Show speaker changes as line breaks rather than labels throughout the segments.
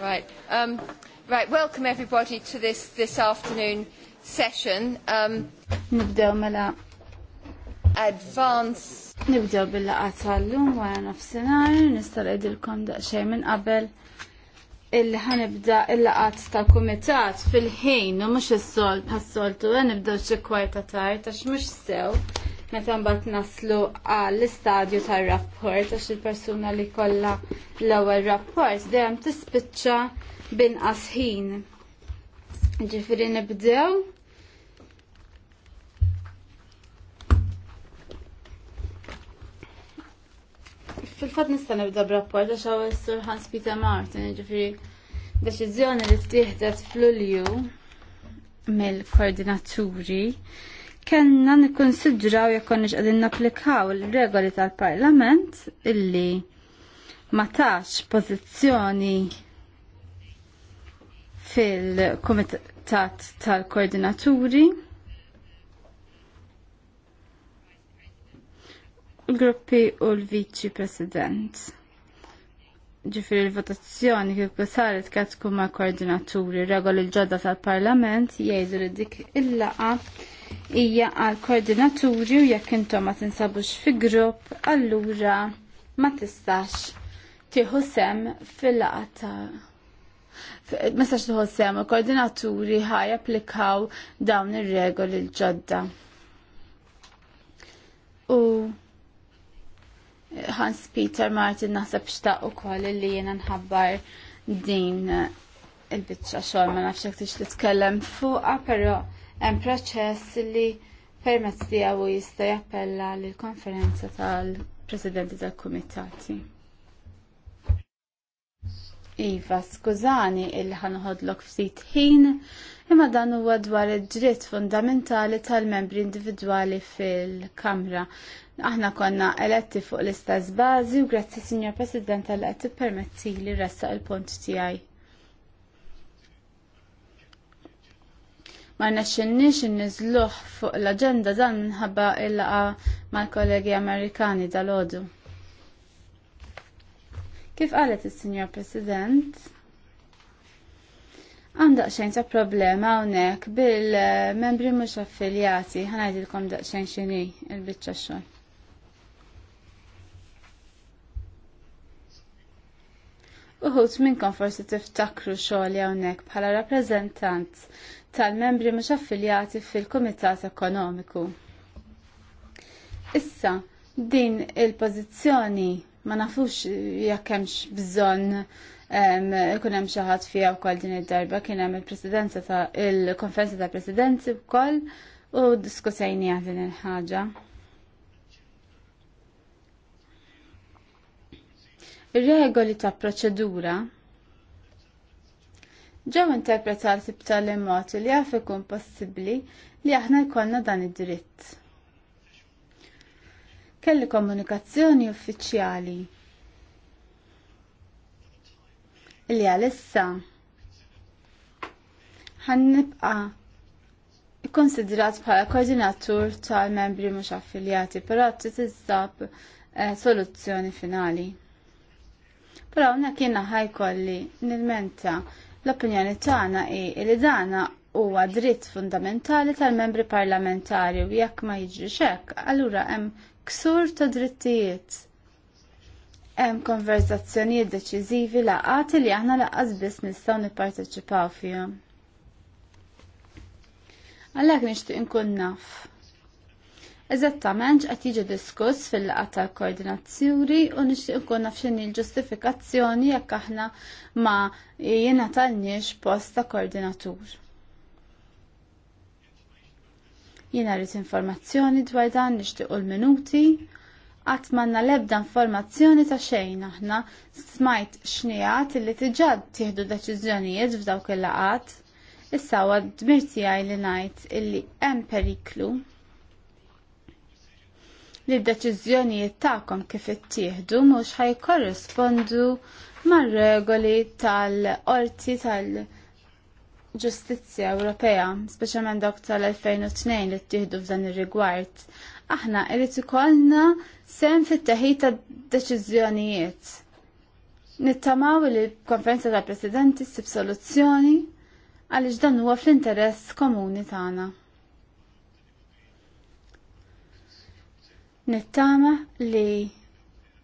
Right. Um, right, welcome everybody to this, this afternoon session. Um, Nibdew
mela advance. Nibdew billa għatallum tal-lum wara Nistal edilkom da daqsxejn minn qabel illi ħanibda illa għat ta' kumitat fil-ħin u mhux is-sol pas-soltu nibdew xi kwarta tard għax mhux sew meta mbagħad naslu għall-istadju tar-rapport għax il-persuna li kollha l-ewwel rapport dejjem tispiċċa binqas ħin. Ġifieri nibdew fil fatt nista' nibda b'rapport għax hawn is-Sur Hans Peter Martin, ġifieri deċiżjoni li ttieħdet f'Lulju mill-koordinaturi kellna nikkonsidraw jekk konniex qegħdin napplikaw il-regoli tal-Parlament illi ma tax pożizzjoni fil-Kumitat tal-Koordinaturi. Il-gruppi u l-Viċi President. Ġifir il-votazzjoni kif saret katku ma' koordinaturi regoli l-ġodda tal-Parlament jgħidu li dik il-laqa hija għal koordinaturi u jekk intom ma tinsabux fi grupp, allura ma tistax tieħu sem fil-laqata. Ma tistax tieħu sem, koordinaturi ħaj applikaw dawn ir-regoli l-ġodda. U Hans Peter Martin naħseb xtaq ukoll li jena nħabbar din il bicċa xogħol ma nafx t tix titkellem fuqha, hemm proċess li permezz tiegħu jista' jappella lill konferenza tal-Presidenti tal-Kumitati. Iva, skużani illi ħanħodlok ftit ħin, imma dan huwa dwar id-dritt fundamentali tal-membri individwali fil-Kamra. Aħna konna eletti fuq l-istess bażi u grazzi Signor President tal qed tippermetti li ressaq il-punt tiegħi. ma nexxinniex inniżluh fuq l-aġenda dan minħabba il-laqa mal-kollegi Amerikani dal-ħodu. Kif qalet is-Sinjor President, Għandak xejn ta' problema hawnhekk bil-membri mhux affiljati, ħanajdilkom daqsxejn xini il-biċċa xogħol. Uħut minnkom forsi tiftakru xogħol hawnhekk bħala rappreżentant tal-membri mhux affiljati fil-Kumitat Ekonomiku. Issa, din il-pożizzjoni ma nafux jekk hemmx bżonn ikun hemm xi ħadd fiha wkoll din id-darba kien hemm il-presidenza ta' il-konferenza ta' presidenzi wkoll u diskutejnija din il-ħaġa. Ir-regoli ta' proċedura ġew interpretati b'tali mod li għaf ikun possibbli li aħna jkollna dan id-dritt. Kelli komunikazzjoni uffiċjali li għalissa ħan nibqa ikkonsidrat bħala koordinatur tal-membri mhux affiljati, però tiżab eh, soluzzjoni finali. Però hawnhekk jiena ħajkolli nilmenta L-opinjoni tagħna hi li dana huwa dritt fundamentali tal-membri parlamentari u jekk ma jiġrix hekk, allura hemm ksur ta' drittijiet. Hemm konverzazzjonijiet deċiżivi laqati li aħna laqqas biss nistgħu nipparteċipaw fihom. Għalhekk nixtieq inkun naf eżattament qed jiġi diskuss fil laqgħa tal-koordinazzjuri u nixtieq ikun naf x'inhi l-ġustifikazzjoni jekk aħna ma jingħatalniex post ta' koordinatur. Jiena rrid informazzjoni dwar dan nixtieq l-minuti qatt m'għandna l-ebda informazzjoni ta' xejn aħna smajt xnijat li diġà tieħdu deċiżjonijiet f'dawk il-laqat. Issa għad dmirti li najt illi hemm periklu li d-deċiżjonijiet tagħkom kif ittieħdu mhux ħajkorrispondu mar-regoli tal-qorti tal-Ġustizzja Ewropea, speċjalment dawk tal-2002 li ttieħdu f'dan ir-rigward. Aħna irid ikollna sem fit-teħid tad deċiżjonijiet. Nittamaw li l-konferenza tal-presidenti ssib soluzzjoni għaliex dan huwa fl-interess komuni tagħna. Nittama li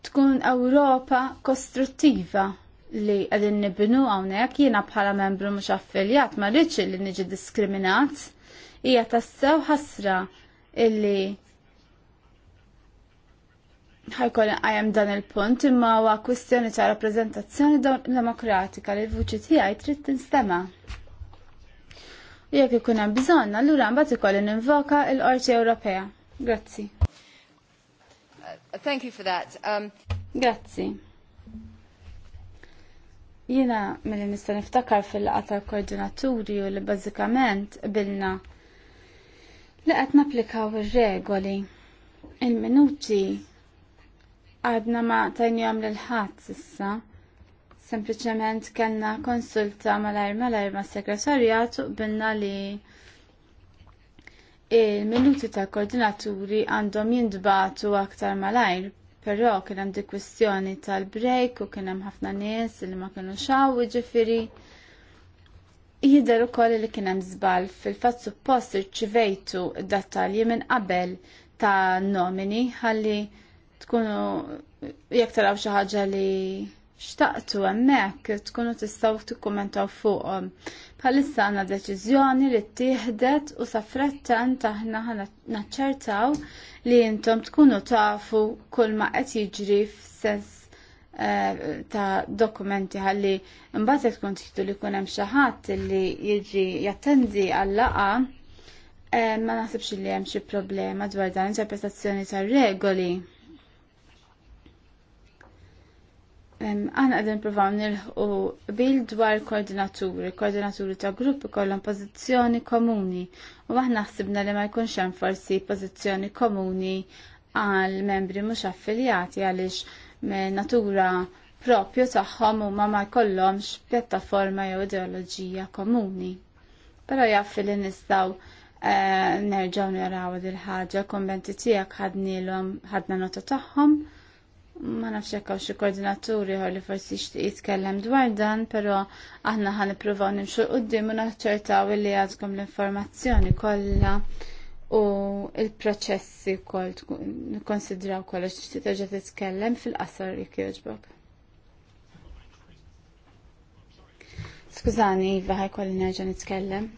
tkun Ewropa kostruttiva li għadin nibnu għawnek jiena bħala membru mux affiljat ma rridx li niġi diskriminat hija tassew ħasra illi ħajkun għajem dan il-punt imma huwa kwistjoni ta' rappreżentazzjoni demokratika li l-vuċi tiegħi trid tinstema'. Jekk ikun hemm bżonn, allura mbagħad ikolli ninvoka l-Qorti Ewropea. Grazzi.
Thank you for that. Um...
Grazzi. Jina mill nista niftakar fil laqata koordinaturi u li bazzikament bilna li qed napplikaw ir-regoli. Il-minuti għadna ma għam l-ħadd issa. Sempliċement kellna konsulta mal-arma l-arma segretarjat u qbilna li il-minuti tal koordinaturi għandhom jindbatu aktar malajr, però kien hemm dik tal-break u kien hemm ħafna nies li ma kienu xaw ġifiri. Jidher ukoll li kien hemm żball fil-fatt suppost irċivejtu d-dettalji minn qabel ta' nomini ħalli tkunu jekk taraw xi ħaġa li xtaqtu hemmhekk tkunu tistgħu tikkumentaw fuqhom. Bħalissa għandna deċiżjoni li ttieħdet u safrettan taħna naċċertaw li intom tkunu tafu kull ma qed jiġri f'sess eh, ta' dokumenti ħalli mbagħad jekk tkun tixtu li jkun hemm xi ħadd li jiġi jattendi għall eh, ma naħsibx li hemm xi problema dwar dan interpretazzjoni tar-regoli. Għana għadin provaw nilħu bil dwar koordinaturi, koordinaturi ta' gruppi kollon pozizjoni komuni u għahna ħsibna li ma jkunx hemm forsi pozizjoni komuni għal membri mhux affiljati għaliex natura propju tagħhom u ma ma jkollhomx pjattaforma jew ideoloġija komuni. Però jaffi li nistgħu eh, nerġgħu naraw il ħaġa kumbenti tiegħek ħadnilhom ħadna nota tagħhom Ma nafx jekk hawn xi koordinaturi ħor li forsi jixtieq jitkellem dwar dan, però aħna ħan nippruvaw nimxu quddiem u naċċertaw li għadkom l-informazzjoni kollha u l-proċessi wkoll nikkonsidraw kollox tixtieq terġa' titkellem fil-qasar jekk jogħġbok. Skużani, Iva, ħajkolli nerġa' nitkellem.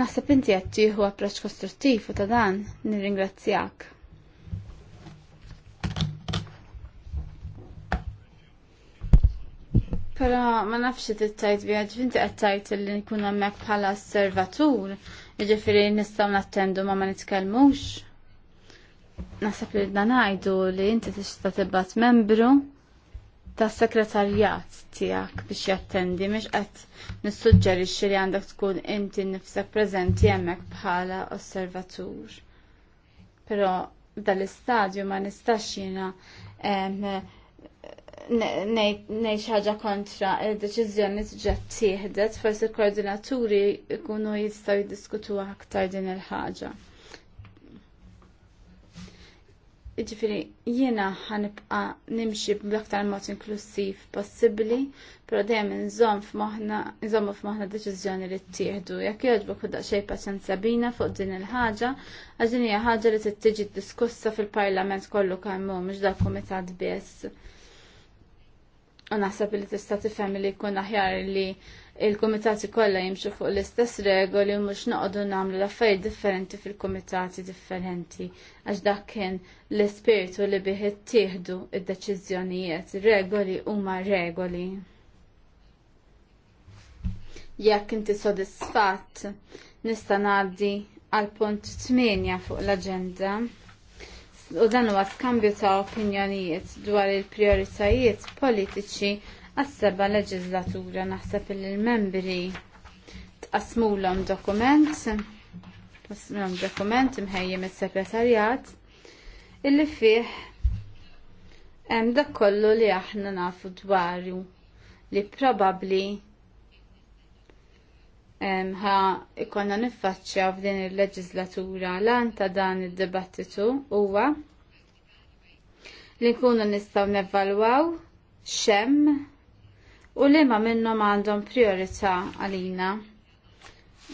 Naħseb inti għattiju tieħu approċċ kostruttiv u ta' dan nirringrazzjak. Pero ma nafx it-tajt bija ġvinti għattajt li nkun għammek bħala servatur, ġifiri nistaw nattendu ma ma nitkelmux. Nasab li danajdu li inti tista tibbat membru ta' sekretarjat tijak biex jattendi, miex għat nissuġġeri li għandak tkun inti nifsek prezenti għemmek bħala osservatur. Pero dal-istadju ma nistax jina nej ħaġa kontra il-deċizjoni ġat tieħdet forsi koordinaturi jkunu jistgħu jiddiskutu aktar din il-ħaġa. Ġifiri, jiena ħanibqa nimxi b'aktar mod inklusiv possibbli, però dejjem nżomm nżommu f'moħħna deċiżjoni li ttieħdu. Jekk jogħġbok daqsxejn paċenza bina fuq din il-ħaġa, għax din hija ħaġa li tittiġi diskussa fil-Parlament kollu kemm mhux dal-Kumitat biss U naħseb li tista' tifhem li jkun aħjar li il-kumitati kollha jimxu fuq l-istess regoli u mhux noqogħdu nagħmlu l-affarijiet differenti fil-kumitati differenti għax dak kien l-ispirtu li bih ittieħdu id-deċiżjonijiet. Regoli huma regoli. Jekk inti sodisfatt nista' ngħaddi għal punt 8 fuq l-aġenda u dan huwa skambju ta' opinjonijiet dwar il-prioritajiet politiċi għas-seba leġislatura naħseb il-membri tqasmulhom dokument tqasmulhom dokument imħejjem is-sekretarjat illi fih hemm dak kollu li aħna nafu dwaru li probabbli ħa ikonna niffaċċja f'din il-leġislatura lan ta' dan id-dibattitu huwa li nkunu nistgħu nevalwaw xem u li ma minnhom għandhom priorità għalina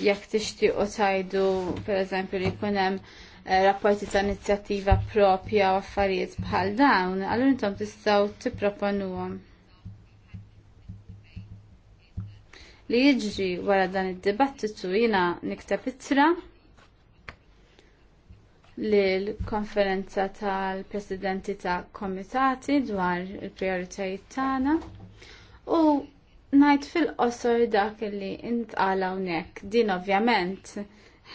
jekk tixtiequ tajdu pereżempju li jkun hemm eh, rapporti ta' inizjattiva propja u affarijiet bħal dawn, allura intom tistgħu tipproponuhom. li jiġri wara dan id-dibattitu jina nikteb ittra li l-konferenza tal-presidenti ta' komitati dwar il-prioritajiet tagħna u najt fil-qosor dak li intqala hawnhekk. Din ovvjament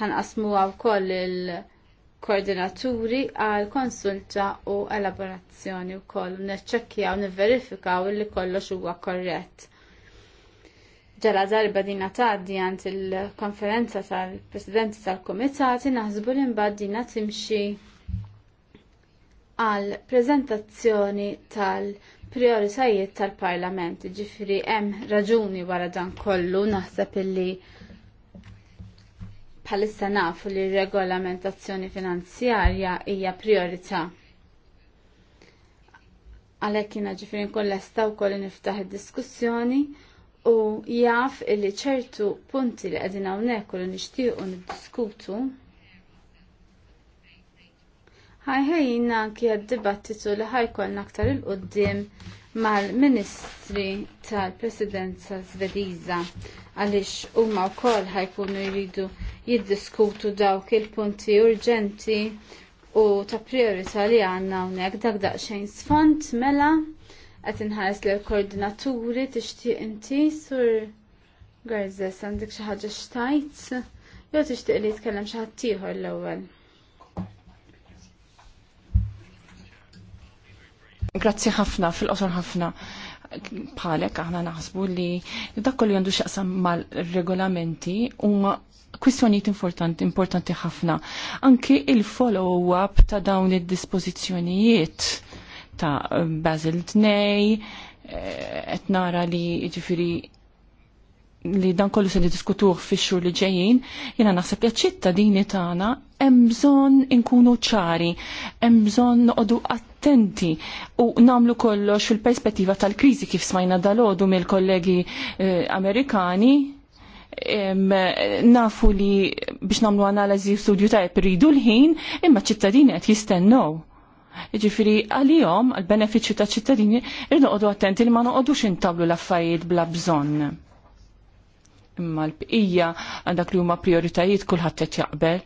ħanqasmuha wkoll il- koordinaturi għal konsulta u elaborazzjoni wkoll koll neċċekkjaw niverifikaw li kollox huwa korrett ġara darba din taħdi għant il-konferenza tal-presidenti tal-komitati naħsbu li mbagħad timxi għal prezentazzjoni tal-prioritajiet tal-parlament. Ġifri hemm raġuni wara dan kollu naħseb illi bħalissa nafu li regolamentazzjoni finanzjarja hija priorità. Għalhekk jiena ġifieri nkun lesta wkoll niftaħ id-diskussjoni u jaf illi ċertu punti li għedin għawnek u li nishtiqu niddiskutu ħajħejjin anki għad-dibattitu li ħajkollna aktar il-qoddim mal-Ministri tal-Presidenza Svediża għaliex huma wkoll ħajkunu jridu jiddiskutu dawk il-punti urġenti u ta' priorità li għandna hawnhekk dak daqsxejn sfond mela qed inħares l koordinaturi tixtieq inti sur Garzes għandek xi ħaġa xtajt jew tixtieq li jitkellem xi ħadd l-ewwel.
Grazzi ħafna, fil-qosor ħafna bħalek aħna naħsbu li dak kollu għandu xaqsam mal-regolamenti huma kwistjonijiet importanti importanti ħafna. Anki il-follow-up ta' dawn id-dispożizzjonijiet ta' Basil 2, eh, et nara li ġifiri li dan kollu se diskutuh fix-xhur li ġejjin, jiena naħseb li ċittadini tagħna hemm bżonn inkunu ċari, hemm bżonn noqogħdu attenti u nagħmlu kollox fil-perspettiva tal-kriżi kif smajna dalodu mill-kollegi eh, Amerikani nafu li biex namlu analizi u studju ta' rridu l-ħin, imma ċittadini qed jistennew. Ġifiri, għalihom għal-benefiċċju ta' ċittadini, irnoqdu attenti li ma noqogħdux intablu l-affarijiet bla bżonn. Imma l-bqija għandak li huma prioritajiet kulħadd qed jaqbel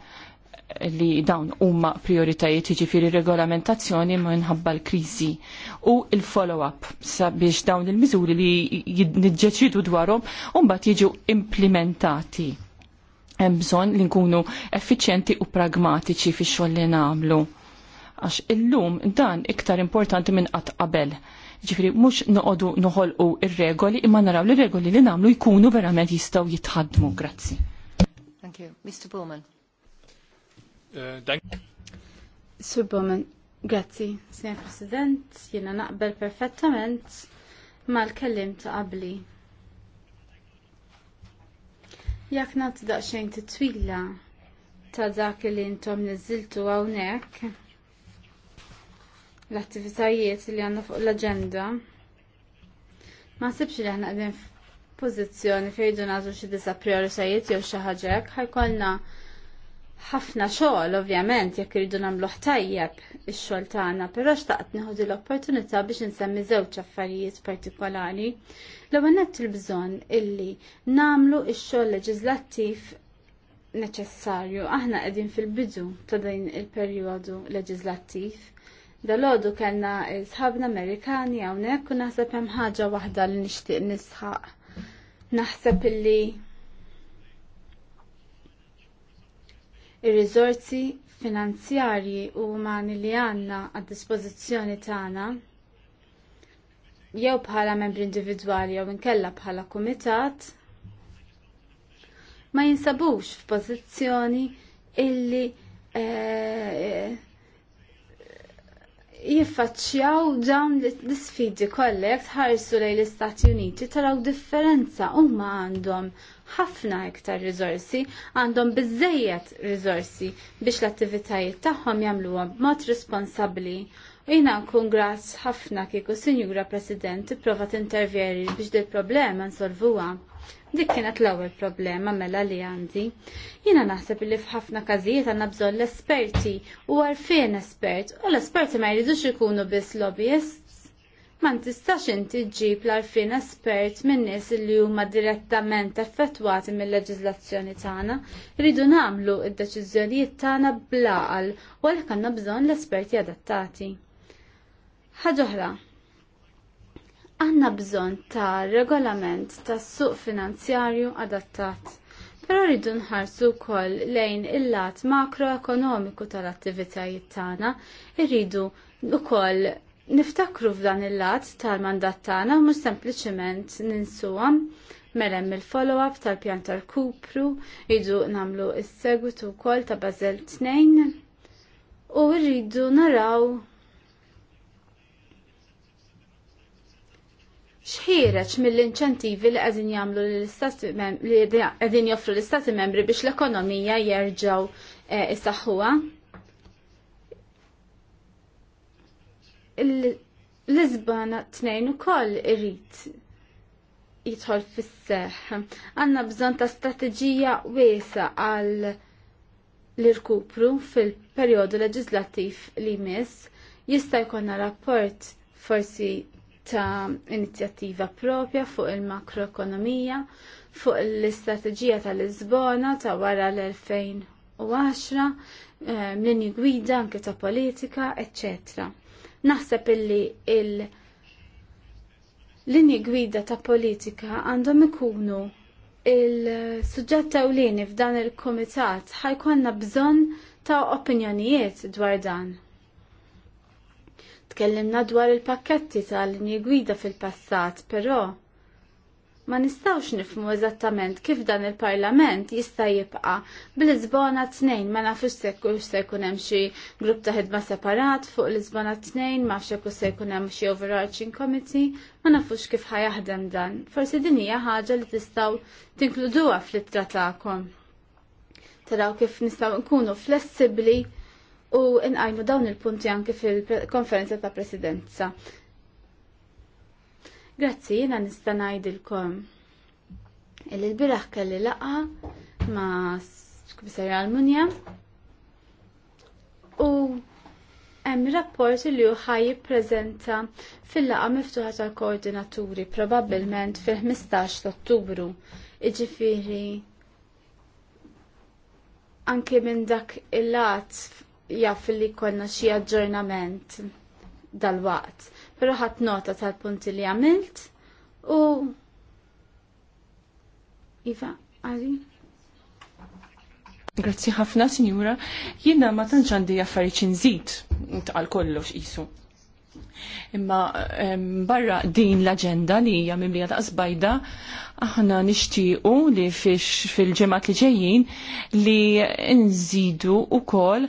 li dawn huma prioritajiet jiġifieri regolamentazzjoni minħabba l-kriżi u il-follow-up sabiex dawn il-miżuri li niġġeċidu dwarhom u mbagħad jiġu implementati hemm bżonn li nkunu effiċjenti u pragmatiċi fix-xogħol li nagħmlu għax illum dan iktar importanti minn qatt qabel. Ġifri, mux noqodu noħolqu ir-regoli, imma naraw li regoli li namlu jkunu verament jistaw jitħadmu. Grazzi.
Thank you. Mr. Bowman. Uh, Sir Bowman, grazzi, Sr. President, jena naqbel perfettament mal-kellim ta' qabli. Jak nat daqxejn titwila ta' dak li intom niżiltu hawnhekk l-attivitajiet li għandna fuq l-agenda. Ma sibx li aħna qegħdin f'pożizzjoni fejdu nazu xi disa prioritajiet jew xi ħaġa hekk ħafna xogħol ovvjament jekk iridu namlu tajjeb ix-xogħol tagħna, però xtaqt nieħu l-opportunità biex insemmi żewġ affarijiet partikolari. L-ewwel il-bżonn illi nagħmlu x-xogħol leġizlattif neċessarju. Aħna qegħdin fil-bidu ta' din il-perjodu leġislattiv Dalodu kellna sħabna Amerikani hawnhekk u naħseb hemm ħaġa waħda li nixtieq nisħaq. Naħseb illi ir-riżorsi finanzjarji u umani li għandna għad-dispożizzjoni tagħna jew bħala membri individwali jew inkella bħala kumitat ma jinsabux f'pożizzjoni illi e, jiffaċċjaw dawn l-sfidi kollek tħarsu lejn l-Istati Uniti taraw differenza huma għandhom ħafna iktar riżorsi, għandhom biżżejjed riżorsi biex l-attivitajiet tagħhom jagħmluhom b'mod responsabbli. U jiena nkun grazz ħafna kieku Sinjura President tipprova tintervjeri biex il problema nsolvuha. Dik kienet l-ewwel problema mela li għandi. Jiena naħseb li f'ħafna każijiet għandna bżonn l-esperti u għarfien espert u l-esperti ma jridux ikunu biss lobbyists. Ma tistax inti ġib l għarfien espert minn nies li huma direttament effettwati mill-leġiżlazzjoni tagħna, rridu nagħmlu d-deċiżjonijiet tagħna blaqal u għalhekk għandna bżonn l-esperti adattati. Ħaġa oħra, Għanna bżon ta' regolament ta' suq finanzjarju adattat, pero rridu nħarsu kol lejn il-lat makroekonomiku tal-attivitajiet tagħna, irridu ukoll niftakru f'dan il-lat tal-mandat tagħna mhux sempliċement ninsuhom Mela il follow-up tal-pjan tal-kupru, idu namlu il segwitu kol ta' Bazel 2 u rridu naraw xħireċ mill-inċentivi li għedin jamlu li għedin joffru l-istati membri biex l-ekonomija jerġaw eh, isaxħuwa. l izbana t-nejn u koll irrit jitħol fis-seħ. Għanna bżon ta' strategija wesa għal l-irkupru fil-periodu leġislattiv li jmiss jista' jkollna rapport forsi ta' inizjattiva propja fuq il-makroekonomija, fuq l-istrateġija tal-Lisbona ta' wara l-2010, eh, mlini gwida anke ta' politika, etc. Naħseb illi il- Linji gwida ta' politika għandhom ikunu il-suġġett ewlieni f'dan il-komitat ħajkonna bżonn ta' opinjonijiet dwar dan. Tkellimna dwar il-pakketti tal-linji gwida fil-passat, però ma nistawx nifmu eżattament kif dan il-Parlament jista' jibqa' bil-Lisbona tnejn ma nafux jkun se jkun hemm xi grupp ta' ħidma separat fuq l Lisbona tnejn ma nafx se jkun hemm xi overarching committee ma nafux kif ħajaħdem dan. Forsi din hija ħaġa li tistgħu tinkluduha fl-ittra tagħkom. Taraw kif nistgħu nkunu flessibbli u nqajmu dawn il-punti anke fil-konferenza ta' presidenza. Grazzi, jena nista' ngħidilkom il biraħ kelli laqa ma' Kbisarja Almunja u hemm rapport li hu ħaj jippreżenta fil-laqa miftuħa tal-koordinaturi probabbilment fil-15 ta' Ottubru. Iġifieri anke minn dak il-lat jaff li konna xi aġġornament dal-waqt. Però ħadd nota tal-punti li għamilt u
Iva, għali. Grazzi ħafna, Sinjura. Jiena ma tantx għandi affarijiet għal kollox qisu. Imma barra din l-agenda li hija mimlija ta' zbajda, aħna nixtiequ li fil-ġemat li ġejjin li nżidu wkoll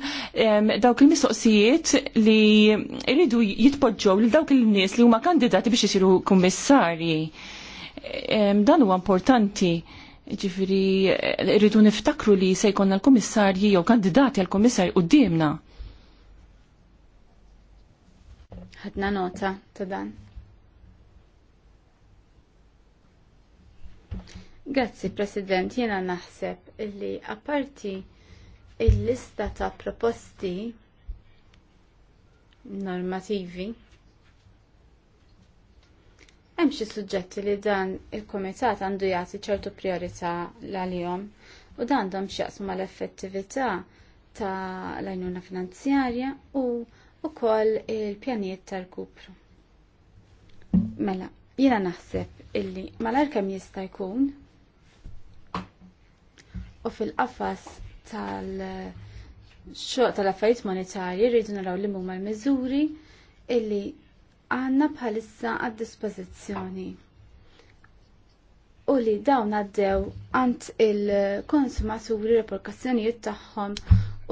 dawk il-mistoqsijiet li jridu jitpoġġew lil dawk il-nies li huma kandidati biex isiru kummissarji. Dan huwa importanti ġifiri eh, rridu niftakru li se jkollna l kummissarji jew kandidati għal kummissarji u d
ħadna nota ta' dan. Grazzi, President, jena naħseb illi apparti il-lista ta' proposti normativi hemm xi suġġetti li dan il-Kumitat għandu jagħti ċertu priorità għalihom u dan għandhom x'jaqsmu mal-effettività ta' l-għajnuna finanzjarja u u koll il-pjaniet tal-kupru. Mela, jina naħseb illi malar kem jista' jkun u fil-qafas tal- xoq tal-affarijiet monetarji rridu naraw li huma l-miżuri illi għanna bħalissa għad dispożizzjoni u li dawn għaddew għand il-konsumaturi reperkussjonijiet tagħhom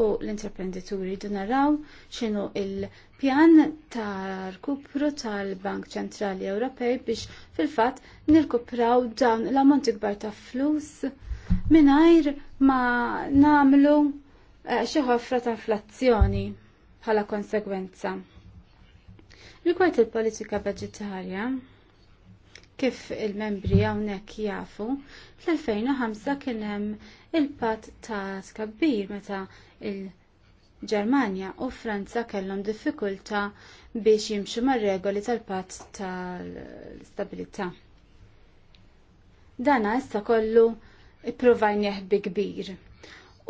u l intraprenditori du naraw xinu il-pjan ta' rkupru tal-Bank Ċentrali Ewropej biex fil-fat nirkupraw dawn l-ammont ikbar ta' flus minajr ma namlu eh, xi ħofra ta' inflazzjoni bħala konsegwenza. Rigward il-politika budgetarja, kif il-membri hawnhekk jafu, fl-2005 kien hemm il-pat ta' skabbir meta il-Ġermanja u Franza kellhom diffikultà biex jimxu mar-regoli tal-patt tal-stabilità. Dana issa kollu ipprovaj bi kbir.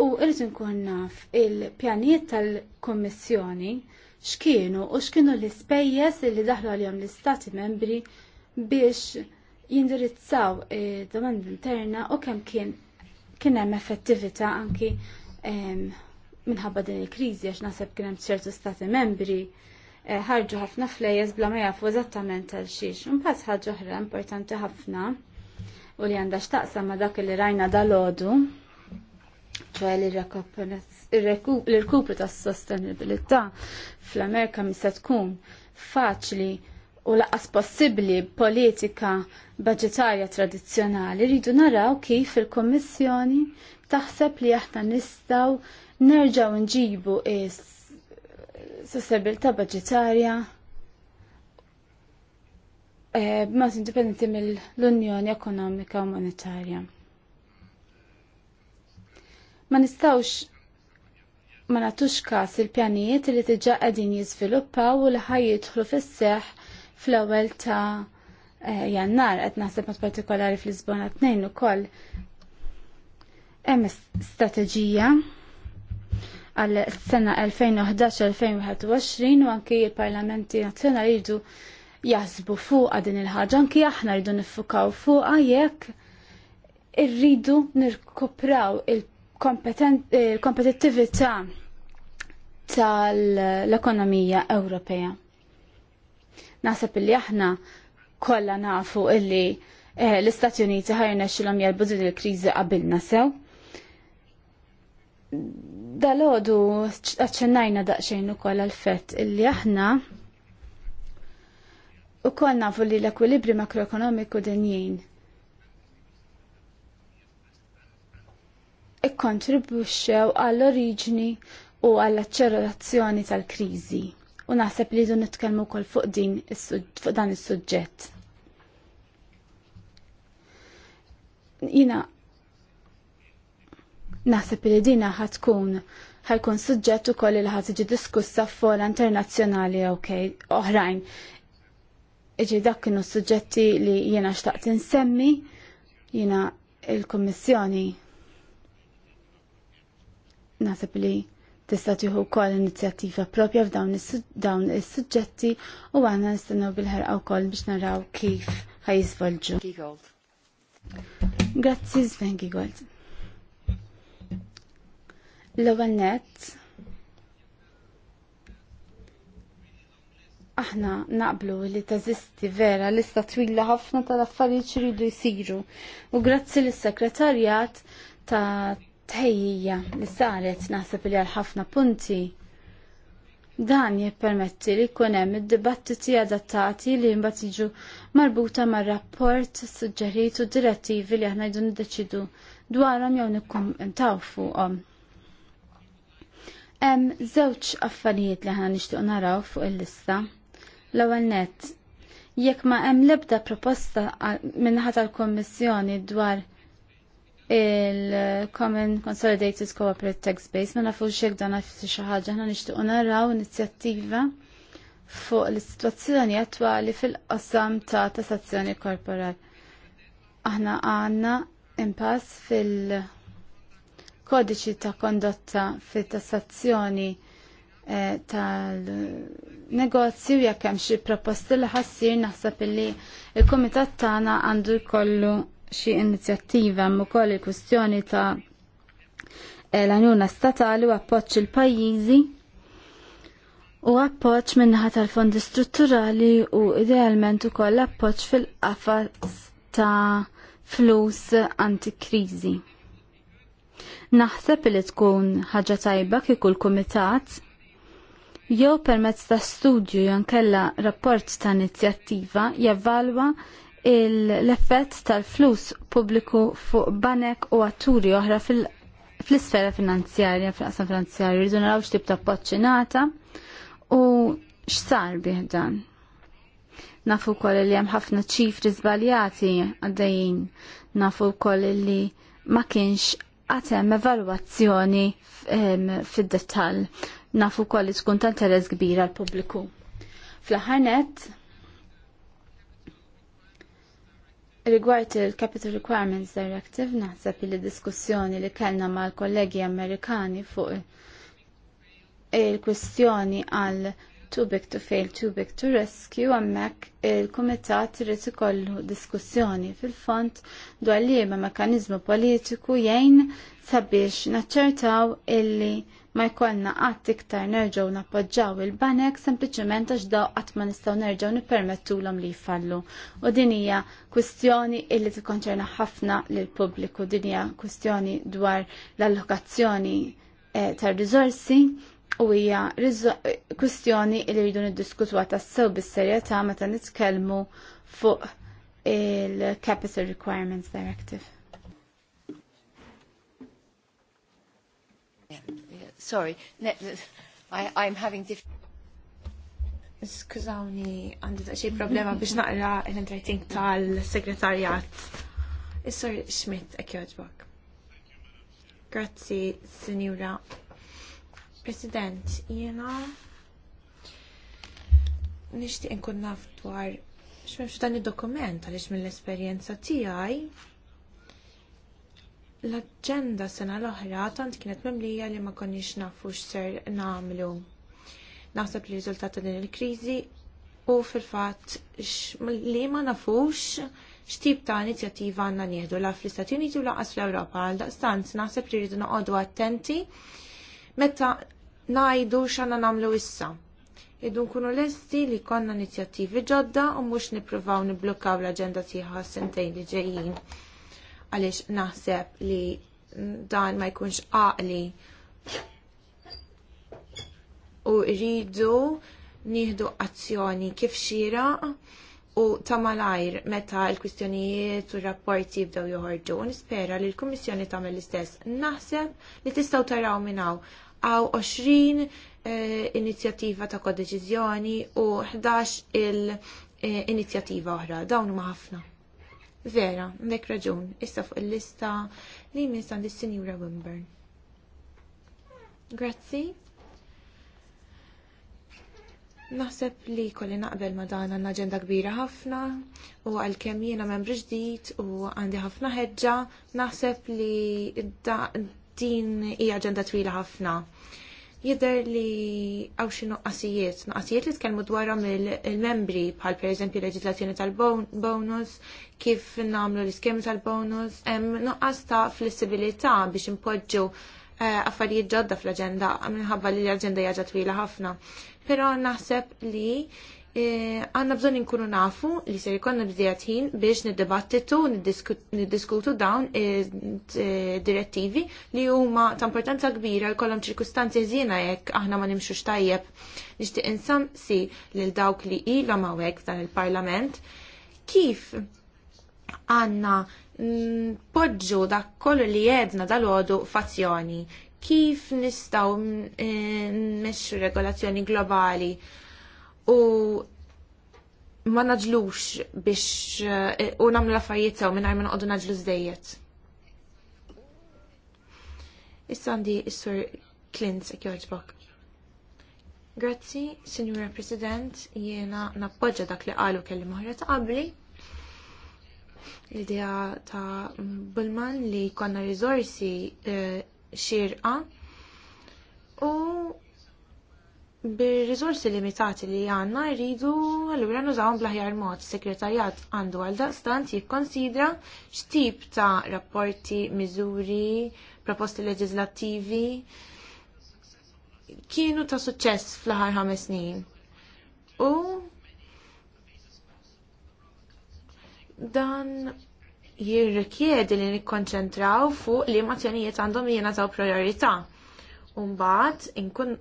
U irrid nkun naf il-pjanijiet tal-Kommissjoni x'kienu u x'kienu l-ispejjeż li daħlu għalihom l-Istati membri biex jindirizzaw domanda interna u kemm kien kien hemm effettività anki minħabba din il-kriżi għax naħseb kien hemm ċertu stati membri eh, ħarġu ħafna flejjes bla ma jafu eżattament għal xiex. Imbagħad ħaġa oħra importanti ħafna u li għandha x'taqsam ma' dak li rajna dal-għodu ċoħe l-rekupru ta' sostenibilità fl-Amerika mi tkun faċli u laqas possibli politika budgetarja tradizjonali rridu naraw kif il-Kommissjoni taħseb li aħna nistaw nerġaw nġibu is-sustabilta budgetarja eh, ma indipendenti mill-Unjoni Ekonomika u Monetarja. Ma nistawx ma natux kas il-pjanijiet li tiġa qegħdin jiżviluppaw u li ħajjidħlu fis-seħ fl-ewwel ta' eh, jannar qed naħseb mod partikolari fl-Lisbona tnejn ukoll hemm strateġija għal sena 2011-2021 u anki il-parlamenti nazjonali jridu jaħsbu fuqa din il-ħaġa, anki aħna rridu nifukaw fuqa jekk irridu nirkopraw il-kompetittività tal-ekonomija Ewropea. Naħseb illi aħna kollha nafu illi eh, l-Istati Uniti ħajna xilom jelbudu il-kriżi qabilna sew dal-ħodu għacċennajna daqxejn u koll għal-fett illi aħna u koll nafu li l-ekwilibri makroekonomiku dinjien ikkontribwixxew għall-oriġni u għall-accelerazzjoni tal-kriżi u naħseb li jdu nitkellmu wkoll fuq din fuq dan is-suġġett. Jina Naħseb li dina ħatkun ħajkun suġġett ukoll li ħadd tiġi diskussa fora internazzjonali okej oħrajn. Iġi dak kienu suġġetti li jiena xtaqt insemmi jiena il-Kummissjoni naħseb li tista' tieħu wkoll inizjattiva propja f'dawn is-suġġetti u għandna nistennew bil-ħerqa wkoll biex naraw kif ħajjiżvolġu. Grazzi Sven Gigold. L-ewwel nett aħna naqblu li teżisti vera lista twila ħafna tal-affarijiet xiridu jsiru u grazzi lis-sekretarjat ta' tħejjija li saret naħseb li għal ħafna punti. Dan jippermetti li jkun hemm id-dibattiti adattati li mbagħad jiġu marbuta mar-rapport suġġerit u direttivi li aħna jdu niddeċidu dwarhom jew nikkumentaw fuqhom. Hemm żewġ affarijiet li ħan nixtieq naraw fuq il-lista. L-ewwel nett, jekk ma hemm l-ebda proposta minnaħa tal-Kommissjoni dwar il-Common Consolidated Cooperative Tax Base, ma nafux jekk dan nafsi xi ħaġa ħna naraw inizjattiva fuq l situazzjoni attwali fil qassam ta' tassazzjoni korporali. Aħna għandna impass fil- kodiċi ta' kondotta fit tassazzjoni eh, tal-negozju jekk hemm xi proposti li ħassir naħseb illi il-kumitat tagħna għandu jkollu xi inizjattiva hemm ukoll il-kwistjoni ta' eh, l-għanjuna statali u appoċ il-pajjiżi u appoċ minnaħa tal-fondi strutturali u idealment ukoll appoċ fil-qafas ta' flus antikrizi. Naħseb li tkun ħaġa tajba kieku l-kumitat jew permezz ta' studju jankella rapport ta' inizjattiva jevalwa l-effett tal-flus pubbliku fuq banek u atturi oħra fl-isfera finanzjarja, fl-qasam finanzjarja, rridu naraw x'tib ta' poċċinata u x'sar bih dan. Nafu kol li hemm ħafna ċifri żbaljati għaddejjin, nafu kol li ma kienx għatem evalwazzjoni fid-dettall nafu koll tkun ta' interess kbir għal pubbliku. Fl-ħarnet, Rigward il-Capital Requirements Directive, naħseb li diskussjoni li kellna mal-kollegi Amerikani fuq il-kwestjoni għal too big to fail, too big to rescue, għammek il-komitat irrit ikollu diskussjoni fil-font dwar li ma mekanizmu politiku jgħin sabiex naċċertaw illi ma jkollna qatt iktar nerġgħu nappoġġaw il-banek sempliċement għax daw qatt ma nistgħu nerġgħu nippermettulhom li jfallu. U din hija kwistjoni illi tikkonċerna ħafna lil pubbliku, din hija kwistjoni dwar l-allokazzjoni eh, tar-riżorsi u hija kwistjoni li rridu niddiskutuha sew bis-serjetà meta nitkellmu fuq il-Capital Requirements Directive.
Sorry, I, I'm having difficulty. Skużawni, għandi ta' xej problema biex
naqra l-handwriting tal-segretarjat. is sor Schmidt, ek joġbok. Grazzi, Sinjura President, jena nishtiq nkun naf dwar x'memx dan id-dokument għaliex mill-esperjenza tiegħi l-aġenda sena l-oħra tant kienet memlija li ma konniex nafu x'ser nagħmlu. Naħseb li riżultat ta' din il-kriżi u fil-fatt li ma nafux x'tip ta' inizjattiva għandna nieħdu la fl-Istati Uniti u laqas fl-Ewropa għal daqstant naħseb li rridu noqogħdu attenti meta najdu xana namlu issa. Idu nkunu lesti li konna inizjattivi ġodda u mux niprovaw niblokaw l-agenda tiħa sentejn li ġejjin. Għalix naħseb li dan ma jkunx għaqli u rridu nieħdu azzjoni kif xira u ta' malajr meta l-kwistjonijiet u rapporti jibdew joħorġu. U Nispera li l-Kummissjoni tagħmel l-istess. Naħseb li tistgħu taraw minn hawn għaw 20 eh, inizjattiva ta' kodeċiżjoni u 11 il-inizjattiva eh, oħra. Dawn huma ħafna. Vera, mek raġun, issa fuq il-lista li minn sandi Sinjura Wimburn. Grazzi. Naħseb li kolli naqbel ma dan għandna aġenda kbira ħafna u għalkemm jiena membri ġdid u għandi ħafna ħeġġa, naħseb li din hija aġenda twila ħafna. Jidher li għaw xi qasijiet, nuqqasijiet li tkellmu dwarha mill membri bħal pereżempju leġislazzjoni tal-bonus, kif nagħmlu l-iskemi tal-bonus, hemm nuqqas ta' flessibilità biex impoġġu eh, affarijiet ġodda fl-aġenda minħabba li l-aġenda hija twila ħafna però naħseb li eh, għanna bżon inkunu nafu li ser jkollna bżijat ħin biex niddebattitu, niddiskutu dawn eh, eh, direttivi li huma ta' importanza kbira jkollhom ċirkustanzi ħżiena jekk aħna ma nimxux tajjeb. Nixtieq insam si lil dawk li ilhom hawnhekk f'dan il-Parlament kif għanna poġġu dak kollu li jedna dal-ħodu fazzjoni kif nistaw mex regolazzjoni globali u ma naġlux biex eh, u namlu affarijiet sew minn ma għoddu naġlu zdejiet. Issa għandi is-sur Clint jogħġbok. Grazzi, Signora President, jiena nappoġġa dak li qalu kelli moħra ta' qabli. L-idea ta' Bulman li konna rizorsi eh, xirqa u bir rizorsi limitati li għanna jridu allura nużawhom bl-aħjar mod. Sekretarjat għandu għal daqstant jikkonsidra x'tip ta' rapporti, miżuri, proposti leġislattivi kienu ta' suċċess fl-aħħar ħames snin. U dan jirrikjedi li nikkonċentraw fuq li mazzjonijiet għandhom li jenataw priorità. Umbat,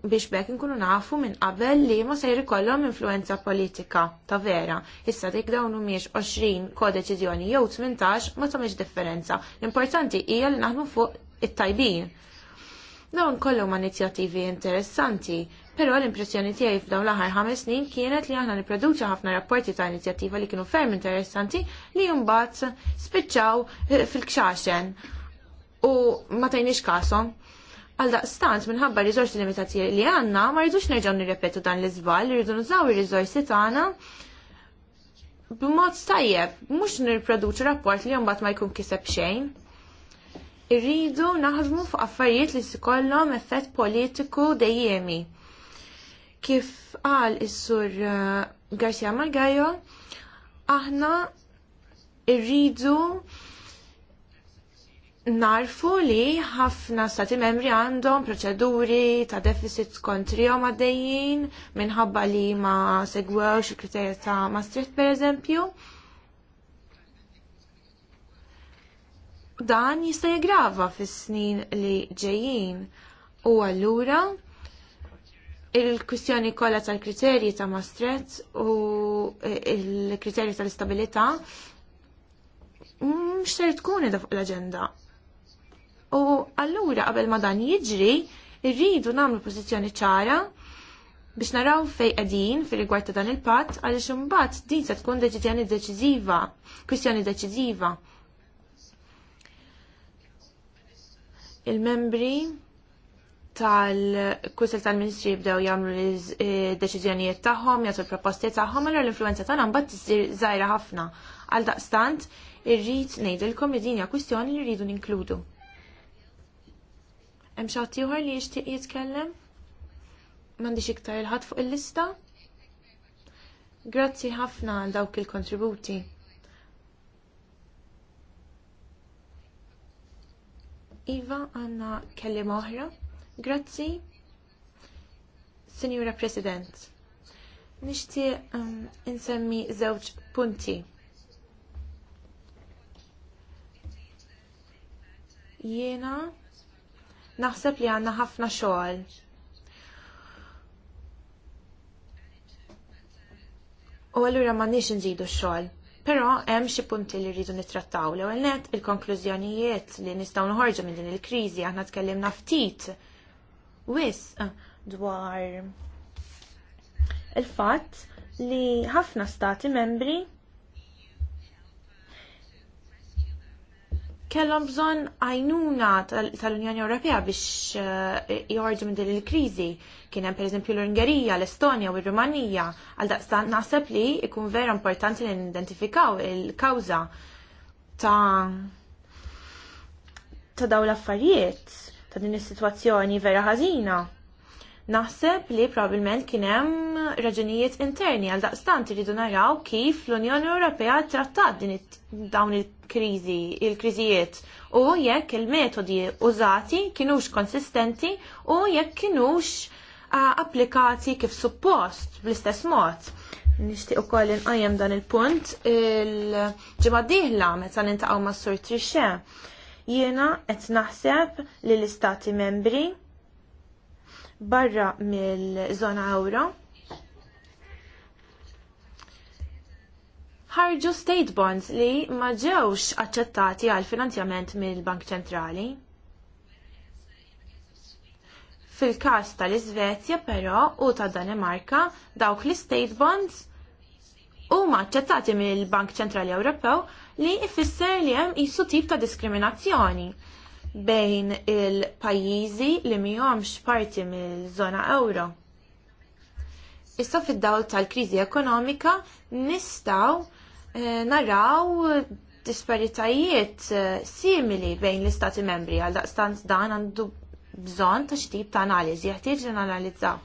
biex bekk nkunu nafu minn qabel li ma se jkollhom influenza politika ta' vera. Issa dik dawn miex 20 kodeċiżjoni jew 18 ma tagħmilx differenza. L-importanti hija li naħdmu fuq it-tajbin. Dawn kollhom inizjattivi interessanti Però l-impressjoni tiegħi f'dawn l-aħħar ħames snin kienet li aħna nipproduċa ħafna rapporti ta' inizjattiva li kienu ferm interessanti li mbagħad spiċċaw fil-kxaxen u ma tajniex kasom. Għal daqstant minħabba riżorsi limitati li għandna ma rridux nerġgħu nirrepetu dan l-iżball, rridu nużaw ir-riżorsi tagħna b'mod tajjeb, mhux nirproduċu rapport li mbagħad ma jkun kiseb xejn irridu naħdmu fuq affarijiet li sikollhom effett politiku dejjemi. Kif qal is-sur uh, Garcia Margallo, aħna irridu narfu li ħafna stati membri għandhom proċeduri ta' deficit għom għaddejjin minħabba li ma segwewx il-kriterja ta' Maastricht per eżempju. Dan jista' jigrava fis-snin li ġejjin u allura il-kwistjoni kollha tal-kriterji ta' Maastricht u eh, il-kriterji tal-istabilità mxter tkun edha fuq l-agenda. U allura qabel ma dan jiġri, irridu nagħmlu pożizzjoni ċara biex naraw fej qegħdin fir rigward ta' dan il-patt għaliex imbagħad din se tkun deċiżjoni deċiżiva, kwistjoni deċiżiva. Il-membri tal kussel tal-ministri jibdew jagħmlu l-deċiżjonijiet eh, tagħhom, jagħtu l-proposti tagħhom, allura l-influenza tagħna mbagħad tisir żgħira ħafna. Għal daqstant, irrid ngħidilkom li din kwistjoni li rridu ninkludu. Hemm xi ieħor li jixtieq jitkellem? M'għandix xiktar il ħat fuq il-lista? Grazzi ħafna għal dawk il-kontributi. Iva għanna kelli oħra. Grazzi, Signora President. Nishti um, insemmi żewġ punti. Jiena naħseb li għanna ħafna xogħol. U għallura ma nix nżidu xogħol. Però hemm xi punti li rridu nittrattaw l ewwel net il-konklużjonijiet li nistgħu nħorġu minn din il-kriżi aħna tkellimna ftit wisq ah, dwar il-fatt li ħafna stati membri kellhom bżonn għajnuna tal-Unjoni Ewropea biex eh, joħorġu minn din il-kriżi. Kien hemm pereżempju l-Ungerija, l-Estonja u r-Rumanija. Għal daqstan naħseb li jkun vera importanti li nidentifikaw il-kawża ta' ta' daw l-affarijiet ta' din is-sitwazzjoni vera ħażina. Naħseb li probabbilment kien hemm raġunijiet interni għal daqstant irridu naraw kif l-Unjoni Ewropea trattat din dawn il-kriżi, il-kriżijiet u jekk il-metodi użati kienux konsistenti u jekk kienux applikati kif suppost bl-istess mod. Nixtieq ukoll inqajjem dan il-punt il-ġimgħa dieħla meta nintaqgħu mas-sur Trixxe Jiena qed naħseb li l-istati membri barra mill-żona euro ħarġu state bonds li ma ġewx aċċettati għal finanzjament mill-Bank Ċentrali. Fil-każ tal-Iżvezja però u tad Danimarka dawk l-state bonds huma aċċettati mill-Bank Ċentrali Ewropew li ifisser li hemm qisu tip ta' diskriminazzjoni bejn il-pajjiżi li mihomx parti mill-żona euro. Issa fid-dawl tal-kriżi ekonomika nistgħu eh, naraw disparitajiet eh, simili bejn l-istati membri għal daqstant dan għandu bżon ta' xtib ta' analizi, jaħtieġ analizzaw.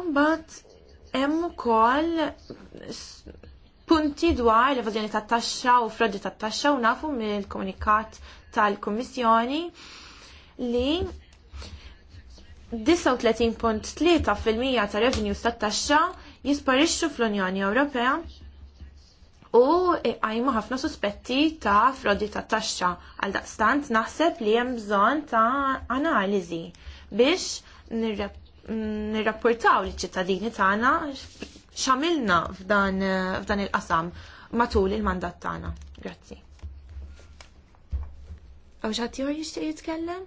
Umbat, hemm ukoll punti dwar l-evażjoni tat-taxxa u frodi tat-taxxa u nafu mill-komunikat tal-Kummissjoni li 39.3% ta' revenues tat-taxxa jisparixxu fl-Unjoni Ewropea u għajmu ħafna suspetti ta' frodi ta' taxxa. Għal daqstant naħseb li hemm bżonn ta' analiżi biex nirrapportaw li ċittadini tagħna xamilna f'dan, f'dan il-qasam matul il-mandat tagħna. Grazzi. Aw xatt jor jixtieq jitkellem?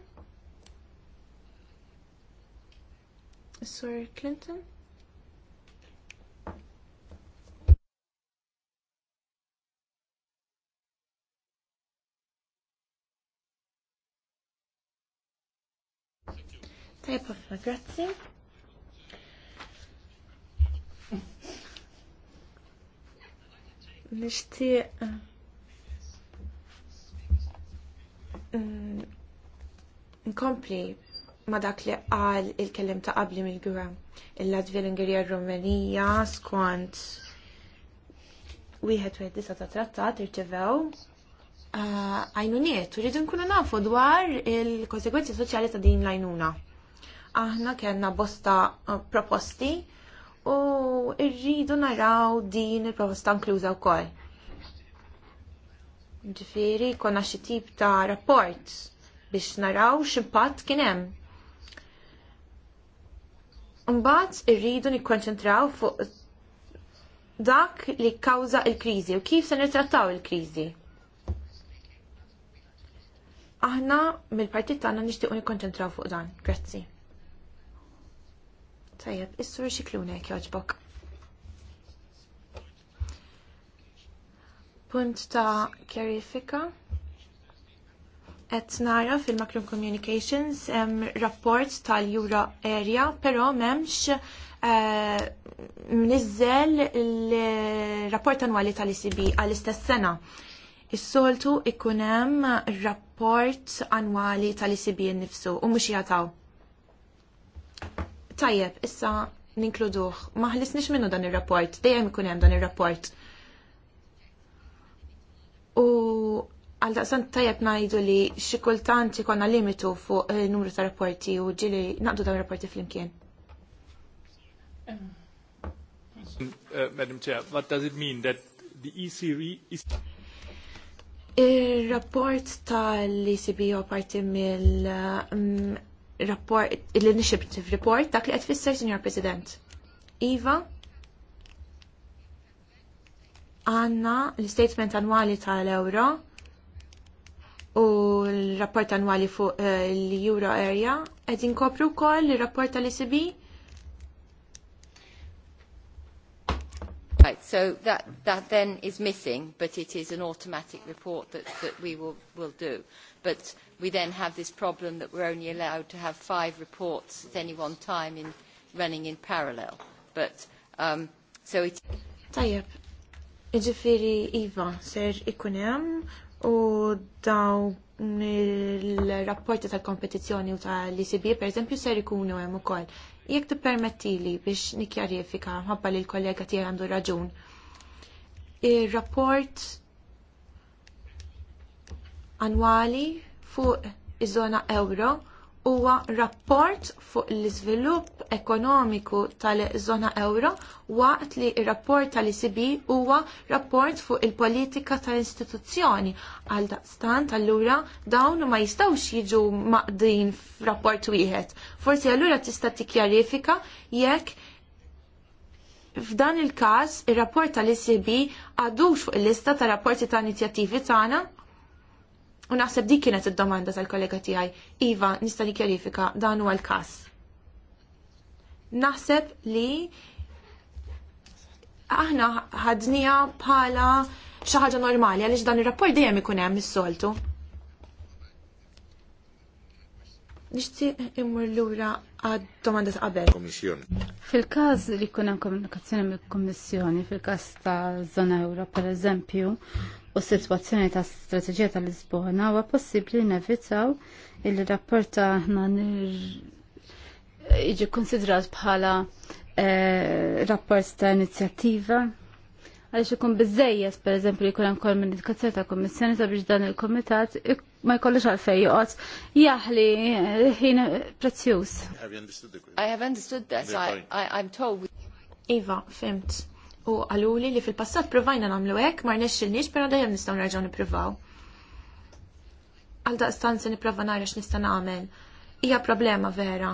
Sir Clinton? Grazie. Nixtieq eh, nkompli ma dak li qal il-kellim ta' qabli mill-gura il-Latvija l-Ingerija r-Rumenija skont wieħed wieħed disa ta' trattat irċevew eh, għajnuniet u rridu nkunu nafu dwar il-konsekwenzi soċjali ta' din l-għajnuna. Aħna kellna bosta eh, proposti u rridu naraw din il-proposta inkluża wkoll. Ġifieri konna xi tip ta' rapport biex naraw x'impatt kien hemm. Mbagħad irridu nikkonċentraw fuq dak li kkawża l-kriżi u kif se nittrattaw il-kriżi. Aħna mill-partit tagħna nixtiequ nikkonċentraw fuq dan. Grazzi. Tajjeb, is-sur xikluna jekk jogħġbok. Punt ta' kjarifika. Qed nara fil-Macron Communications hemm rapport tal-Jura Area, però m'hemmx eh, mniżel il-rapport annwali tal-ICB għall-istess sena. Is-soltu ikun hemm rapport annwali tal-ICB innifsu u mhux jataw. Tajjeb, issa ninkluduh. Ma minnu dan ir-rapport, dejjem ikun hemm dan ir-rapport. U għal daqsan tajjeb najdu li xikultant ikonna limitu fuq eh, numru ta' rapporti u ġili naqdu dawn rapporti fl-imkien. Eh,
Madam Chair, what does it mean that the ECB e is...
Il-rapport tal-ECB u parti mill mm, il-initiative report dak li qed fisser, Signor President. Iva, għanna l-statement annwali tal-euro u l-rapport annwali fuq eh, l-euro area, għed inkopru kol l-rapport tal-ECB Right, so that,
that then is missing, but it is an automatic report that, that we will, will do. But we then have this problem that we're only allowed to have five reports at any one time in, running in parallel. But, um, so it... Tajab,
iġifiri Iva, ser ikunem u daw il-rapporti tal-kompetizjoni u tal-ICB, per eżempju, ser ikunem u koll. Jekk tippermettili biex nikjarifika ħabba li l-kollega tiegħi għandu raġun. Ir-rapport annwali fuq iż-żona euro huwa rapport fuq l-iżvilupp ekonomiku tal-żona Ewro waqt li r-rapport tal ecb huwa rapport fuq il-politika tal-istituzzjoni għal daqstan tal-lura dawn ma jistawx jiġu maqdin f'rapport wieħed. Forsi allura tista' tikkjarifika jekk f'dan il-każ ir-rapport tal ecb għadux fuq il-lista tar rapporti ta' inizjattivi tagħna U naħseb dik kienet id-domanda tal-kollega tiegħi, Iva, nista' nikkjarifika dan huwa l-każ. Naħseb li aħna ħadnija bħala xi ħaġa normali għaliex dan ir-rapport dejjem ikun hemm is-soltu. Nixtieq immur lura għad domanda ta' qabel.
Komissjoni.
Fil-każ li jkun hemm komunikazzjoni mill-Kummissjoni fil-każ ta' Zona euro pereżempju u s-sitwazzjoni ta' strateġija ta' Lisbona huwa possibbli nevitaw il-rapport ta' aħna jiġi konsidrat bħala eh, rapport ta' inizjattiva għaliex ikun biżejjes pereżempju jkun il komunikazzjoni ta' ta' sabiex dan il-kumitat ma jkollux għalfej joqgħod jaħli eh, ħin prezzjuż.
I
have understood
this. I, I, I'm told. Iva, fimt. U għaluli li fil-passat provajna nagħmlu hekk, ma rnexxilniex, però dejjem nistgħu nerġgħu niprovaw. Għalda stanzi se nipprova nara x'nista' nagħmel. Hija problema vera.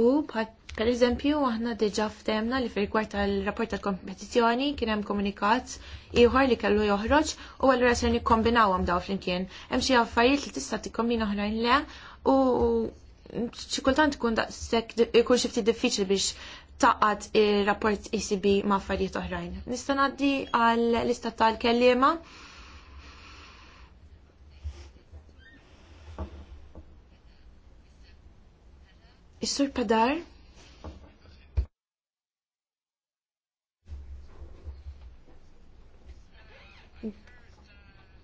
U bħal Per eżempju, aħna diġa ftemna li fil rigward tal-rapport tal-kompetizjoni kien hemm komunikat ieħor li kellu joħroġ u allura se nikkombinawhom daw flimkien. Hemm xi affarijiet li tista' tikkombina oħrajn le u xi kultant ikun daqshekk ikun xi ftit diffiċli biex taqgħad ir-rapport ECB ma' affarijiet oħrajn. Nista' ngħaddi għall lista tal-kelliema. Is-sur Padar.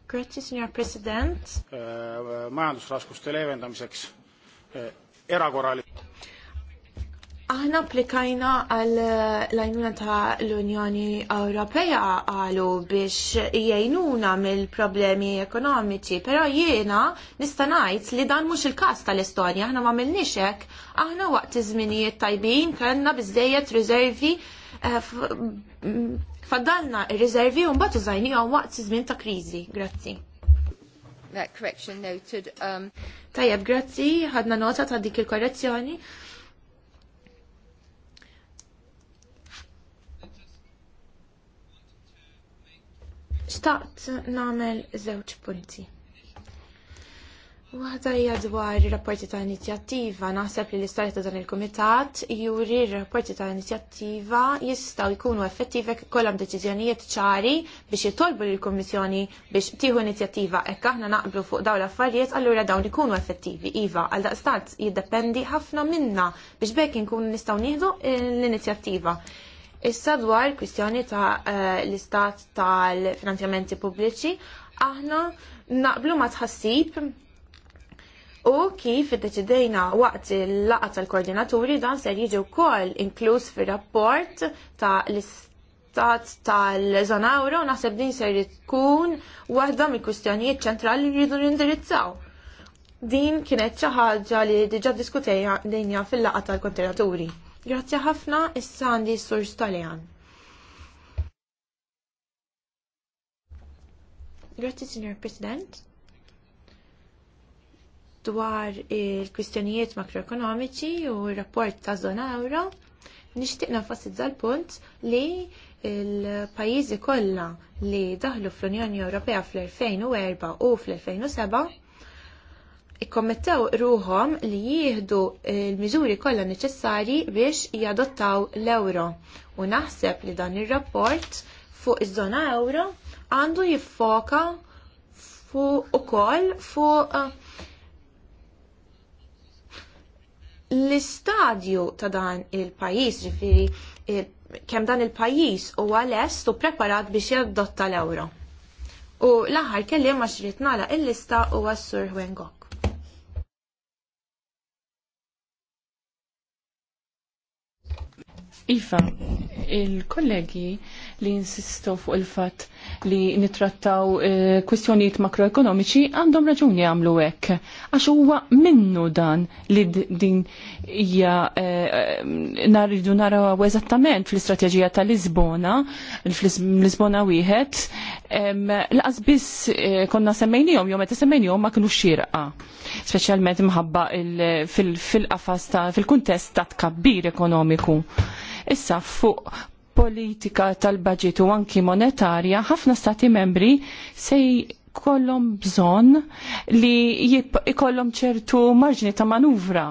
Grazie, signor President.
Eh, eh, Majandusraskuste leevendamiseks eh, erakorrali.
Aħna applikajna għal lajnuna għajnuna ta' l-Unjoni Ewropea għalu biex jgħinuna mill-problemi ekonomiċi, pero jiena nistanajt li dan mux il-kas tal-Estonja, aħna ma' mill-nixek, aħna waqt iż-żminijiet tajbin kellna bizzejiet riservi Faddalna il-reservi un u mbagħad użajnihom waqt żmien ta' kriżi. Grazzi. That correction noted. Um... Tajab, grazzi, ħadna nota ta' dik il-korrezzjoni. Staqt namel żewġ punti. Waħda hija dwar ir-rapporti ta' inizjattiva, naħseb li l-istorja ta' dan il-kumitat juri r-rapporti ta' inizjattiva jistgħu jkunu effettivi jekk ikollhom deċiżjonijiet ċari biex jitolbu lill kummissjoni biex tieħu inizjattiva hekk aħna naqblu fuq dawn l-affarijiet allura dawn ikunu effettivi iva għal daqstant jiddependi ħafna minna biex bejk inkunu nistgħu nieħdu l-inizjattiva. Issa dwar kwistjoni ta' eh, l-istat tal-finanzjamenti pubbliċi aħna naqblu ma tħassib U kif iddeċidejna waqt il-laqa tal-koordinaturi dan ser jiġi wkoll inkluż fir-rapport ta' l-istat tal-żona u naħseb din ser tkun waħda mill-kwistjonijiet ċentrali li rridu nindirizzaw. Din kienet xi ħaġa li diġà diskutejja dinja fil-laqa tal-koordinaturi. Grazzi ħafna issa għandi sur Stalian. Grazzi, Signor President dwar il-kwistjonijiet makroekonomiċi u r-rapport ta' zona euro, nixtieq nafasizza l-punt li il-pajjiżi kollha li daħlu fl-Unjoni Ewropea fl-2004 u fl-2007 ikkommettew ruhom li jieħdu l-miżuri kollha neċessarji biex jadottaw l-euro. U naħseb li dan ir-rapport fuq iż-żona euro għandu jiffoka fuq ukoll fuq uh, l-istadju ta' dan il-pajis, ġifiri kem dan il-pajis u għal-est u preparat biex jaddotta l-euro. U l-aħħar kelli ma xrit la' il-lista
u għassur Wengok. Iva, il-kollegi li insistu fuq il-fat li nitrattaw eh, kwistjonijiet makroekonomiċi għandhom raġuni għamlu hekk. Għax huwa minnu dan li din hija eh, narridu naraw eżattament fl-istrateġija ta' Lisbona, l-Lisbona wieħed, laqas biss eh, konna semmejniehom jew meta semmejnihom ma kienu xirqa. Speċjalment imħabba fil-qafas ta' fil-kuntest ta' tkabbir ekonomiku Issa fuq politika tal-budget u anki monetarja, ħafna stati membri se jkollhom bżonn li jkollhom ċertu marġni ta' manuvra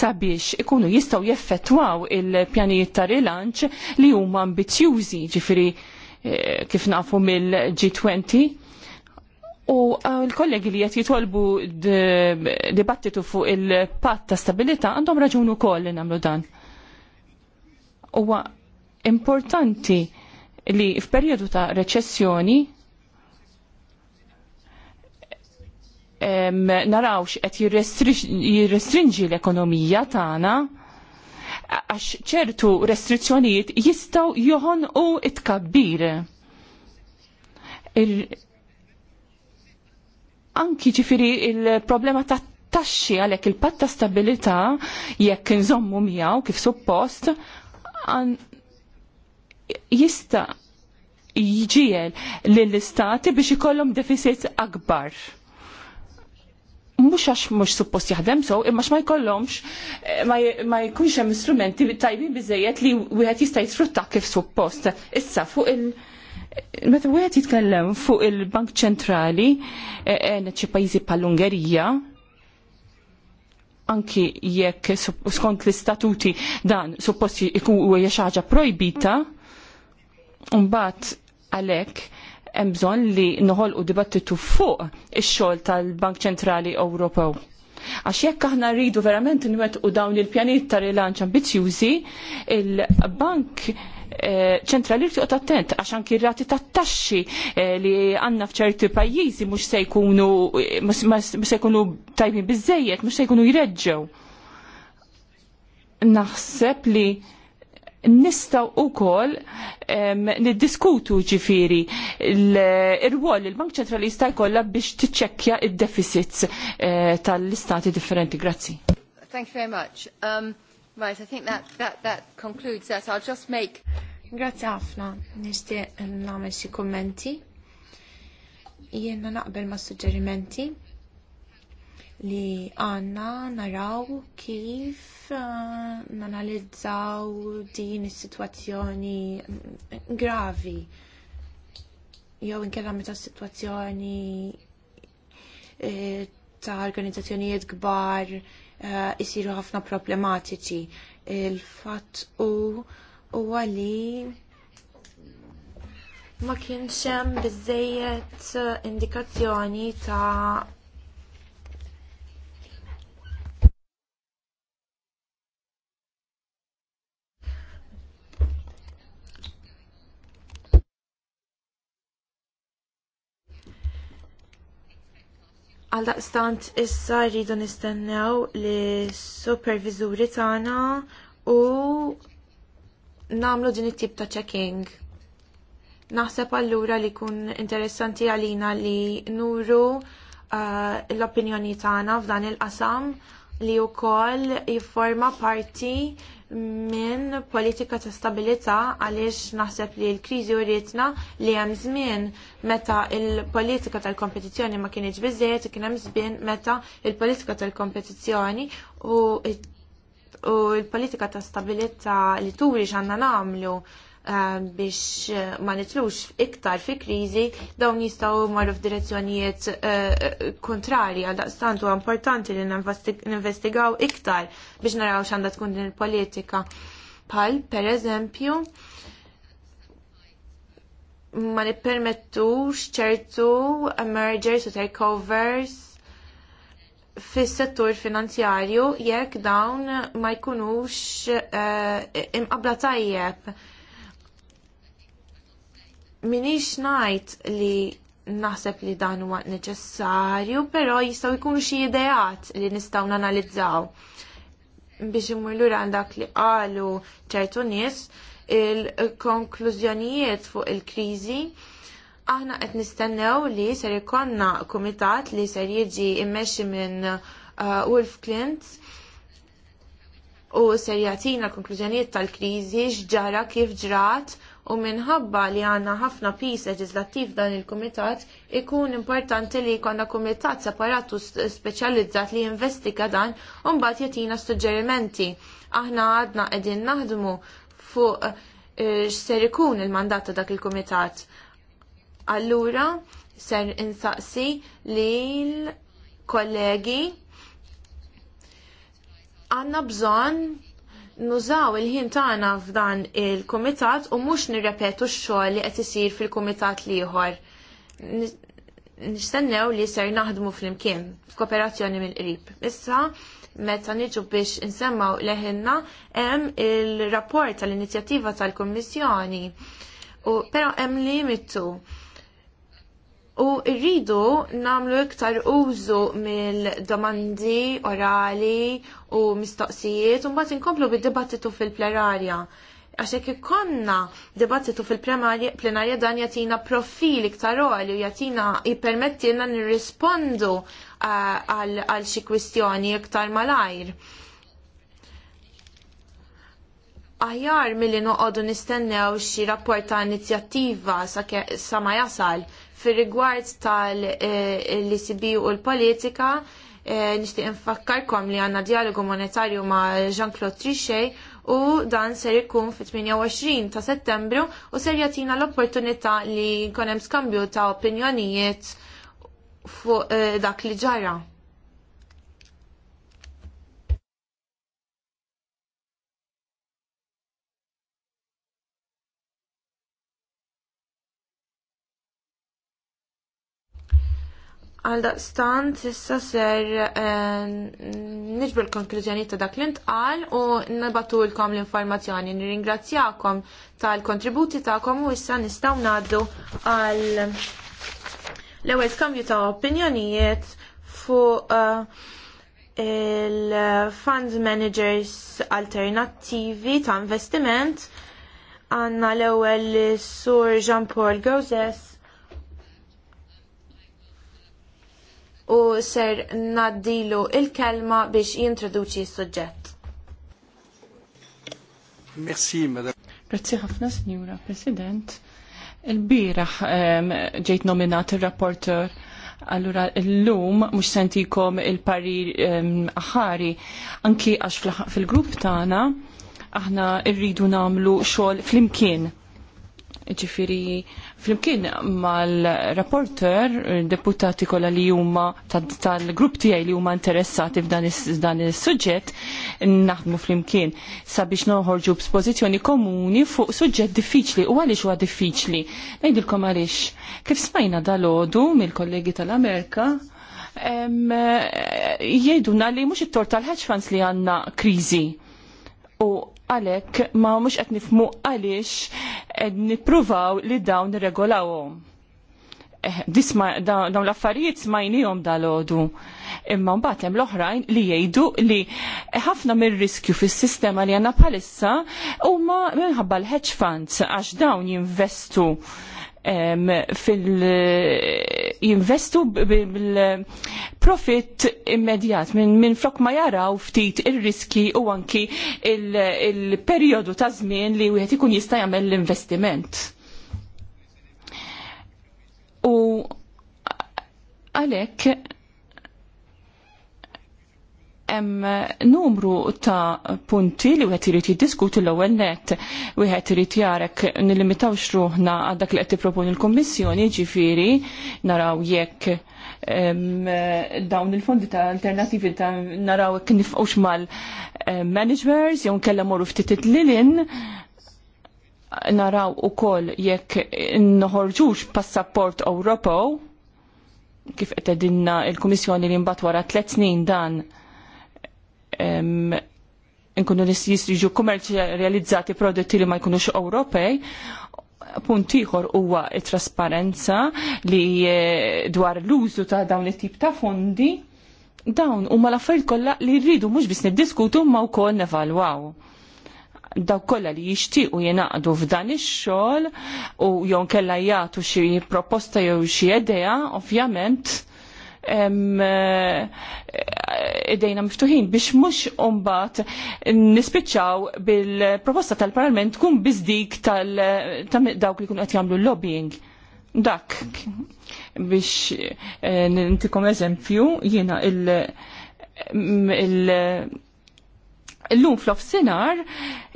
sabiex ikunu jistaw jeffettwaw il-pjanijiet ta' rilanċ li huma ambizjużi ġifiri eh, kif nafu mill-G20. U eh, l-kollegi li qed jitolbu dibattitu fuq il-patt ta' stabilità għandhom raġunu koll li nagħmlu dan huwa importanti li f'perjodu ta' reċessjoni narawx qed jirrestringi l-ekonomija tagħna għax ċertu restrizzjonijiet jistgħu joħon u itkabbir. Anki ġifiri il-problema ta' taxxi għalhekk il-patt ta' stabilità jekk nżommu miegħu kif suppost jista jġiel lill-istati biex ikollhom deficit akbar. Mhux għax mhux suppost jaħdem so, imma ma jkollhomx eh, ma jkunx hemm instrumenti tajbin biżejjed li wieħed jista' jisfrutta kif suppost. Issa fuq il- Meta wieħed jitkellem fuq il-Bank Ċentrali, xi eh, eh, pajjiżi bħall-Ungerija, anki jekk skont l-istatuti dan suppost hija xi ħaġa projbita, mbagħad għalhekk hemm bżonn li noħolqu dibattitu fuq ix-xogħol tal-Bank Ċentrali Ewropew. Għax jekk aħna rridu verament nwettqu dawn il-pjanijiet ta' rilanċ ambizzjużi, il-bank Eh, ċentrali li toqgħod attent għax anki rati tat-taxxi eh, li għandna f'ċerti pajjiżi mhux se jkunu eh, sejkunu tajbin biżejjed, mhux se jkunu jreġġew. Naħseb li nistaw u kol niddiskutu ġifiri l-irwol il-Bank ċentrali jista' jkollha biex tiċċekkja id-deficits tal-istati differenti. Grazzi.
Thank you very much. Um...
Right, I think that, that, that concludes that. I'll just make... Grazie ħafna, nishtiq namel xi kummenti. Jiena naqbel ma' suġġerimenti li għanna naraw kif uh, nanalizzaw din is-sitwazzjoni gravi jew inkella meta s-sitwazzjoni eh, ta' organizzazzjonijiet kbar jisiru eh, ħafna problematiċi. Il-fatt u u għali ma kienx hemm biżżejjed eh, indikazzjoni ta' Għaldaqstant issa rridu nistennew li supervizuri tagħna u namlu din it-tip ta' checking. Naħseb allura li kun interessanti għalina li nuru uh, l-opinjoni tagħna f'dan il-qasam li wkoll jifforma parti minn politika ta' stabilità għaliex naħseb li l-kriżi uritna li hemm żmien meta il-politika tal-kompetizzjoni ma kienx biżejjed kien hemm żmien meta il-politika tal-kompetizzjoni u u l-politika ta' stabilità li turi x'għandna nagħmlu Um, biex uh, ma nitlux iktar fi kriżi dawn jistgħu marru f'direzzjonijiet uh, uh, kontrarji għal daqstant huwa importanti li ninvestigaw iktar biex naraw x'għandha tkun din il-politika. Pal, pereżempju, ma nippermettux ċertu mergers u takeovers fis settur finanzjarju jekk dawn ma jkunux uh, imqabla tajjeb minix najt li naħseb li dan huwa neċessarju, però jistgħu jkunu xi ideat li nistgħu nanalizzaw. Biex imur lura għandak li qalu ċertu nies, il-konklużjonijiet fuq il-kriżi aħna qed nistennew li ser ikonna kumitat li ser jiġi immexxi minn uh, Wolf Clint u ser jagħtina l-konklużjonijiet tal-kriżi x'ġara kif ġrat u minħabba li għandna ħafna pis leġislattiv dan il-kumitat ikun importanti li jkollna kumitat separatu speċjalizzat li jinvestiga dan u mbagħad jatina suġġerimenti. Aħna għadna qegħdin naħdmu fuq eh, x'ser ikun il-mandat ta' dak il-kumitat. Allura ser insaqsi lil kollegi għandna bżonn nużaw il-ħin tagħna f'dan il-kumitat u mhux nirrepetu x-xogħol li qed isir fil-kumitat ieħor. Nistennew li ser naħdmu fl-imkien f'kooperazzjoni mill-qrib. Issa meta niġu biex insemmaw leħinna hemm il-rapport tal-inizjattiva tal-Kummissjoni. U però hemm limitu U rridu namlu iktar użu mill-domandi orali u mistoqsijiet u mbagħad inkomplu bid-dibattitu fil-plenarja. Għax hekk ikonna dibattitu fil-plenarja dan jagħtina profil iktar orali u jagħtina jenna nirrispondu eh, għal xi kwistjoni iktar malajr. Aħjar milli noqogħdu nistennew xi rapport ta' inizjattiva sa ma jasal fir rigward tal-ECB eh, e u l-politika eh, nixtieq infakkarkom li għandna dialogu monetarju ma' Jean-Claude Trichet u dan ser ikun fit-28 ta' settembru u ser jatina l-opportunità li konem hemm skambju ta' opinjonijiet fuq eh, dak li ġara. Għal stant issa ser eh, nġbel konklużjoni ta' dak l-intqal u nabatulkom l-informazzjoni. Nirringrazzjakom tal-kontributi ta'kom u issa nistaw naddu għal l-ewel skambju ta' opinjonijiet fuq eh, il-fund managers alternativi ta' investiment għanna l-ewel sur Jean-Paul Gauzes u ser naddilu il-kelma biex jintroduċi s-suġġett.
Merci, madam. Grazie ħafna, Signora President. Il-biraħ ġejt nominat il-rapporter Allura, l-lum mux sentikom il-parir aħari, anki għax fil-grupp tana, aħna irridu namlu xol fl-imkien ġifiri flimkien mal-rapporter, deputati kolla li huma tal-grupp tiegħi li huma interessati f'dan is-suġġett naħdmu flimkien sabiex noħorġu b'spożizzjoni komuni fuq suġġett diffiċli u għaliex huwa diffiċli. Ngħidilkom għaliex. Kif smajna dal-għodu mill-kollegi tal-Amerika, jgħiduna li mhux it-tort tal-hedge funds li għandna kriżi u għalhekk ma mhux qed nifmu għaliex qed nippruvaw li dawn nirregolawhom. Eh, disma dawn l-affarijiet smajnijom dal-ħodu. Imma mbagħad hemm l-oħrajn li jgħidu li ħafna mir-riskju fis-sistema li għandna bħalissa huma minħabba l-hedge funds għax dawn jinvestu fil-jinvestu bil-profit immedjat minn min flok ma jaraw ftit ir-riski u anki il-periodu ta' żmien li wieħed ikun jista' jagħmel l-investiment. U għalhekk hemm numru ta' punti li wieħed irid jiddiskuti l-ewwel nett, wieħed irid jarek nilimitaw xruħna għal dak li qed tipproponi l-Kummissjoni, ġifieri naraw jekk dawn il-fondi ta' alternativi ta' naraw jekk nifqux mal-managers jew kellha morru ftit lilin naraw ukoll jekk noħorġux passaport Ewropew kif qed edinna il-Kummissjoni li mbagħad wara tliet snin dan nkunu nis jiġu kommerċjalizzati prodotti li ma jkunux Ewropej punt ieħor huwa t trasparenza li eh, dwar l-użu ta' dawn it-tip ta' fondi dawn huma l-affarijiet kollha li rridu mhux biss niddiskutu ma wkoll nevalwaw. Dawk kollha li jixtiequ jingħaqdu f'dan ix-xogħol u jew kella jagħtu xi proposta jew xi idea, ovvjament Eh, idejna miftuħin biex mhux umbat nispiċċaw bil-proposta tal-Parlament tkun bizdik tal-dawk li kun qed jagħmlu lobbying. Dak biex eh, nintikom eżempju jiena il- l-lum fl-ofsinar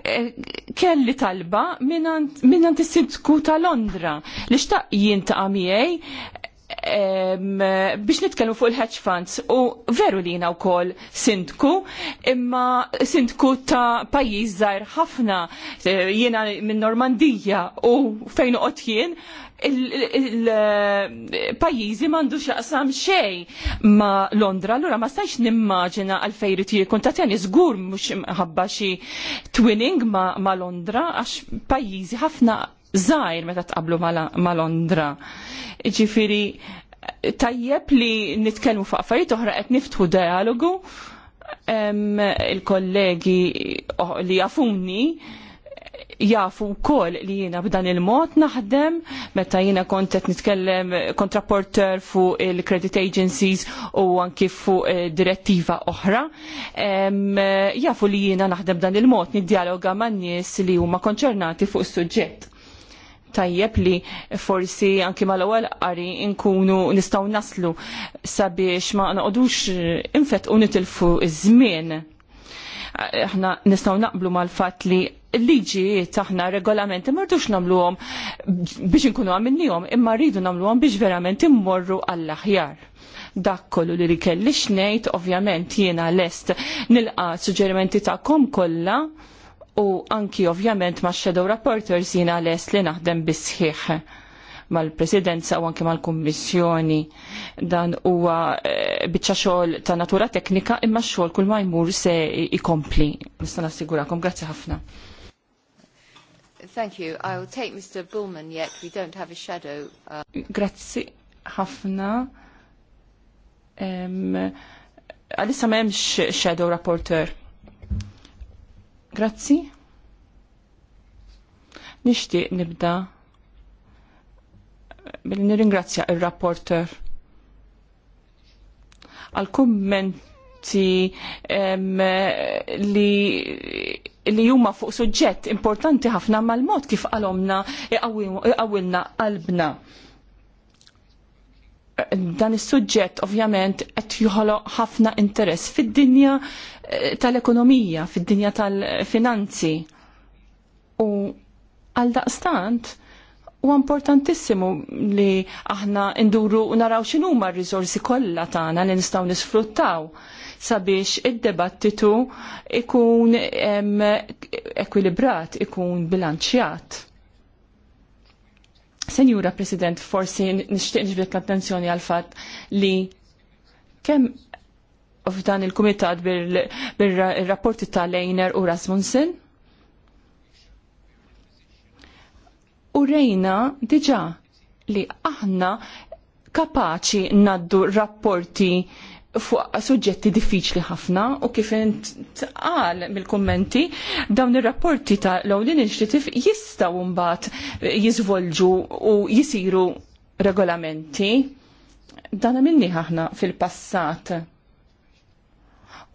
eh, kelli talba minnant is-sidku ta' Londra li xtaq jintaqa' miegħi biex nitkellmu fuq il-hedge funds u veru li jina wkoll sindku imma sindku ta' pajjiż żgħir ħafna e, jiena minn Normandija u fejn qod jien il-pajjiżi m'għandu xaqsam xejn ma' Londra, allura ma stajx nimmaġina għal fejri tiegħi kun tagħteni żgur mhux mħabba xi twinning ma' Londra għax pajjiżi ħafna zaħir meta tqablu ma' Londra. Ġifiri, tajjeb li nitkellmu fuq affarijiet oħra qed niftħu dialogu il-kollegi li jafuni jafu wkoll li jiena b'dan il-mod naħdem meta jiena kont qed nitkellem kontrapporter fuq il-credit agencies u anki fuq eh, direttiva oħra. Jafu li jiena naħdem b'dan il-mod niddialoga man nies li huma konċernati fuq is-suġġett tajjeb li forsi anki mal-ewwel qari nkunu nistgħu naslu sabiex ma noqogħdux infettqu u nitilfu iż-żmien. Aħna nistgħu naqblu mal-fatt li liġijiet aħna regolamenti mardux nagħmluhom biex inkunu għamilnihom, imma rridu nagħmluhom biex verament immorru għall-aħjar. Dak kollu li rikelli xnejt, ovvjament jiena lest nilqa suġġerimenti tagħkom kollha u anki ovvjament ma' shadow rapporters jina les li naħdem bisħiħ mal-presidenza u anki mal-kommissjoni dan huwa eh, biċċa xogħol ta' natura teknika imma x-xogħol kull ma jmur se ikompli. Nista' nassigurakom, grazzi ħafna.
Thank you. I will take Mr. Bullman yet. We don't have a shadow.
Uh... Grazzi ħafna. Um, ma memx shadow rapporteur. Grazzi. Nixtieq nibda billi nirringrazzja il-rapporter għal kummenti li li huma fuq suġġett importanti ħafna mal-mod kif għalomna iqawilna qalbna. Dan is-suġġett ovvjament qed joħoloq ħafna interess fid-dinja tal-ekonomija, fid-dinja tal-finanzi. U għal daqstant, u importantissimu li aħna induru u naraw xinu ma r-rizorsi kollha tagħna li nistgħu nisfruttaw sabiex id-debattitu ikun ekwilibrat, ikun bilanċjat. Senjura President, forsi nixtieq nixbet l-attenzjoni għal fatt li kemm f'dan il-kumitat bil-rapporti ta' Lejner u Rasmussen. U rejna diġa li aħna kapaċi naddu rapporti fuq suġġetti diffiċli ħafna u kif intqal mill-kummenti dawn ir-rapporti ta' l-Owlin Initiative jistgħu mbagħad jiżvolġu u jisiru regolamenti. Dan minni aħna fil-passat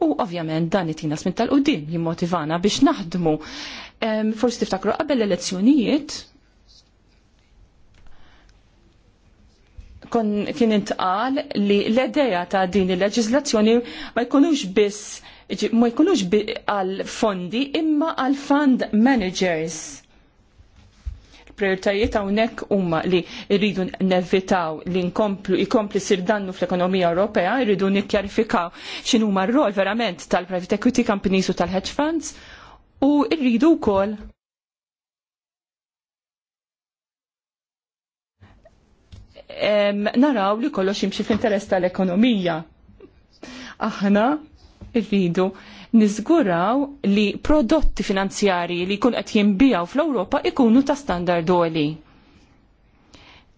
U ovvjament dan it it-tina smin tal-qudiem jimmotivana biex naħdmu. Um, Forsi tiftakru qabel l-elezzjonijiet kien intqal li l-edeja ta' din il-leġislazzjoni ma jkunux biss ma jkunux għal fondi imma għal fund managers prioritajiet hawnhekk huma li rridu nevitaw li nkomplu jkompli sir dannu fl-ekonomija Ewropea, rridu nikkjarifikaw x'inhu huma r-rol verament tal-private equity companies u tal-hedge funds u rridu wkoll naraw li kollox jimxi fl-interess tal-ekonomija. Aħna rridu niżguraw li prodotti finanzjarji li jkun qed jinbijaw fl-Ewropa ikunu ta' standard għoli.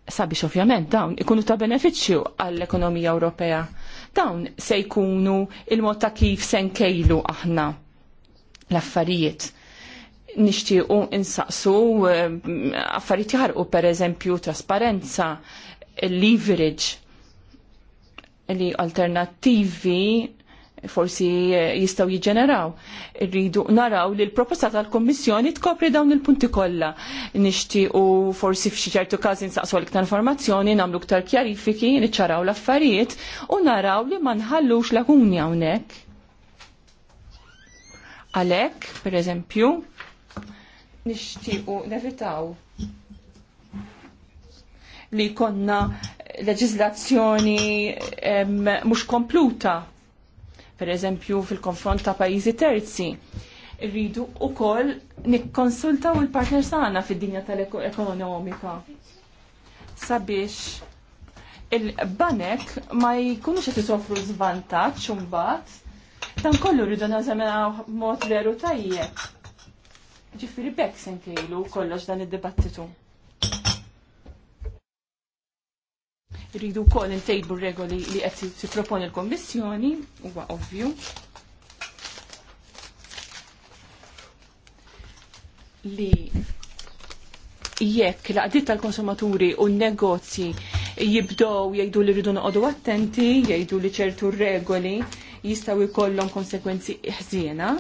Sabiex ovvjament dawn ikunu ta' benefiċċju għall-ekonomija Ewropea. Dawn se jkunu il-mod ta' kif se nkejlu aħna l-affarijiet. Nixtiequ insaqsu eh, affarijiet jaħarqu pereżempju trasparenza, leverage, li alternattivi forsi eh, jistaw jiġġeneraw. Rridu naraw li l-proposta tal-Kommissjoni tkopri dawn il-punti kollha. Nixtiequ forsi f'xi ċertu każi nsaqsu għal iktar informazzjoni, nagħmlu iktar kjarifiki, niċċaraw l-affarijiet u naraw li ma nħallux lakuni hawnhekk. Għalhekk, pereżempju, nixtiequ nevitaw li konna leġizlazzjoni mhux kompluta per eżempju fil-konfront ta' pajjiżi terzi. Rridu wkoll nikkonsultaw il-partner sana fid-dinja tal-ekonomika. Sabiex il-banek ma jkunux qed isofru zvantaċ imbagħad dan kollu rridu nazamena mod veru tajjeb. Ġifiri bekk se kollox dan id-dibattitu. Rridu wkoll intejbu regoli li qed tipproponi l-Kommissjoni, huwa ovvju. Li jekk laqdiet tal-konsumaturi u n-negozji jibdow jgħidu li rridu noqogħdu attenti, jgħidu li ċertu regoli jistgħu jkollhom konsekwenzi ħsiena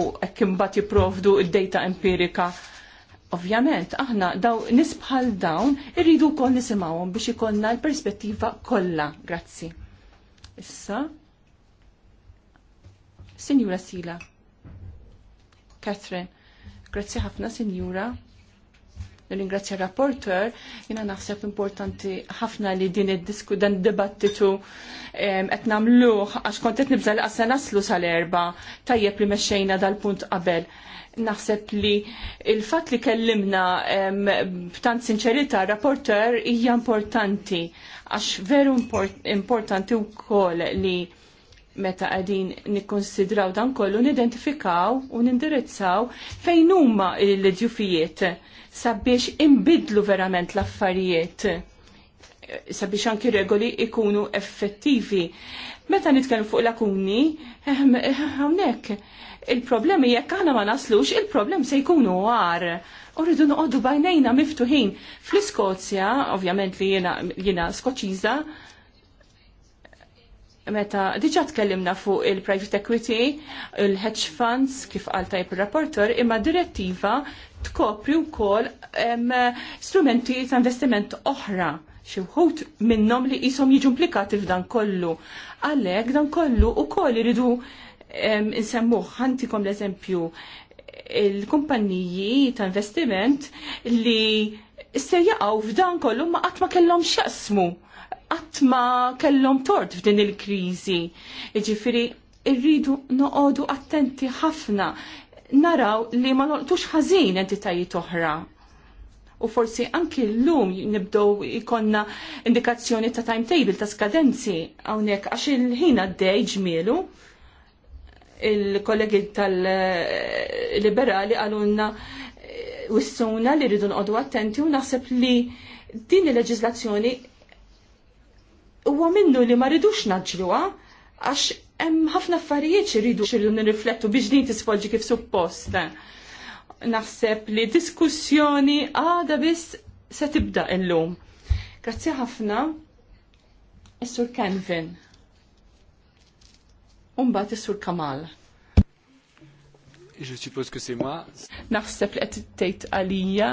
u hekk imbagħad jipprovdu id data empirika Ovvjament, aħna daw nisbħal dawn irridu kol nisimawhom biex ikollna l-perspettiva kollha. Grazzi. Issa. Sinjura Sila. Catherine. Grazzi ħafna, Sinjura. Nirringrazzja rapporter, jina naħseb importanti ħafna li din id-disku dan dibattitu qed nagħmluh għax kont qed nibżal qasna naslu sal-erba' tajjeb li mexxejna dal-punt qabel naħseb li il-fat li kellimna b'tant sinċerita rapporter hija importanti għax veru importanti wkoll li meta qegħdin nikkonsidraw dan kollu nidentifikaw u nindirizzaw fejn huma l-ġufijiet sabiex imbidlu verament l-affarijiet sabiex anki regoli ikunu effettivi. Meta nitkellmu fuq lakuni, ehm, ehm, hawnhekk il-problemi jekk aħna ma naslux, il-problem se jkunu għar. uridu noqogħdu bajnejna miftuħin. Fl-Iskozja, ovvjament li jiena jiena Skoċiża, meta diġa tkellimna fuq il-private equity, il-hedge funds, kif qal tajb il-rapporter, imma direttiva tkopri wkoll strumenti ta' investiment oħra xi wħud minnhom li qishom jiġu implikati f'dan kollu. Għalhekk dan kollu wkoll iridu insemmuħ ħantikom l-eżempju il-kumpanniji ta' investiment li se f'dan kollu ma qatt ma kellhom x'jaqsmu, qatt ma kellhom tort f'din il-kriżi. Jiġifieri rridu noqogħdu attenti ħafna naraw li ma noqtux ħażin entitajiet oħra u forsi anki l-lum nibdow ikonna indikazzjoni ta' timetable, ta' skadenzi, għawnek, għax il-ħina d-dej ġmielu, il-kollegi tal-liberali għalunna eh, wissuna li rridu nqodu attenti u naħseb li din il-leġizlazzjoni huwa minnu li ma rridux naġluha għax hemm ħafna affarijiet irridu xirridu nirriflettu biex din tisfolġi kif suppost. Naħseb li diskussjoni għada biss se tibda illum. Grazzi ħafna. Is-Sur Kenvin. Umbat is-sur Kamal. Je suppose que c'est moi. Naħseb li qed tgħid għalija.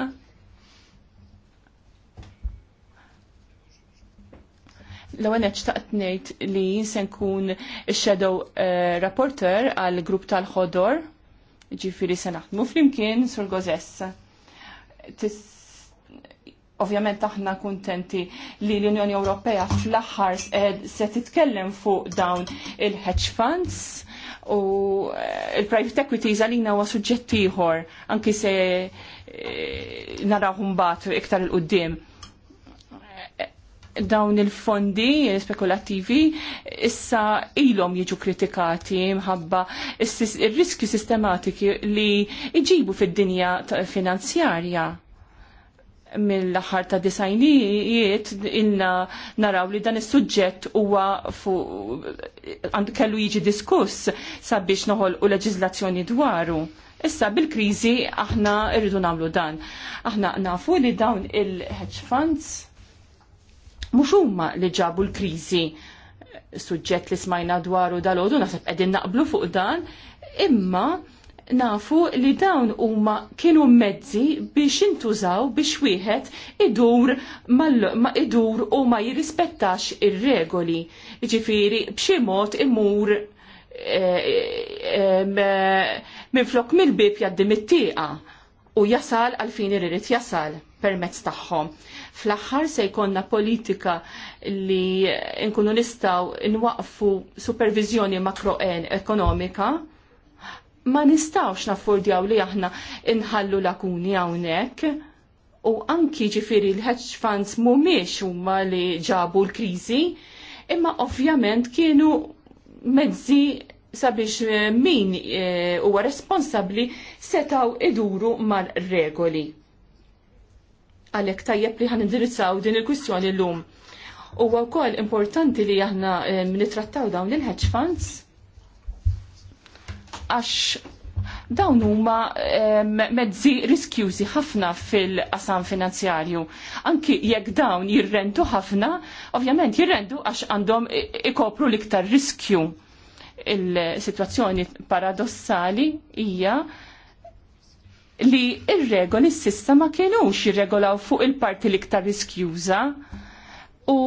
L-ewwel xtaqt ngħid li se nkun shadow eh, rapporter għal grupp tal-ħodor, Ġifiri se naħdmu flimkien sur Gozess. Tis Ovvjament aħna kuntenti li l-Unjoni Ewropea fl-aħħar se titkellem fuq dawn il-hedge funds u eh, il-private equity għalina huwa suġġett ieħor anki se eh, narawhom mbagħad iktar il-qudiem eh, dawn il-fondi spekulativi issa ilhom jiġu kritikati mħabba il-riski sistematiki li iġibu fid-dinja finanzjarja mill-aħħar ta' disajnijiet inna naraw li dan is-suġġett huwa kellu jiġi diskuss sabiex noħolqu leġiżlazzjoni dwaru. Issa bil-kriżi aħna rridu nagħmlu dan. Aħna nafu li dawn il-hedge funds mhux huma li ġabu l-kriżi suġġett li smajna dwaru dal-għodu, nasib qegħdin naqblu fuq dan, imma nafu li dawn huma kienu mezzi biex intużaw biex wieħed idur ma idur u ma jirrispettax ir-regoli. Ġifieri b'xi mod imur eh, eh, minn flok mill-bib jaddim it-tieqa u jasal għal fin irid jasal permezz tagħhom. Fl-aħħar se jkollna politika li nkunu nistgħu nwaqfu supervizjoni makroen ekonomika ma nistawx naffordjaw li aħna inħallu lakuni hawnhekk. U anki ġifiri l-hedge funds mumiex huma li ġabu l-kriżi, imma ovvjament kienu mezzi sabiex eh, min eh, huwa e, responsabbli setaw iduru mal-regoli. Għalhekk tajjeb li ħan indirizzaw din il-kwistjoni l-lum. Huwa wkoll importanti li aħna e, eh, nitrattaw dawn il-hedge funds għax dawn huma eh, mezzi riskjużi ħafna fil-qasam finanzjarju. Anki jekk dawn jirrendu ħafna, ovvjament jirrendu għax għandhom ikopru l-iktar riskju. Il-situazzjoni paradossali hija li ir-regoli s sista ma kienux jirregolaw fuq il-parti l-iktar riskjuża u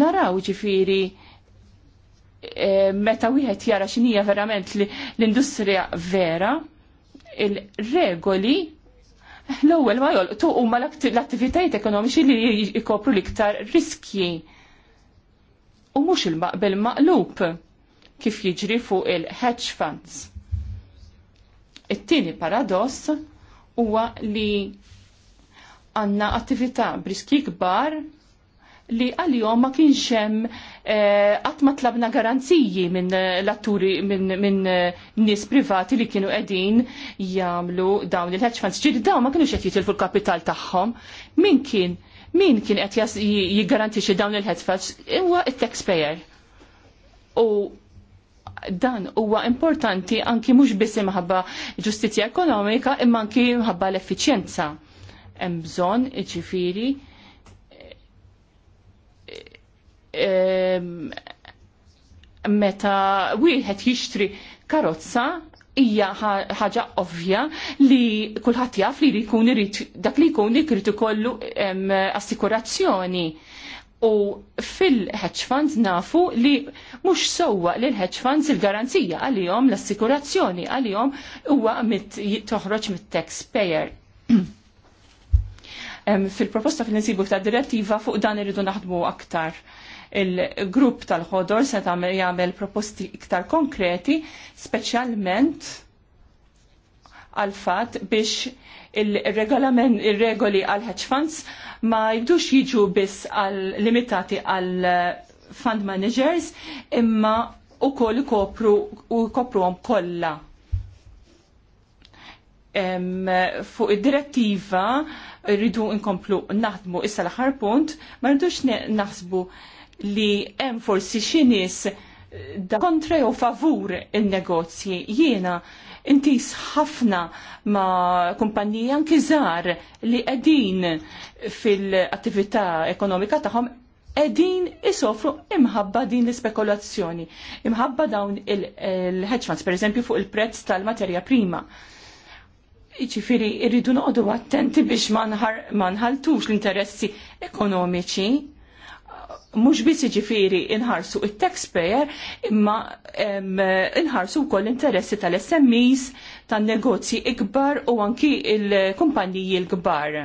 naraw ġifiri Eh, meta wieħed jara x'inhija verament l-industrija vera, il-regoli l-ewwel ma jolqtu huma l-attivitajiet ekonomiċi li jkopru l-iktar riskji. U mhux il-maqbel maqlub kif jiġri fuq il-hedge funds. It-tieni paradoss huwa li għandna attività briski kbar li għal-jom ma kienx hemm eh, qatt ma tlabna garanziji minn eh, l-atturi minn eh, nies privati li kienu qegħdin jagħmlu dawn il-hedge funds. Ġieli dawn ma kienux qed jitilfu l-kapital tagħhom. Min kien min kien qed jiggarantixxi dawn il-hedge funds huwa t taxpayer U dan huwa importanti anki mhux biss imħabba ġustizzja ekonomika imma anki imħabba l-effiċjenza. Hemm bżonn iġifieri. Ehm, meta wieħed jixtri karozza hija ħaġa ovvja li kulħadd jaf li jkun irid dak li jkun ikrid ikollu ehm, assikurazzjoni. U fil-hedge funds nafu li mhux sewwa lil hedge funds il-garanzija għalihom l-assikurazzjoni għalihom huwa toħroġ mit-taxpayer. Ehm, fil-proposta fil-nsibu ta' direttiva fuq dan irridu naħdmu aktar il-grupp tal-ħodor se tagħmel jagħmel proposti iktar konkreti, speċjalment għal fatt biex il-regolament il-regoli għal hedge funds ma jibdux jiġu biss għal limitati għal eh, fund managers imma u koll kopru u kopru għom kolla. fuq id-direttiva rridu nkomplu naħdmu issa l-aħħar punt, ma rridux naħsbu li hemm forsi xi nies eh, da kontra jew favur in-negozji. Jiena intis ħafna ma kumpanija anki żgħar li qegħdin fil-attività ekonomika tagħhom qegħdin isofru imħabba din l-ispekulazzjoni, imħabba dawn il-hedge funds, pereżempju fuq il-prezz tal-materja prima. Jiġifieri irridu noqogħdu attenti biex ma nħaltux l-interessi ekonomiċi mhux biss jiġifieri inħarsu il taxpayer imma inħarsu wkoll interessi tal-SMEs, tan-negozji ikbar u anki il-kumpanniji l-kbar.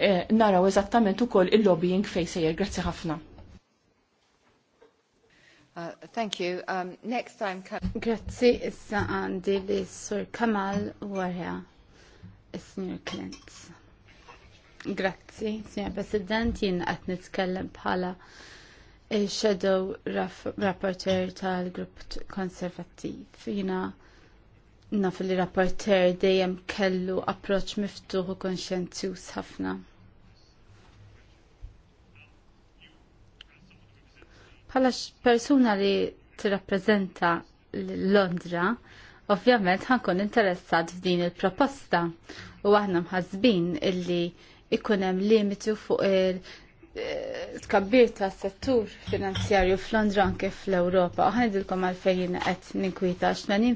Eh, naraw eżattament ukoll il-lobbying fej sejjer. Grazzi ħafna.
Uh, thank you. Um, next time... Grazzi issa għandi li sur Kamal wara is-Sr. Clint. Grazzi, signor President, jien qed nitkellem bħala il-shadow rapporteur tal-grupp konservattiv. Jina naf li rapporter dejjem kellu approċ miftuħ u konxenzjuż ħafna. Bħala persuna li tirrappreżenta Londra, ovvjament ħankun interessat f'din il-proposta u aħna mħazbin illi ikun hemm limitu fuq il- eh, tkabbir ta' settur finanzjarju f'Londra anke fl-Ewropa. Ħanidilkom għalfejn qed ninkwita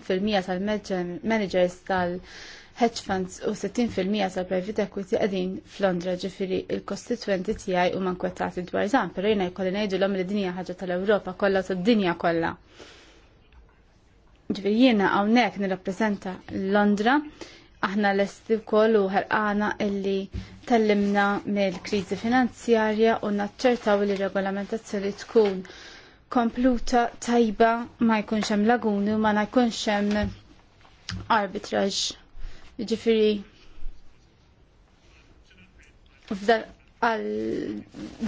fil-mija tal-managers tal-hedge funds u 60% tal-private equity qegħdin f'Londra ġifieri il-kostitwenti tiegħi huma nkwetati dwar żan, però jiena jkolli ngħidulhom li dinja ħaġa tal-Ewropa kollha tad-dinja kollha. Ġifieri jiena hawnhekk nirrappreżenta Londra aħna l-esti kollu u ħarqana illi tellimna mill-kriżi finanzjarja u naċċertaw li regolamentazzjoni tkun kompluta tajba ma jkunx hemm laguni u ma jkunx hemm arbitraġ. Ġifieri f'dal għal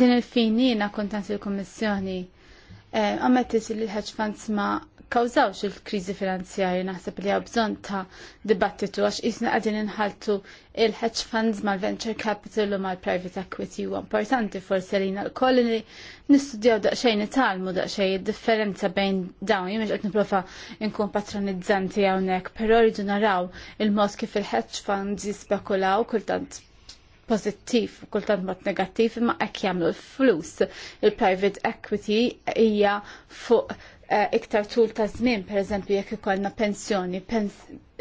din il fini jiena kontant il-Kommissjoni Eh, għammettis li l-hedge funds ma kawżawx il-krizi finanzjari naħseb li bżonn ta' dibattitu għax jisna qegħdin inħaltu il-hedge funds mal-venture capital u mal-private equity u importanti forsi li l-koll li nistudjaw daqsxejn italmu daqsxejn id-differenza bejn dawn jien qed nipprova nkun patronizzanti hawnhekk, però rridu naraw il-mod kif il-hedge funds jispekulaw kultant pozittiv u kultant mod negattiv imma hekk jagħmlu l-flus. Il-private equity hija fuq eh, iktar tul ta' żmien, pereżempju jekk ikollna pensjoni,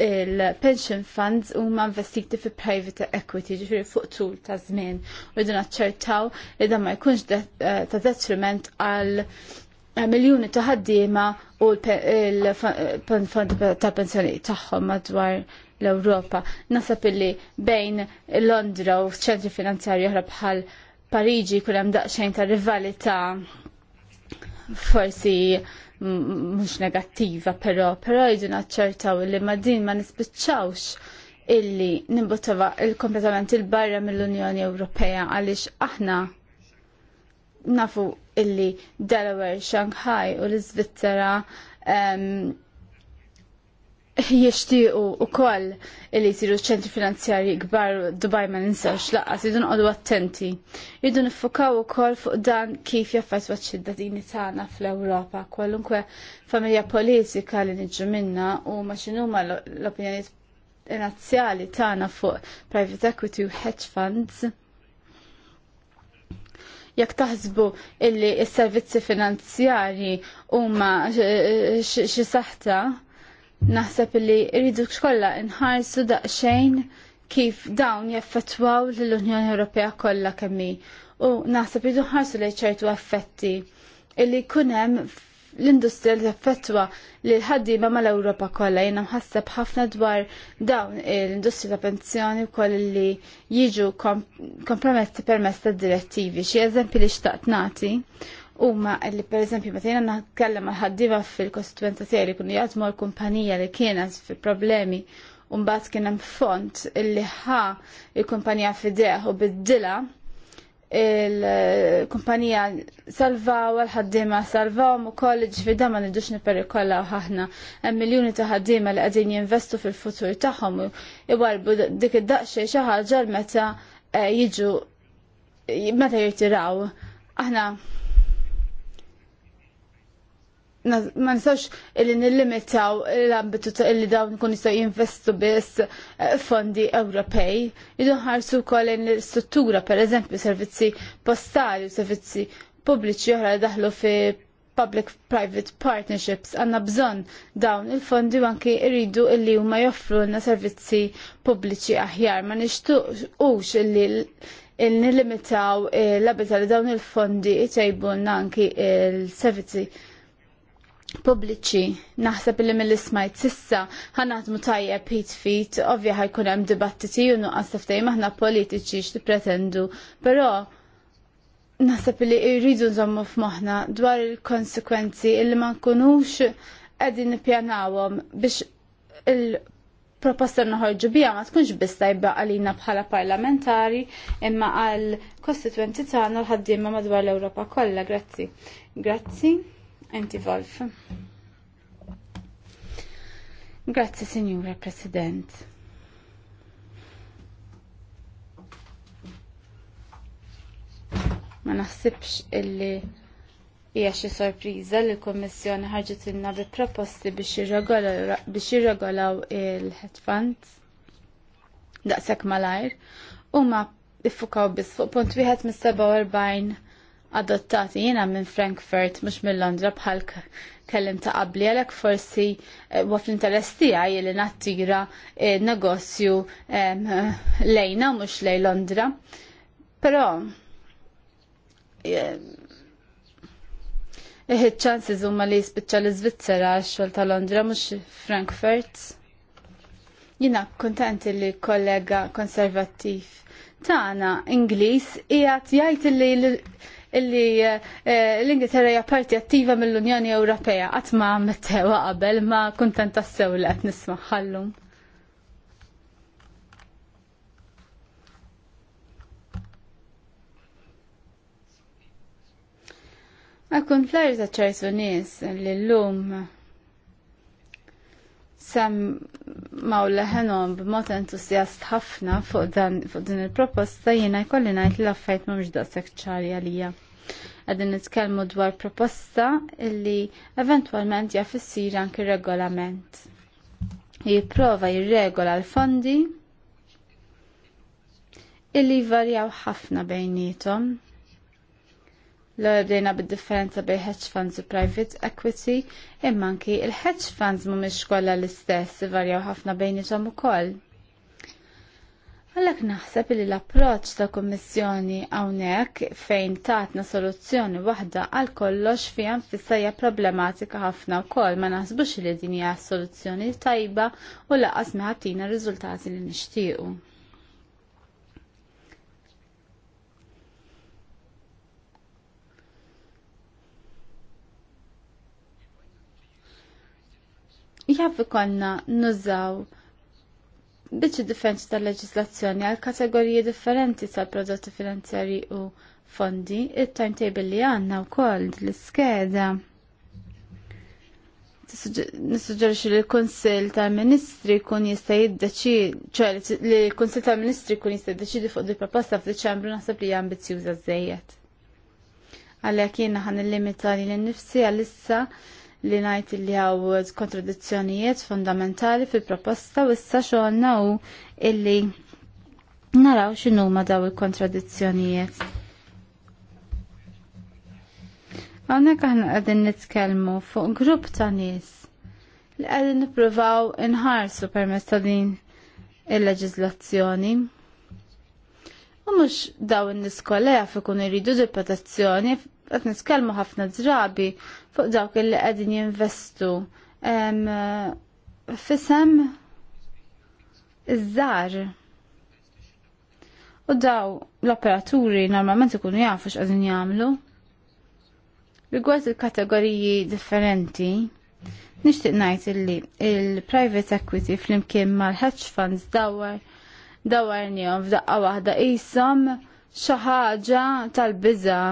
il-pension funds huma investiti fi private equity, ġifieri fuq tul ta' żmien. U din aċċertaw li dan ma jkunx eh, ta' detriment għal eh, miljoni ta' ħaddiema u l-fond ta' pensjoni tagħhom madwar l-Ewropa. Nasab illi bejn Londra u ċentri finanzjarju oħra bħal Pariġi kull hemm daqsxejn ta' rivalità forsi mhux negattiva però, però jdu naċċertaw li ma din ma nispiċċawx illi nimbuttava il-kompletament il-barra mill-Unjoni Ewropea għaliex aħna nafu illi Delaware, Shanghai u l-Svizzera ehm, jishtiqu u koll li jisiru ċentri finanzjari gbar Dubai ma ninsawx laqqas, jidun għodu attenti. Jidun nifukaw u koll fuq dan kif jaffajt waċ ċittadini tagħna fl-Ewropa, kwalunkwe familja politika li niġu minna u maċinuma l-opinjoniet nazjali tagħna fuq private equity u hedge funds. Jekk taħsbu illi s-servizzi finanzjari huma xi saħta, naħseb li rridu kollha nħarsu daqsxejn kif dawn jaffettwaw l-Unjoni Ewropea kollha kemmi. U naħseb rridu nħarsu lejn ċertu effetti illi kunem l-industrija li effettwa li l-ħaddima mal-Ewropa kollha jiena mħasseb ħafna dwar dawn l-industrija ta' pensjoni wkoll li jiġu komprometti permezz tad direttivi. Xi eżempi li xtaqt nagħti huma li pereżempju meta jiena natkellem għal ħaddiema fil-kostituenza tiegħi kun jgħatmu l-kumpanija li kienet fi problemi u mbagħad kien hemm font illi ħa il-kumpanija fideħ u biddila il-kumpanija salvaw għal-ħaddima salvaw u kolleġ fida ma nidux u ħahna hemm miljoni ta' ħaddima li qegħdin jinvestu fil-futur tagħhom iwarbu dik id-daqsxej xi ħaġa meta eh, jiġu meta jirtiraw. Aħna ma nistax illi nillimitaw l-ambitu ta' illi dawn kun jistaw jinvestu biss eh, fondi Ewropej. Idu ħarsu kol l-struttura, per eżempju, servizzi postali u servizzi pubbliċi oħra daħlu fi public-private partnerships għanna bżon dawn il-fondi anki irridu illi huma joffru lna servizzi pubbliċi aħjar ma nixtuqux illi il-nilimitaw eh, l-abita li dawn il-fondi jtejbu anki il-servizzi pubbliċi. Naħseb li mill-ismajt sissa ħanatmu tajjeb hit fit, ovvja ħajkun hemm dibattiti u nuqqas taftej maħna politiċi x'tippretendu, però naħseb li jridu nżommu f'moħħna dwar il-konsekwenzi illi ma nkunux qegħdin nippjanawhom biex il proposta noħorġu bija ma tkunx biss tajba għalina bħala parlamentari imma għal kostituenti tagħna l-ħaddiema madwar l-Ewropa kollha. Grazzi. Grazzi. Enti Wolf. Grazie, Signora President. Ma naħsibx illi hija xi sorpriża li l-Kummissjoni ħarġet ilna bi proposti biex jirregolaw il hedfund funds daqshekk malajr huma iffukaw biss fuq punt wieħed mis-47 adottati jiena minn Frankfurt mhux minn Londra bħal kellim ta' qabli għalhekk forsi eh, wa l interess tiegħi li nattira eh, negozju eh, lejna mhux lej Londra. Però Iħi ċansi zumma li jispiċċa l-Svizzera xol ta' Londra mhux Frankfurt. Jina kontenti li kollega konservattiv tagħna Ingliż qiegħed jgħid li illi eh, l-Ingilterra hija parti attiva mill-Unjoni Ewropea qatt ma mettewa qabel ma kuntenta sew li qed nisma' ħallum. Ma kun flajr ta' ċertu nies li l-lum maw leħenom b'mod entusjast ħafna fuq dan fuq din il-proposta jiena jkolli ngħid li l-affarijiet mhumiex daqshekk ċari għalija. Għadin nitkellmu dwar proposta illi eventwalment jaf issir anki regolament. Jipprova jirregola l-fondi illi varjaw ħafna bejnietom l-għabdejna bid-differenza bej hedge funds u private equity, imma anki il-hedge funds mhumiex kollha l-istess, varjaw ħafna u ukoll. Għallek naħseb li l-approċ ta' kommissjoni hawnhekk fejn tatna soluzzjoni waħda għal kollox fijan fissajja problematika ħafna koll ma naħsbux li din hija soluzzjoni tajba u laqas meħatina riżultati li nixtiequ. jaf konna nużaw biċi differenti tal-leġislazzjoni għal kategoriji differenti tal-prodotti finanzjari u fondi, il-timetable li għanna u koll l-skeda. Nissuġġerixi li l-Konsil tal-Ministri kun jista' jiddeċi, ċe li l-Konsil tal-Ministri kun jista' jiddeċidi fuq di proposta f'Diċembru naħseb li ambizjuża żejjed. Għalhekk jiena ħan il li l-nifsi għalissa issa li ngħid li hawn kontradizzjonijiet fundamentali fil-proposta u issa xoħna hu illi naraw x'inhuma daw il-kontradizzjonijiet. Hawnhekk aħna qegħdin nitkellmu fuq grupp ta' nies li qegħdin nippruvaw inħarsu permezz ta' din il-leġiżlazzjoni. U mhux daw in-nies kollha jaf ikunu deputazzjoni, protezzjoni qed nitkellmu ħafna drabi fuq dawk illi qegħdin jinvestu fisem iż-żar. U daw l-operaturi normalment ikunu jafu x'qegħdin jagħmlu. Rigward il-kategoriji differenti, nixtieq ngħid illi il-private equity flimkien mal-hedge funds dawar dawarnihom f'daqqa waħda qishom xi ħaġa tal-biża'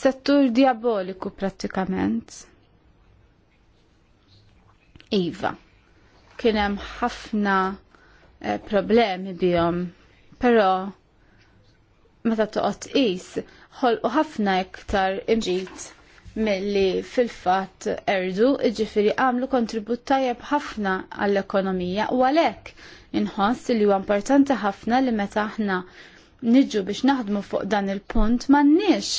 settur diaboliku prattikament. Iva, kienem ħafna eh, problemi bihom, pero meta toqgħod qis ħolqu ħafna iktar imġid milli fil-fatt erdu, iġifiri għamlu kontribut tajjeb ħafna għall-ekonomija u għalhekk inħoss li huwa importanti ħafna li meta aħna niġu biex naħdmu fuq dan il-punt m'għandniex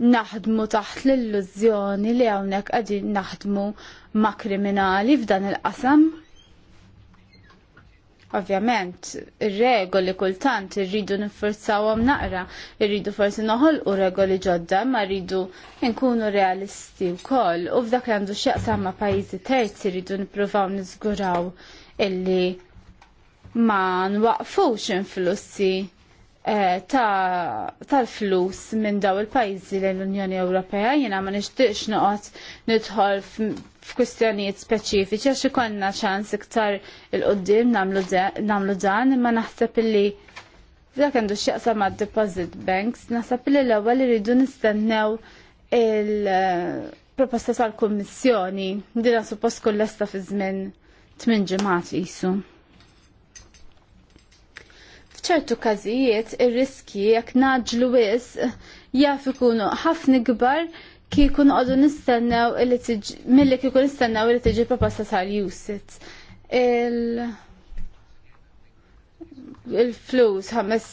naħdmu taħt l-illużjoni li hawnhekk qegħdin naħdmu ma' kriminali f'dan il-qasam. Ovvjament, ir-regoli kultant irridu nifforzawhom naqra, irridu forsi noħolqu regoli ġodda, ma rridu nkunu realisti wkoll u f'dak li għandu x'jaqsam ma' pajjiżi terzi rridu nippruvaw niżguraw illi ma nwaqfux influssi Eh, tal-flus minn daw il-pajzi l-Unjoni Ewropea, jena ma nixtiqx noqot nidħol f'kwistjonijiet speċifiċi għax ikonna ċans iktar il-qoddim namlu dan, imma naħseb illi dak għandu xieqsa ma' deposit banks, naħseb illi l-ewwel rridu nistennew il-proposta tal-Kummissjoni, dina suppost kull lesta fi żmien tmien ġimgħat jisu f'ċertu każijiet ir-riski jekk naġlu wis jaf ikunu ħafna kbar kieku noqogħdu nistennew illi tiġi milli kieku nistennew li tiġi proposta sar jusit. Il il-flus ħames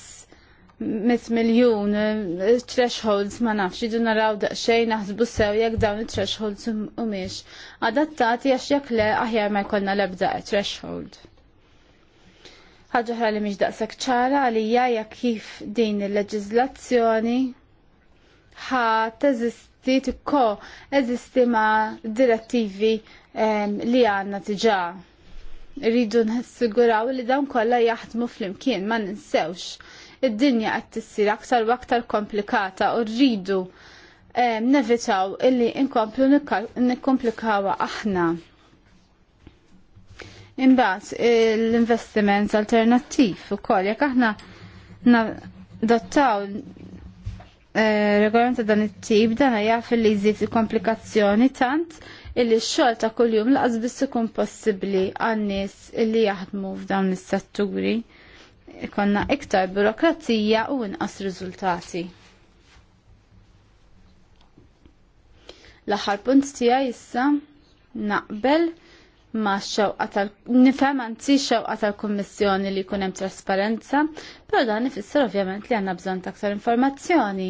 mit miljun thresholds ma nafx idu naraw daqsxejn naħsbu sew jekk dawn it-thresholds u Adattati għax jekk le aħjar ma jkollna l-ebda threshold ħagħuħra li miex daqsek ċara għalija hija kif din il-leġizlazzjoni ħa eżisti tikko eżisti ma' direttivi li għanna tiġa. Rridu nassiguraw li dawn kollha jaħdmu flimkien ma ninsewx id-dinja qed tissir aktar u aktar komplikata u rridu nevitaw illi nkomplu nikkomplikawa aħna. Imbagħad l-investiment alternattiv ukoll jekk aħna dottaw eh, regolament ta' dan it-tip dan jaf li jżid komplikazzjoni tant illi x-xogħol ta' kuljum laqas biss ikun possibbli għan-nies illi jaħdmu f'dawn is-setturi ikonna iktar burokrazija u inqas riżultati. L-aħħar punt tiegħi issa naqbel ma' xewqa tal nifhem anzi xewqa tal-Kummissjoni li jkun hemm trasparenza, però dan ifisser ovvjament li għandna bżonn aktar informazzjoni.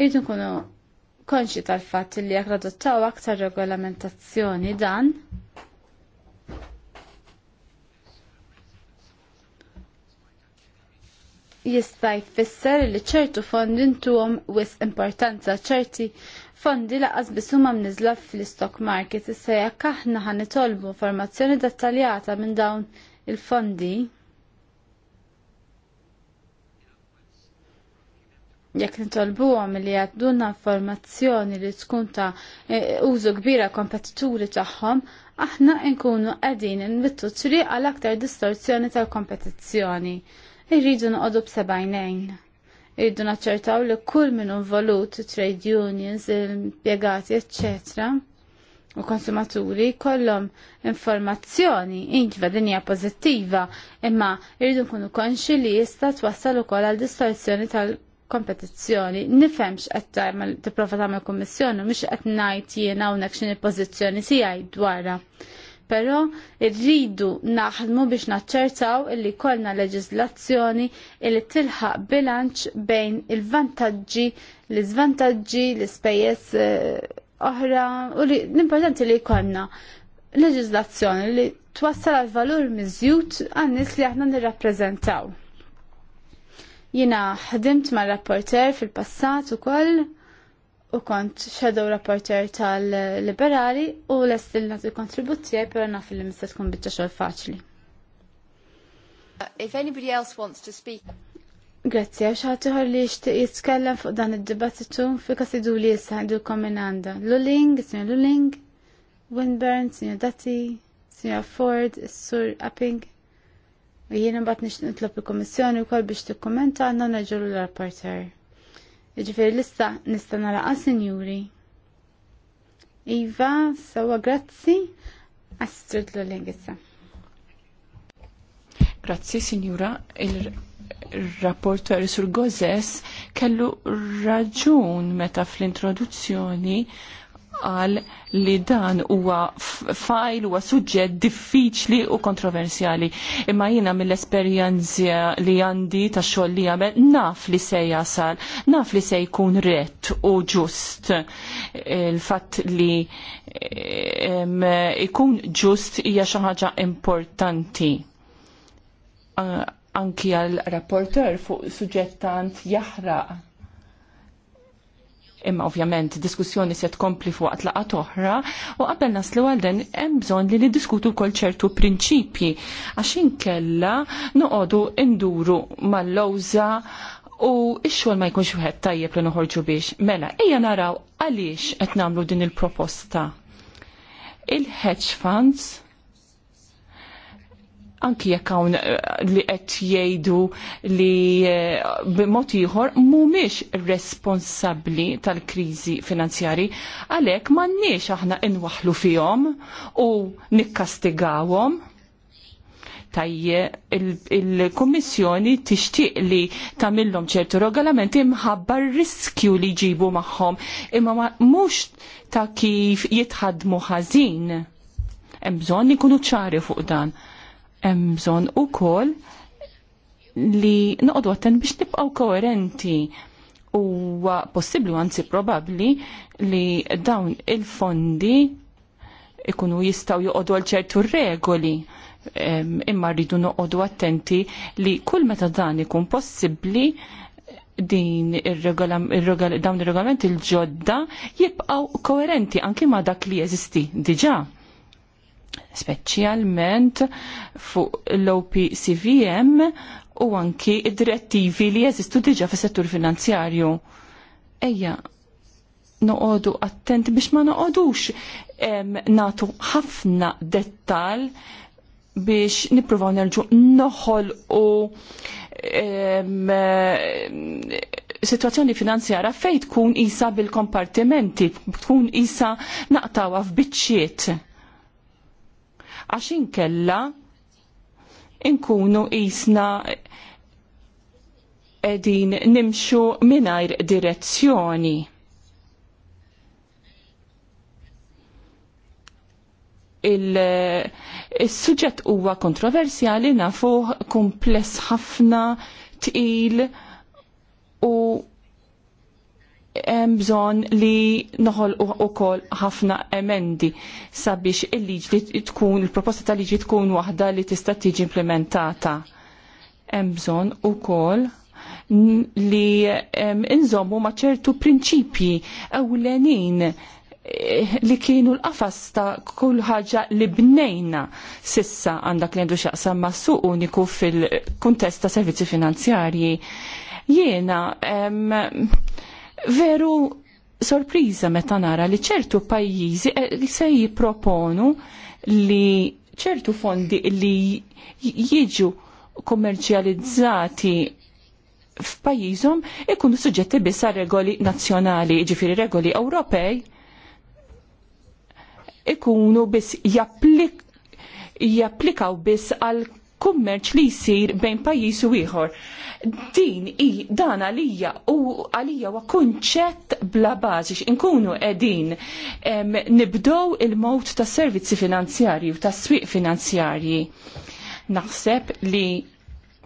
Irid nkunu konxi tal-fatt li jekk radottaw aktar regolamentazzjoni dan jista' jfisser li ċertu fondi intuhom wis importanza ċerti fondi laqas bisuma mniżla fl-stock market issa jekk aħna ħan nitolbu informazzjoni dettaljata minn dawn il-fondi jekk nitolbuhom li jgħadduna informazzjoni li tkun ta' e, użu kbira kompetituri tagħhom, aħna nkunu qegħdin nbittu triq għal aktar distorzjoni tal-kompetizzjoni. Irridu noqogħdu b'sebgħinejn irridu naċċertaw li kull minn involut trade unions, impjegati, eccetera, u konsumaturi kollhom informazzjoni inkva dinja pożittiva imma irridu nkunu konxi li jista' twassal ukoll għal distorsjoni tal-kompetizzjoni. Nifhemx qed tagħmel tipprova tagħmel kummissjoni mhux qed ngħid jiena hawnhekk x'inhi pożizzjoni tiegħi dwarha però rridu naħdmu biex naċċertaw illi kollna leġiżlazzjoni illi tilħaq bilanċ bejn il-vantaġġi, l-iżvantaġġi, l-ispejjeż eh, oħra u li l-importanti li jkollna leġiżlazzjoni li twassal għal valur miżjud għan-nies li aħna nirrappreżentaw. Jina ħdimt ma' rapporter fil-passat u koll u kont shadow rapporter tal-liberali u l-estil nat il per naf li mista tkun bitċa xogħol faċli.
Uh, if anybody else wants to speak.
Grazzi, għax ħatiħor li xti jitkellem fuq dan id-dibattitu fi kasidu li jissa għandu kominanda. Luling, sinja Luling, Winburn, sinja Dati, sinja Ford, sur Apping. U jien bat nix nitlop il-komissjoni u kol biex t-kommenta għanna naġġu l-rapporter. Ġifiri lista nista naraqa ah, sinjuri. Iva, sawa grazzi, Astrid l-lingissa.
Grazzi, sinjura, il-rapporter sur Gozes kellu raġun meta fl-introduzzjoni qal li dan huwa fajl huwa suġġett diffiċli u kontroversjali. Imma jiena mill esperjenzi li għandi ta' xogħol li għamel naf li se jasal, naf li se jkun rett u ġust. Il-fatt li jkun ġust hija xi ħaġa importanti anki għal rapporter fuq suġġettant jaħraq imma ovvjament diskussjoni se tkompli fuq tlaqa toħra u qabel naslu għal dan hemm bżonn li niddiskutu wkoll ċertu prinċipji għax inkella noqogħdu nduru mal-lowża u x-xogħol ma jkunx wieħed tajjeb li noħorġu biex. Mela, ejja naraw għaliex qed nagħmlu din il-proposta. Il-hedge funds anki jekk hawn eh, li qed jgħidu li eh, b'mod ieħor mhumiex responsabbli tal-kriżi finanzjari għalhekk m'għandniex aħna inwaħlu fihom u nikkastigawhom tajje il-Kommissjoni il tixtieq li tagħmilhom ċertu regolamenti imħabba riskju li jġibu magħhom imma mhux ta' kif jitħadmu ħażin. Hemm bżonn ikunu ċari fuq dan. Hemm bżonn ukoll li noqogħdu attent biex nibqgħu koerenti huwa possibbli anzi probabbli li dawn il-fondi ikunu jistgħu joqogħdu għal ċertu regoli imma rridu noqogħdu attenti li kull meta dan ikun possibbli din dawn ir-regolamenti l-ġodda jibqgħu koerenti anki ma' dak li jeżisti diġà speċjalment fuq l-OPCVM u anki id-direttivi li jeżistu diġa fis settur finanzjarju. Ejja, noqodu attent biex ma noqodux natu ħafna dettal biex nipruvaw nerġu noħol u situazzjoni finanzjara fejt tkun isa bil-kompartimenti, tkun isa naqtawa f'biċċiet għax inkella inkunu isna edin nimxu minajr direzzjoni. Il-suġġett il huwa kontroversjali nafuħ kumpless ħafna tqil hemm bżonn li noħol ukoll ħafna emendi sabiex il-liġi tkun il-proposta ta' liġi tkun waħda li tista' tiġi implementata. Hemm bżonn ukoll li inżommu ma' ċertu prinċipji ewlenin eh, li kienu l-qafas ta' kull ħaġa li bnejna sissa għandak li għandu xaqsam ma' suq uniku fil-kuntest ta' servizzi finanzjarji. Jiena, veru sorpriza meta nara li ċertu pajjiżi eh, se jipproponu li ċertu fondi li jiġu kommerċjalizzati f'pajjiżhom ikunu suġġetti biss għal regoli nazzjonali, ġifiri regoli Ewropej, ikunu biss japplikaw biss għal kummerċ li jsir bejn pajjiż u ieħor. Din i dan għalija u għalija wa kunċett bla bażi inkunu qegħdin nibdow il-mod ta' servizzi finanzjarji u ta' swieq finanzjarji. Naħseb li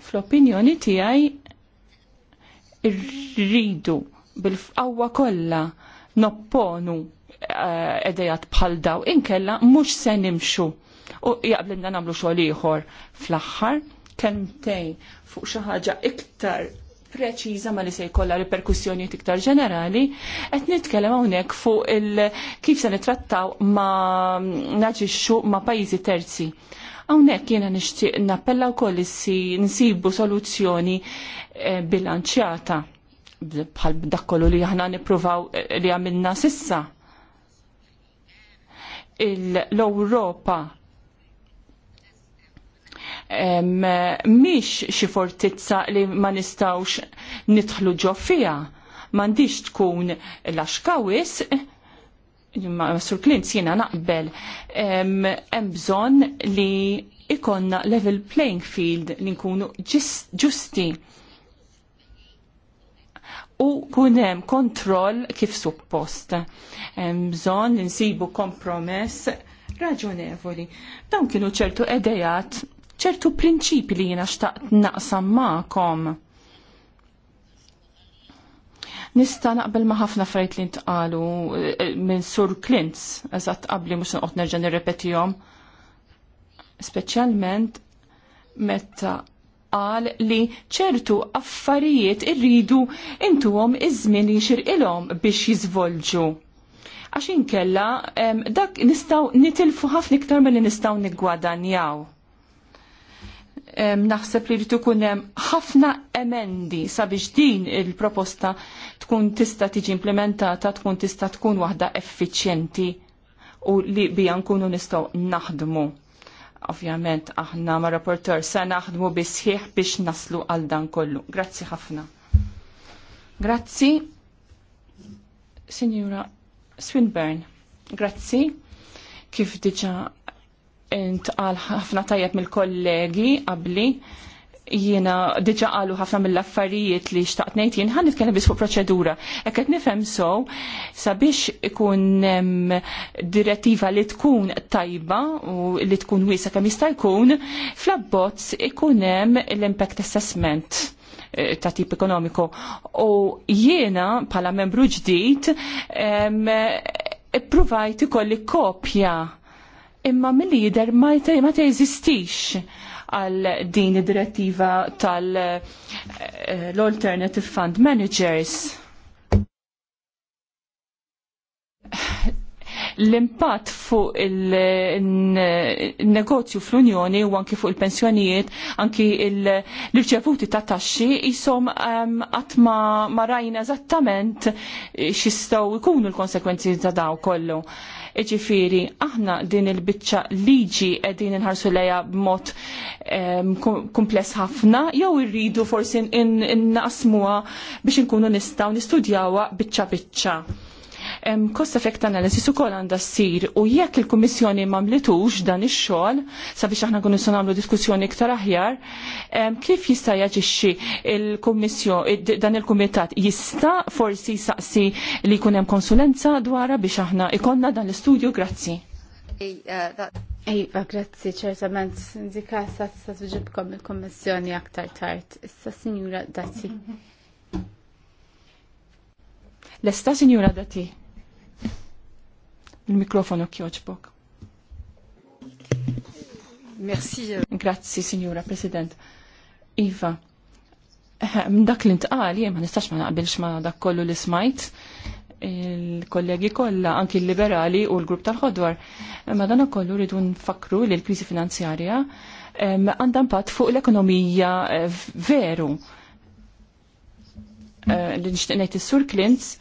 fl-opinjoni tiegħi rridu bil-fqawwa kollha nopponu uh, edajat bħal daw, inkella mhux se nimxu u jaqblinna nagħmlu xogħol ieħor fl-aħħar kemtejn fuq xi ħaġa iktar preċiża ma li se jkollha riperkussjoni iktar ġenerali, qed nitkellem hawnhekk fuq il kif se nitrattaw ma naġixxu ma pajjiżi terzi. Hawnhekk jiena nixtieq nappella wkoll issi nsibu soluzzjoni eh, bilanċjata bħal dak kollu li aħna nippruvaw eh, li għamilna sissa. L-Ewropa mhix xi fortizza li ma nistgħux nidħlu ġo fiha. M'għandix tkun laxkawis, Sur Klint jiena naqbel hemm bżonn li ikonna level playing field li nkunu ġusti u kunem kontroll kif suppost. li nsibu kompromess raġunevoli. Dawn kienu ċertu edejat ċertu prinċipi li jiena xtaqt naqsam ma'kom. Nista naqbel ma' ħafna frajt li ntqalu eh, minn Sur Klints, eżatt qabli mhux noqgħod nerġa' nirrepetihom. Speċjalment meta qal li ċertu affarijiet irridu intuhom iż-żmien li xirqilhom biex jiżvolġu. Għax inkella dak nistgħu nitilfu ħafna iktar milli nistgħu jaw naħseb li rritu kunem ħafna emendi sabiex din il-proposta tkun tista tiġi implementata, tkun tista tkun waħda effiċjenti u li bijan nkunu nistaw naħdmu. Ovvjament aħna ma' rapporter se naħdmu bisħiħ biex naslu għal dan kollu. Grazzi ħafna. Grazzi, Signora Swinburne. Grazzi, kif diġa intqal ħafna tajjeb mill-kollegi qabli jiena diġa qalu ħafna mill-affarijiet li xtaqt ngħid jien ħan nitkellem biss fuq proċedura. Hekk qed nifhem so sabiex ikun direttiva li tkun tajba u li tkun wiesa kemm jista' jkun fl-abbozz ikun hemm l-impact assessment eh, ta' tip ekonomiku. U jiena bħala membru ġdid eh, provajt ikolli kopja imma mill-lider ma teżistix għal din id-direttiva tal-Alternative eh, Fund Managers. L-impatt fuq il-negozju fl-Unjoni u anki fuq il-pensjonijiet, anki l-irċevuti ta' taxxi jisom ehm, għatma marajna eżattament xistaw ikunu l-konsekwenzi ta' daw kollu Iġifiri, aħna din il-bicċa liġi edin nħarsu leja b'mod kumpless ħafna, jew irridu forsi innaqsmuha biex inkunu nistaw nistudjawa bicċa bicċa cost effect analysis ukoll għandha ssir u jekk il-Kummissjoni m'għamlitux dan ix-xogħol sabiex aħna nkunu se nagħmlu diskussjoni iktar aħjar, kif jista' jaġixxi il-Kummissjoni dan il-Kumitat jista' forsi saqsi li jkun hemm konsulenza dwarha biex aħna ikonna dan l-istudju grazzi.
Ej, eh, grazzi, ċertament, indikasa tista' tuġibkom il-Kommissjoni aktar tard. Issa, Sinjura Dati.
Lesta, Sinjura Dati. Il-mikrofonu kjoġbok. Merci. Euh. Grazzi, Signora President. Iva, eh, minn dak li ntqal ma nistax ma naqbilx ma dak kollu li smajt il-kollegi kollha anki l-liberali u l-grupp tal-ħodwar. Eh, dana kollu rridu nfakru li l-kriżi finanzjarja eh, għandha pat fuq l-ekonomija veru. Li nixtieq ngħid is-Sur Klintz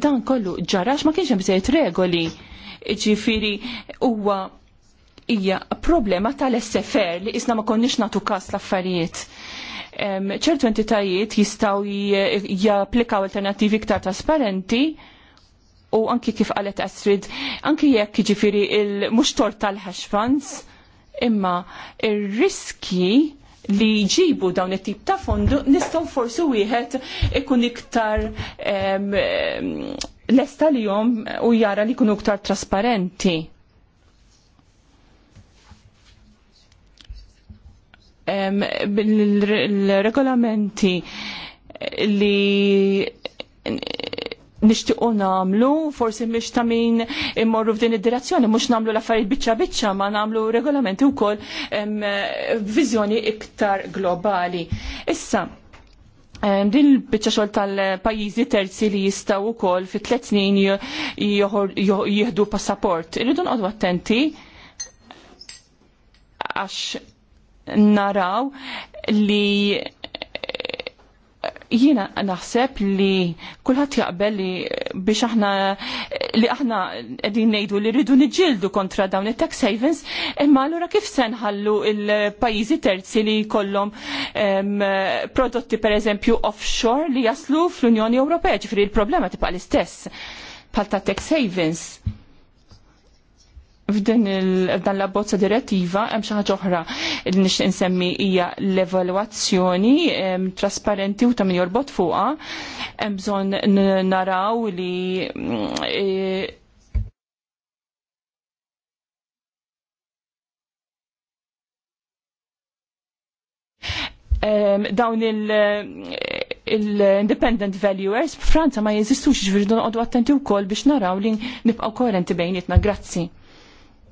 dan kollu ġarax ma kienx hemm sejt regoli ġifiri huwa hija problema tal-SFR li isna ma konniex natu kas l-affarijiet ċertu entitajiet jistaw japplikaw alternativi iktar trasparenti u anki kif qalet Astrid, anki jekk ġifiri il-muxtor tal-ħaxfans, imma ir riski li jġibu dawn it-tip ta' fondu nistgħu forsi wieħed ikun iktar lesta li jom u jara li jkunu iktar trasparenti. bil-regolamenti li nixtiequ nagħmlu, forsi mish ta' min immorru f'din id-direzzjoni, mhux nagħmlu l-affarijiet biċċa biċċa, ma nagħmlu regolamenti wkoll viżjoni iktar globali. Issa, din bicċa xogħol tal-pajjiżi terzi li jistgħu wkoll fi tliet snin jihdu passaport. Irridu nqogħdu attenti għax naraw li Jiena naħseb li kulħadd jaqbel li biex aħna li aħna qegħdin ngħidu li rridu niġġieldu kontra dawn it-tax havens, imma allura kif se nħallu il-pajjiżi terzi li jkollhom prodotti pereżempju offshore li jaslu fl-Unjoni Ewropea, ġifri il-problema tibqa' l-istess bħal ta' tax havens f'din l-abbozza direttiva hemm xi ħaġa oħra li nixtieq insemmi hija l-evalwazzjoni trasparenti u ta' min jorbot fuqha hemm bżonn naraw li mm, e, dawn il-independent valuers f'Franza ma jeżistux ġifir dun attenti wkoll biex naraw li nibqgħu koerenti bejnietna. Grazzi.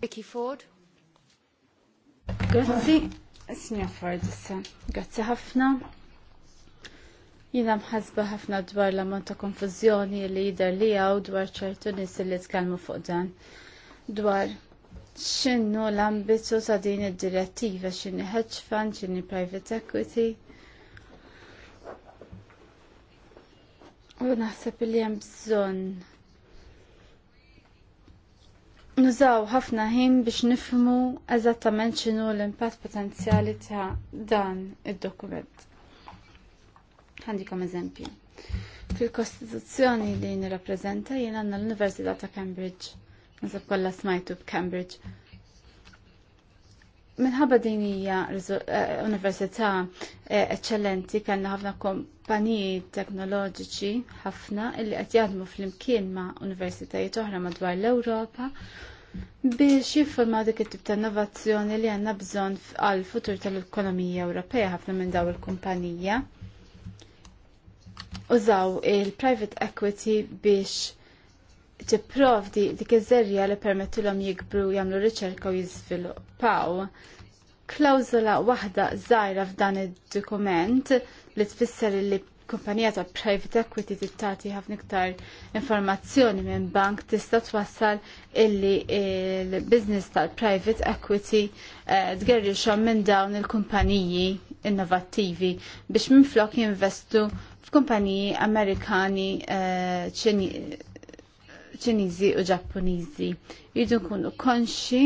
Vicky Ford. Grazzi, signor Ford, grazzi ħafna. Jina mħasba ħafna dwar la monta konfuzjoni li jider li għaw dwar ċertu nis li tkalmu fuq dan. Dwar xinnu l-ambitu ta' din id-direttiva, xinni hedge fund, xinni private equity. U naħseb li hemm bżonn nużaw ħafna ħin biex nifhmu eżattament x'inhu l-impatt potenzjali ta' dan id-dokument. Għandikom eżempju. Fil-Kostituzzjoni li nirrappreżenta jien għandna l-Università ta' Cambridge. Nżab kollha smajtu b'Cambridge minħabba din hija eh, università eċċellenti eh, kellna ħafna kompaniji teknoloġiċi ħafna illi qed jaħdmu flimkien ma' universitajiet oħra madwar l-Ewropa biex jiffurmaw dik it-tip ta' innovazzjoni li għandna bżonn għal futur tal-ekonomija Ewropea ħafna minn daw il-kumpanija. Użaw il-private equity biex tipprovdi dik iż-żerja li permettilhom jikbru jagħmlu riċerka u jiżviluppaw. Klawżola waħda żgħira f'dan id-dokument li tfisser li kumpanija ta' private equity tittati ħafna iktar informazzjoni minn bank tista' twassal illi il-business tal-private equity eh, tgerrixhom minn dawn il-kumpaniji innovattivi biex minflok jinvestu f'kumpaniji Amerikani eh, Ċiniżi u Ġappuniżi. Jridu nkunu konxi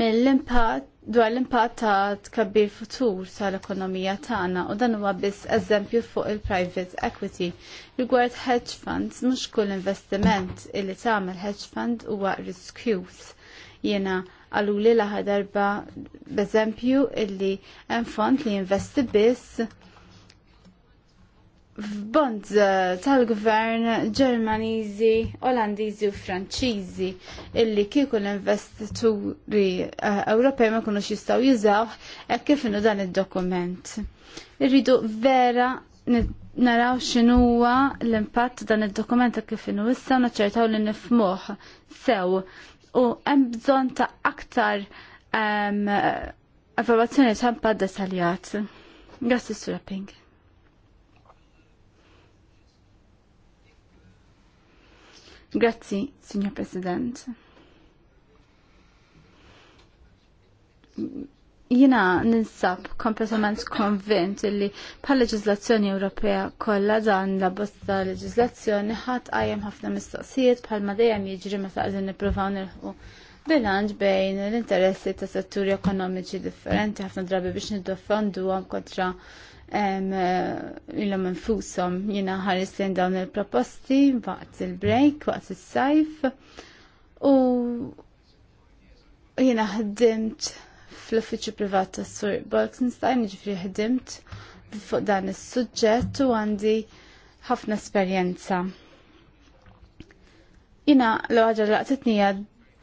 mill-impatt dwar l-impatt ta' tkabbir futur tal-ekonomija tagħna u dan huwa biss eżempju fuq il-private equity. Rigward hedge funds mhux kull investiment illi tagħmel hedge fund huwa riskjuż. Jiena għaluli l darba b'eżempju illi hemm fond li jinvesti biss f'bond eh, tal-gvern Ġermaniżi, Olandiżi u Franċiżi illi kieku l-investituri eh, Ewropej ma kunux jistgħu jużaw hekk kif inhu dan id-dokument. Irridu vera naraw x'inhuwa l-impatt dan id-dokument e kif inhu issa u naċċertaw li nifmuh sew u hemm bżonn ta' aktar eh, evalwazzjoni ta' impatt detaljat. Grazzi Sura Pink. Grazzi, Signor President. Jina ninsab kompletament konvint li pa' leġizlazzjoni Ewropea kollha dan la bosta leġizlazzjoni ħadd qajjem ħafna mistoqsijiet bħalma dejjem jiġri meta qegħdin nippruvaw nilħu bilanċ bejn l-interessi ta' setturi ekonomiċi differenti ħafna drabi biex niddefenduhom kontra Eh, illum infusom jina ħarisin dawn il-proposti waqt il-break, waqt il-sajf u jina ħdimt fl-uffiċu privat ta' Sur Bolkenstein, ġifri ħdimt fuq dan il-sujġet u għandi ħafna esperjenza. Jina l-għagġa laqtitni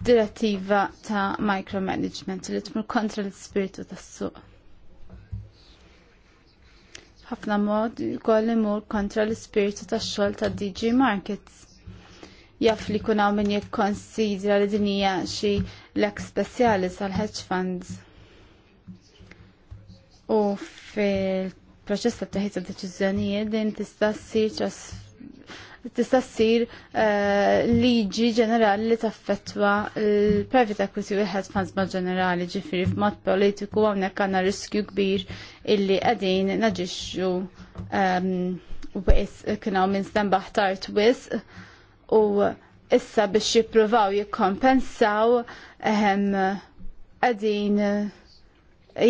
direttiva ta' micromanagement li tmur kontra l-spiritu tas-suq ħafna mod ukoll imur kontra l-ispirtu tax-xogħol ta' DG Markets. Jaf li kun hawn min jikkonsidra li din hija xi lek speċjali sal-hedge funds. U fil-proċess ta' teħid ta' deċiżjonijiet din tista' ssir tista' ssir eh, liġi ġenerali li taffettwa l-private equity u l funds ma' ġenerali ġifieri f'mod politiku hawnhekk għandna riskju kbir illi qegħdin naġixxu u ehm, bqis kienu minn stembaħ tard wisq u issa biex jippruvaw jikkompensaw ehm, qegħdin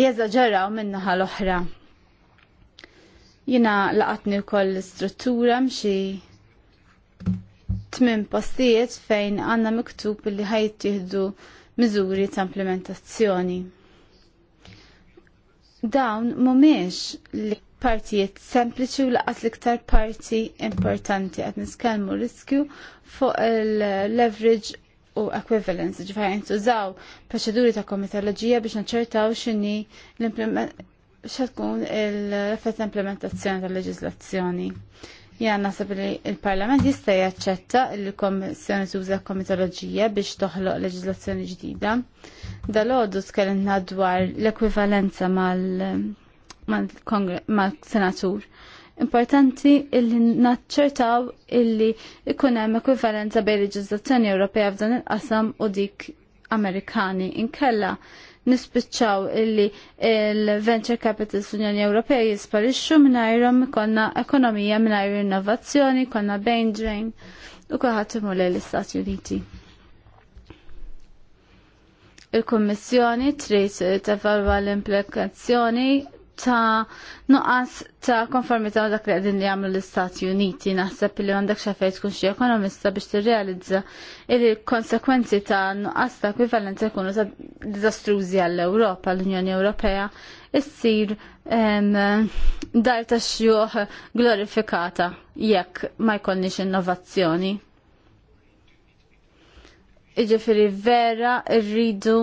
jeżaġeraw min-naħa l-oħra jina laqatni kol struttura mxi tmien postijiet fejn għandna miktub li jihdu miżuri ta' implementazzjoni. Dawn mhumiex li partijiet sempliċi u laqat l-iktar parti importanti qed niskellmu riskju fuq il-leverage u equivalence, ġifaj jintużaw proċeduri ta' komitologija biex naċċertaw x'inhi l-implement tkun il-effett implementazzjoni tal leġizlazzjoni Ja nasab li il-Parlament jista' jaċċetta li l-Kommissjoni tuża komitoloġija biex toħloq leġislazzjoni ġdida. Dal-għodu tkellimna dwar l-ekwivalenza mal-senatur. Importanti illi naċċertaw illi ikun hemm ekwivalenza bejn leġislazzjoni Ewropea f'dan il-qasam u dik Amerikani inkella nispiċċaw illi il-venture capital unjoni Ewropea jisparixxu mingħajrhom konna ekonomija mingħajr innovazzjoni, konna bain drain u kulħadd imur lejn l-Istati Uniti. Il-Kummissjoni trid tevalwa l-implikazzjoni ta' nuqqas ta' konformità dak li qegħdin li jagħmlu l-Istati Uniti naħseb li għandek xafej tkun xi ekonomista biex tirrealizza li konsekwenzi ta' nuqqas ta' ekwivalenza jkunu ta' diżastrużi għall-Ewropa l-Unjoni Ewropea issir dar ta' xjuħ glorifikata jekk ma jkollniex innovazzjoni. Iġifieri vera rridu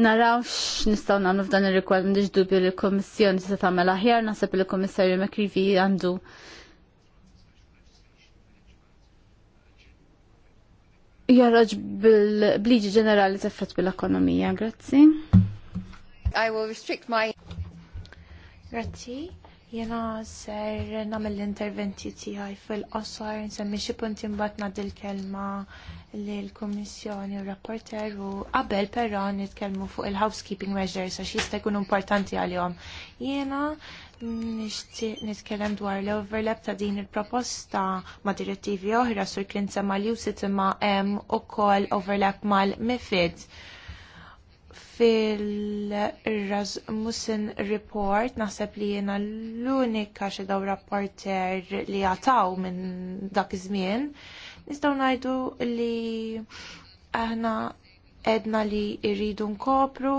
naraw nistgħu nagħmlu f'dan ir-rikward m'għandix dubju li l-Kummissjoni se tagħmel aħjar naħseb li l-Kummissarju McRivi għandu jarraġ bil-bliġi ġenerali t-effett bil-ekonomija, grazzi.
I will restrict my... Grazzi. Jena ser namel l-interventi tiegħi fil-qosor, nsemmi xi punti mbagħad ngħaddi kelma kelma lill-Kummissjoni u rapporter u qabel però nitkellmu fuq il-housekeeping measures għax jista' jkunu importanti għalihom. Jiena nixtieq nitkellem dwar l-overlap ta' din il-proposta ma' direttivi oħra sur kien sema li imma hemm ukoll overlap mal-MIFID fil-Rasmussen Report naħseb li jiena l-unika xi daw rapporter li jataw minn dak iż-żmien, nistgħu ngħidu li aħna edna li rridu nkopru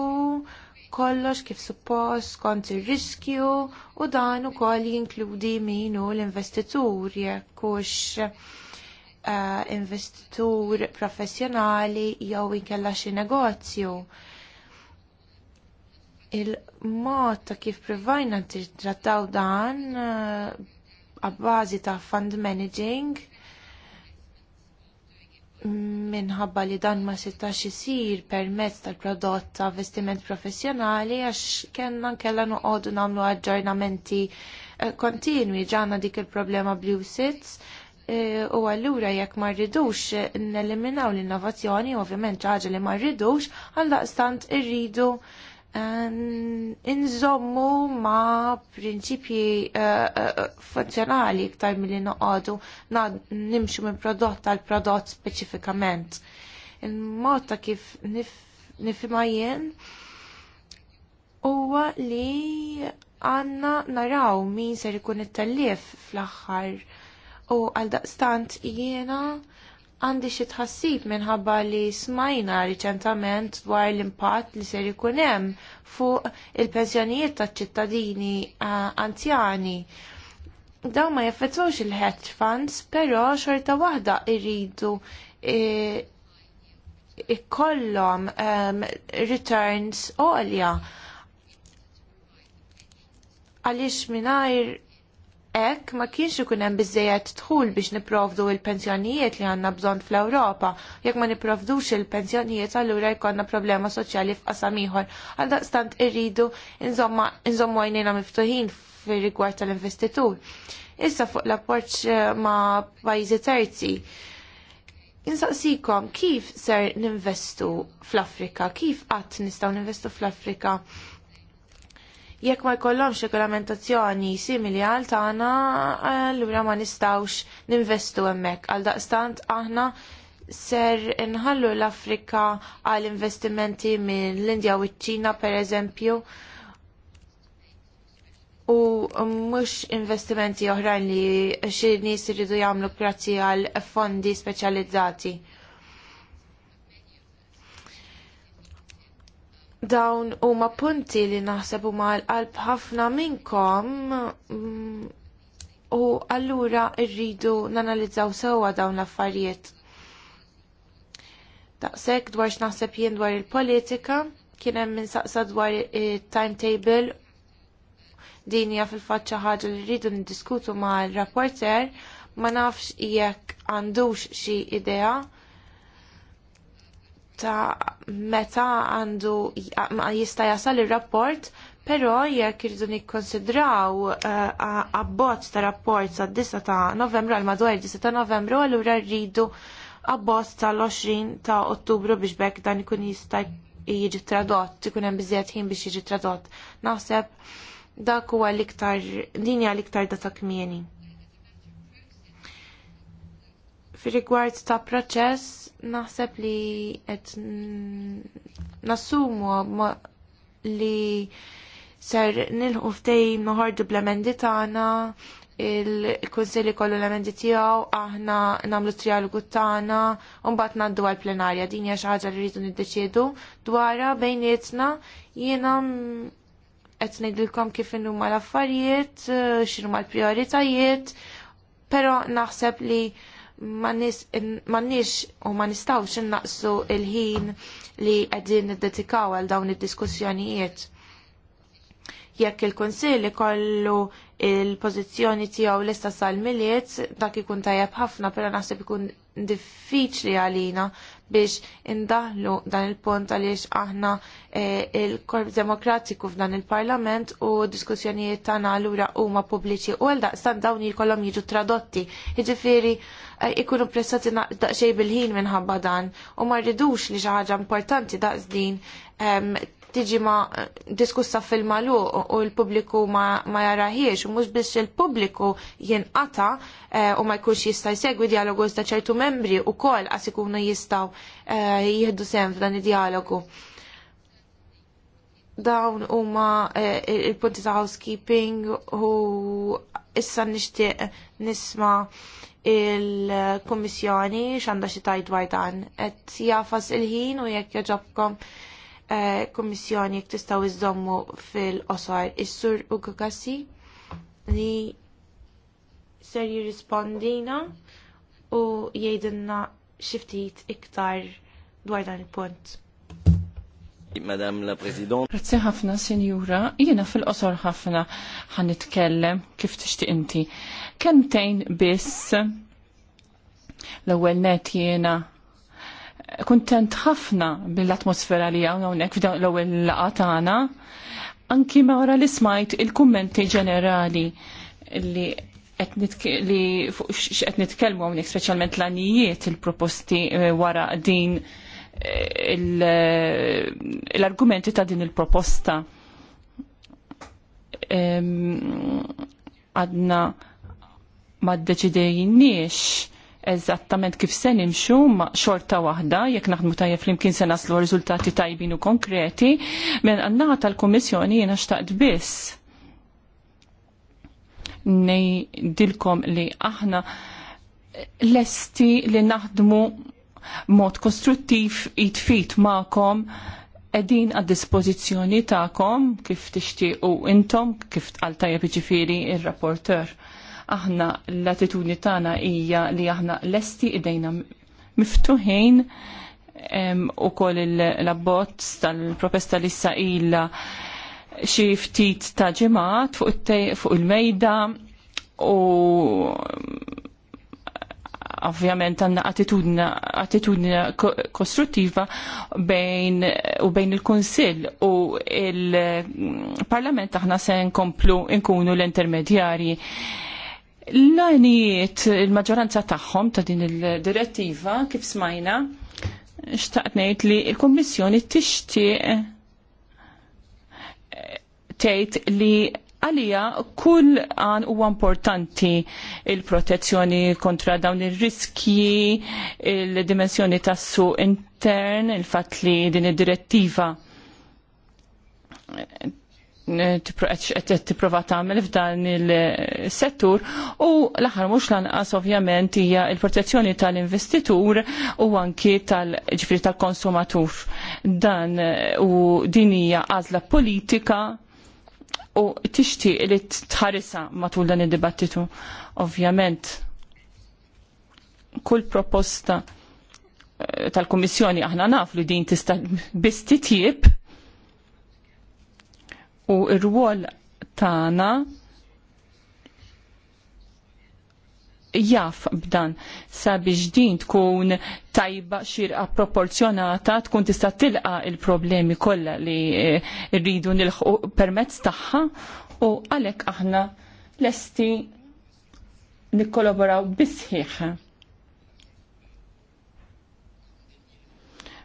kollox kif suppost kont ir-riskju u dan ukoll jinkludi min hu l-investitur jekk hux uh, investitur professjonali jew inkella xi negozju il-mod ta' kif provajna trattaw dan eh, għabbażi ta' fund managing minħabba li dan ma setax isir permezz tal-prodott ta' vestiment professjonali għax kellna kellha noqogħdu nagħmlu aġġornamenti eh, kontinwi ġana dik il-problema Blue Sits eh, u allura jekk ma rridux neliminaw l-innovazzjoni, ovvjament ħaġa li ma rridux, għal daqstant irridu Ehm, inżommu ma prinċipji eh, eh, funzjonali iktar mill-li noqogħdu nimxu minn prodott għal prodott speċifikament. Il-mod ta' kif nifhimha jien huwa li għandna naraw min ser ikun it-tellif fl-aħħar u għal daqstant jiena għandi xi tħassib minħabba li smajna riċentament dwar l-impatt li ser ikun hemm fuq il-pensjonijiet taċ-ċittadini anzjani. Dawn ma jaffettwawx il-hedge funds, però xorta waħda irridu e, ikollhom returns għolja għaliex mingħajr Ek ma kienx ikun hemm biżejjed dħul biex niprovdu il-pensjonijiet li għandna bżonn fl-Ewropa. Jekk ma niprovdux il-pensjonijiet allura jkollna problema soċjali f'qasam ieħor. Għal daqstant irridu inżommu għajnejna miftuħin fir-rigward tal-investitur. Issa fuq l-apporċ eh, ma' pajjiżi terzi. Insaqsikom kif ser ninvestu fl-Afrika, kif qatt nistgħu ninvestu fl-Afrika? jekk ma jkollhomx regolamentazzjoni simili għal tagħna allura ma nistgħux ninvestu hemmhekk. Għal daqstant aħna ser inħallu l-Afrika għal investimenti minn l-Indja u ċ-Ċina pereżempju u mhux investimenti oħrajn li xi nies iridu jagħmlu grazzi għal fondi speċjalizzati. dawn huma punti li naħseb huma l-qalb ħafna minnkom mm, u allura rridu nanalizzaw sewwa dawn l-affarijiet. Daqshekk dwar x'naħseb jien dwar il-politika, kien hemm minsaqsa dwar it-timetable din hija fil-fatt xi ħaġa li rridu niddiskutu mal-rapporter ma nafx jekk għandux xi idea ta' meta għandu jista' jasal ir-rapport, però jekk irridu nikkonsidraw eh, abbozz ta' rapport sa' disa ta' Novembru għal madwar 9 ta' Novembru allura rridu abbozz tal-20 ta' Ottubru biex bekk dan ikun jista' jiġi tradott, ikun hemm biżjed ħin biex jiġi tradott. Naħseb dak huwa l-iktar dinja l-iktar data kmieni. Fir-rigward ta' proċess naħseb li qed nassumu li ser nilħu ftejn noħorġu bl-emendi tagħna il-kunsilli kollu l-emendi tiegħu aħna nagħmlu trialogu tagħna u mbagħad ngħaddu għall-plenarja din hija xi ħaġa li rridu niddeċiedu dwarha bejnietna jiena qed ngħidilkom kif inhuma l-affarijiet, x'inhuma l-prijoritajiet, però naħseb li mannix u ma nistawx innaqsu il-ħin li qegħdin detikaw għal dawn id-diskussjonijiet. Jekk il-Kunsill kollu il-pożizzjoni tiegħu l-ista sal-miliet dak ikun tajjeb ħafna, però naħseb ikun diffiċli għalina biex indaħlu dan il-punt għaliex aħna eh, il-Korp Demokratiku f'dan il-Parlament u diskussjonijiet tagħna allura huma pubbliċi u għal daqstan dawn jkollhom jiġu tradotti. Jiġifieri eh, ikunu pressati daqsxejn bil-ħin minħabba dan u ma rridux li xi ħaġa importanti daqs din tiġi ma diskussa fil-malu u l-publiku ma jaraħiex u mux biex il-publiku jenqata eh, u ma jkunx jista' jsegwi dialogu ta' ċertu membri u kol għas ikunu jistaw eh, jihdu sem f'dan id-dialogu. Dawn huma eh, il-punti ta' housekeeping u issa nixtieq nisma' il-Kommissjoni xandaxi xi tajt dwar dan. Qed jafas il-ħin u jekk jaġobkom Eh, kommissjoni jek tistaw iżommu fil-qosor is-sur u kukassi li ser jirrispondina u jgħidilna xiftit iktar dwar dan il-punt.
Madam la
President. Grazie ħafna, Sinjura. Jiena fil-qosor ħafna ħanitkellem kif tixtieq inti. Kemtejn biss l-ewwel net jiena kuntent ħafna bil-atmosfera li għawna f'dawn l-ewwel laqatana, anki ma wara li smajt il-kummenti ġenerali li li fuq nitkellmu hawnhekk speċjalment l-anijiet il-proposti eh, wara din eh, eh, l-argumenti ta' din il-proposta. Ehm, għadna ma d-deċidejniex eżattament kif se nimxu ma xorta waħda, jekk naħdmu tajja flimkien se naslu riżultati tajbin u konkreti, minn għannaħa tal-Komissjoni jiena xtaqt biss nejdilkom li aħna lesti li naħdmu mod kostruttiv jitfit ma'kom edin għad dispozizjoni ta'kom kif tixtiequ intom kif għal tajja ġifiri il-rapporter Aħna l-attitudni tagħna hija li aħna lesti idejna miftuħin u koll l tal-propesta li ilha xi ftit ta' ġimgħat fuq il-mejda u ovvjament għanna attitudna, kostruttiva bejn u bejn il kunsill u il-Parlament aħna se nkomplu nkunu l-intermedjarji L-għaniet il-maġġoranza tagħhom ta' din il-direttiva kif smajna xtaqt ngħid li l-Kummissjoni tixtieq tgħid li għalija kull għan huwa importanti il-protezzjoni kontra dawn ir-riski, il dimensjoni tassu intern, il-fatt li din id-direttiva tipprova tagħmel f'dan il-settur u l-aħħar mhux lanqas ovvjament hija l-protezzjoni tal-investitur u anki tal ġifri tal-konsumatur. Dan u din hija għażla politika u tixtieq li tħarisa matul dan id-dibattitu. Ovvjament kull proposta tal-Kummissjoni aħna naf li din tista' biss titjib u r-rwol tagħna jaf b'dan sabiex din tkun tajba xirqa proporzjonata tkun tista' tilqa il-problemi kollha li eh, rridu nilħu permezz tagħha u għalhekk aħna lesti nikkolaboraw bisħiħ.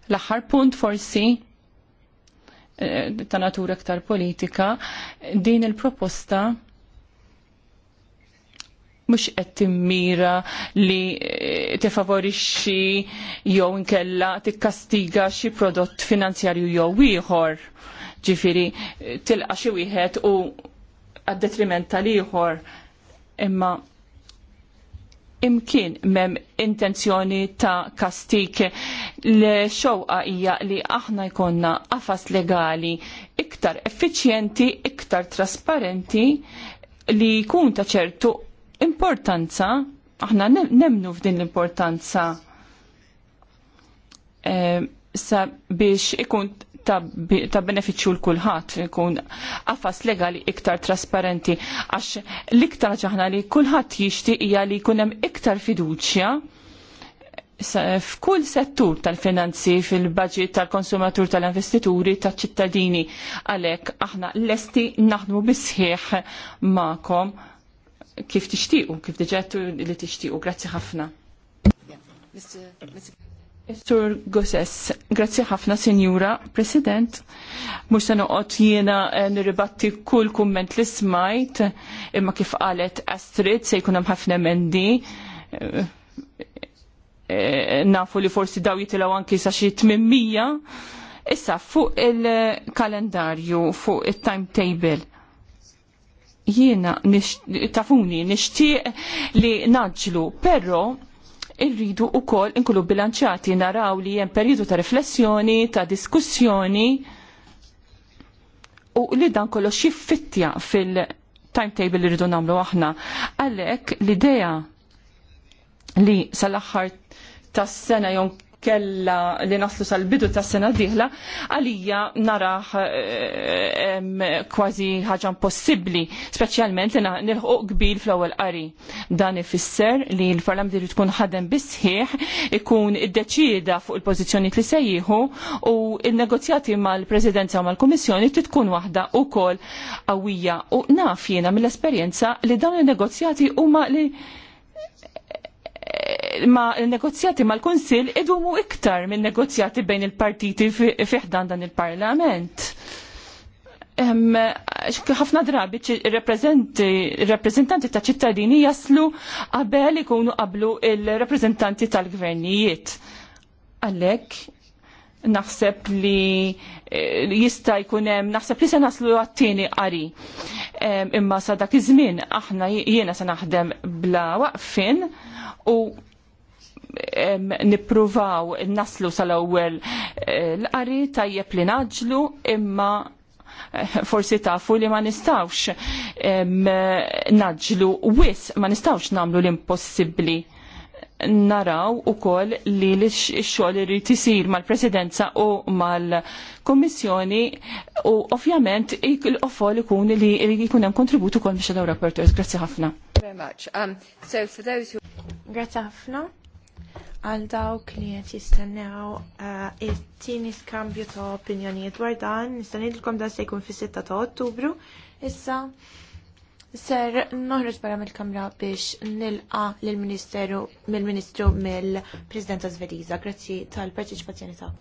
L-aħħar punt forsi Eh, ta' natura iktar politika, din il-proposta mux qed timmira li eh, tifavorixxi jew inkella tikkastiga xi prodott finanzjarju jew ieħor. Ġifieri eh, tilqa xi wieħed u għad-detriment tal-ieħor imma imkien mem intenzjoni ta' kastik l-xoqa hija li aħna jkonna qafas legali iktar effiċjenti, iktar trasparenti li jkun ta' ċertu importanza, aħna nemnu f'din l-importanza e, eh, sa biex ikun ta' beneficju l-kulħat, ikun għafas legali iktar trasparenti, għax l-iktar ġaħna li kulħat jishtiq hija li kunem iktar fiduċja f'kull settur tal-finanzi, fil-budget tal-konsumatur, tal-investituri, tal-ċittadini, għalek aħna l-esti naħdmu bisħieħ ma'kom kif tixtiqu, kif diġettu li tixtiqu. Grazzi ħafna. Sur Gosses, grazzi ħafna Sinjura President. Mux se noqgħod jiena eh, nirribatti kull kumment li smajt, imma kif qalet Astrid se jkun hemm ħafna emendi. Eh, eh, nafu li forsi daw jitilgħu anki sa xi tmimmija, Issa fuq il-kalendarju, fuq il-timetable jiena tafuni nixtieq li naġlu, però irridu u kol inkunu bilanċati naraw li jem periodu ta' riflessjoni, ta' diskussjoni u li dan kollox jiffittja fil-timetable li rridu namlu aħna. Għalek l-idea li sal-axħar tas sena jon kella li naslu sal-bidu ta' sena diħla, għalija naraħ eh, kważi ħaġa impossibbli, speċjalment li nilħu qbil fl-ewwel qari. Dan ifisser li l-parlament diri tkun ħadem bisħiħ, ikun id-deċida fuq il-pożizzjoni li se jieħu u il-negozjati mal-Presidenza u mal-Kummissjoni trid tkun waħda wkoll qawwija u naf jiena mill-esperjenza li dawn in negozjati huma li ma negozjati mal kunsill idumu iktar minn negozjati bejn il-partiti fiħdan dan il-parlament. ħafna drabi il-reprezentanti ta' ċittadini jaslu qabel ikunu qablu il reprezentanti tal-gvernijiet. Għalek, naħseb li eh, jista jkunem, naħseb li se naslu għattini qari. Imma sa dak iż-żmien aħna jiena se naħdem bla waqfin u nippruvaw naslu sal-ewwel eh, l-qari tajjeb li naġlu imma eh, forsi tafu li ma nistawx naġlu wis ma nistawx namlu l-impossibli naraw u kol li l-xol irrit isir mal-presidenza u mal-kommissjoni u ovvjament l-offol ikun li ikun hemm kontributu kol biex daw rapporters. Grazzi ħafna.
Um, Grazzi ħafna għal dawk li qed jistennew eh, it-tieni skambju ta' opinjonijiet dwar dan, nista' ngħidilkom dan se jkun fis-6 ta' Ottubru. Issa ser noħroġ barra mill-Kamra biex nilqa lill-Ministeru mill-Ministru mill presidenta Svediża. Grazzi tal-parteċipazzjoni ta'.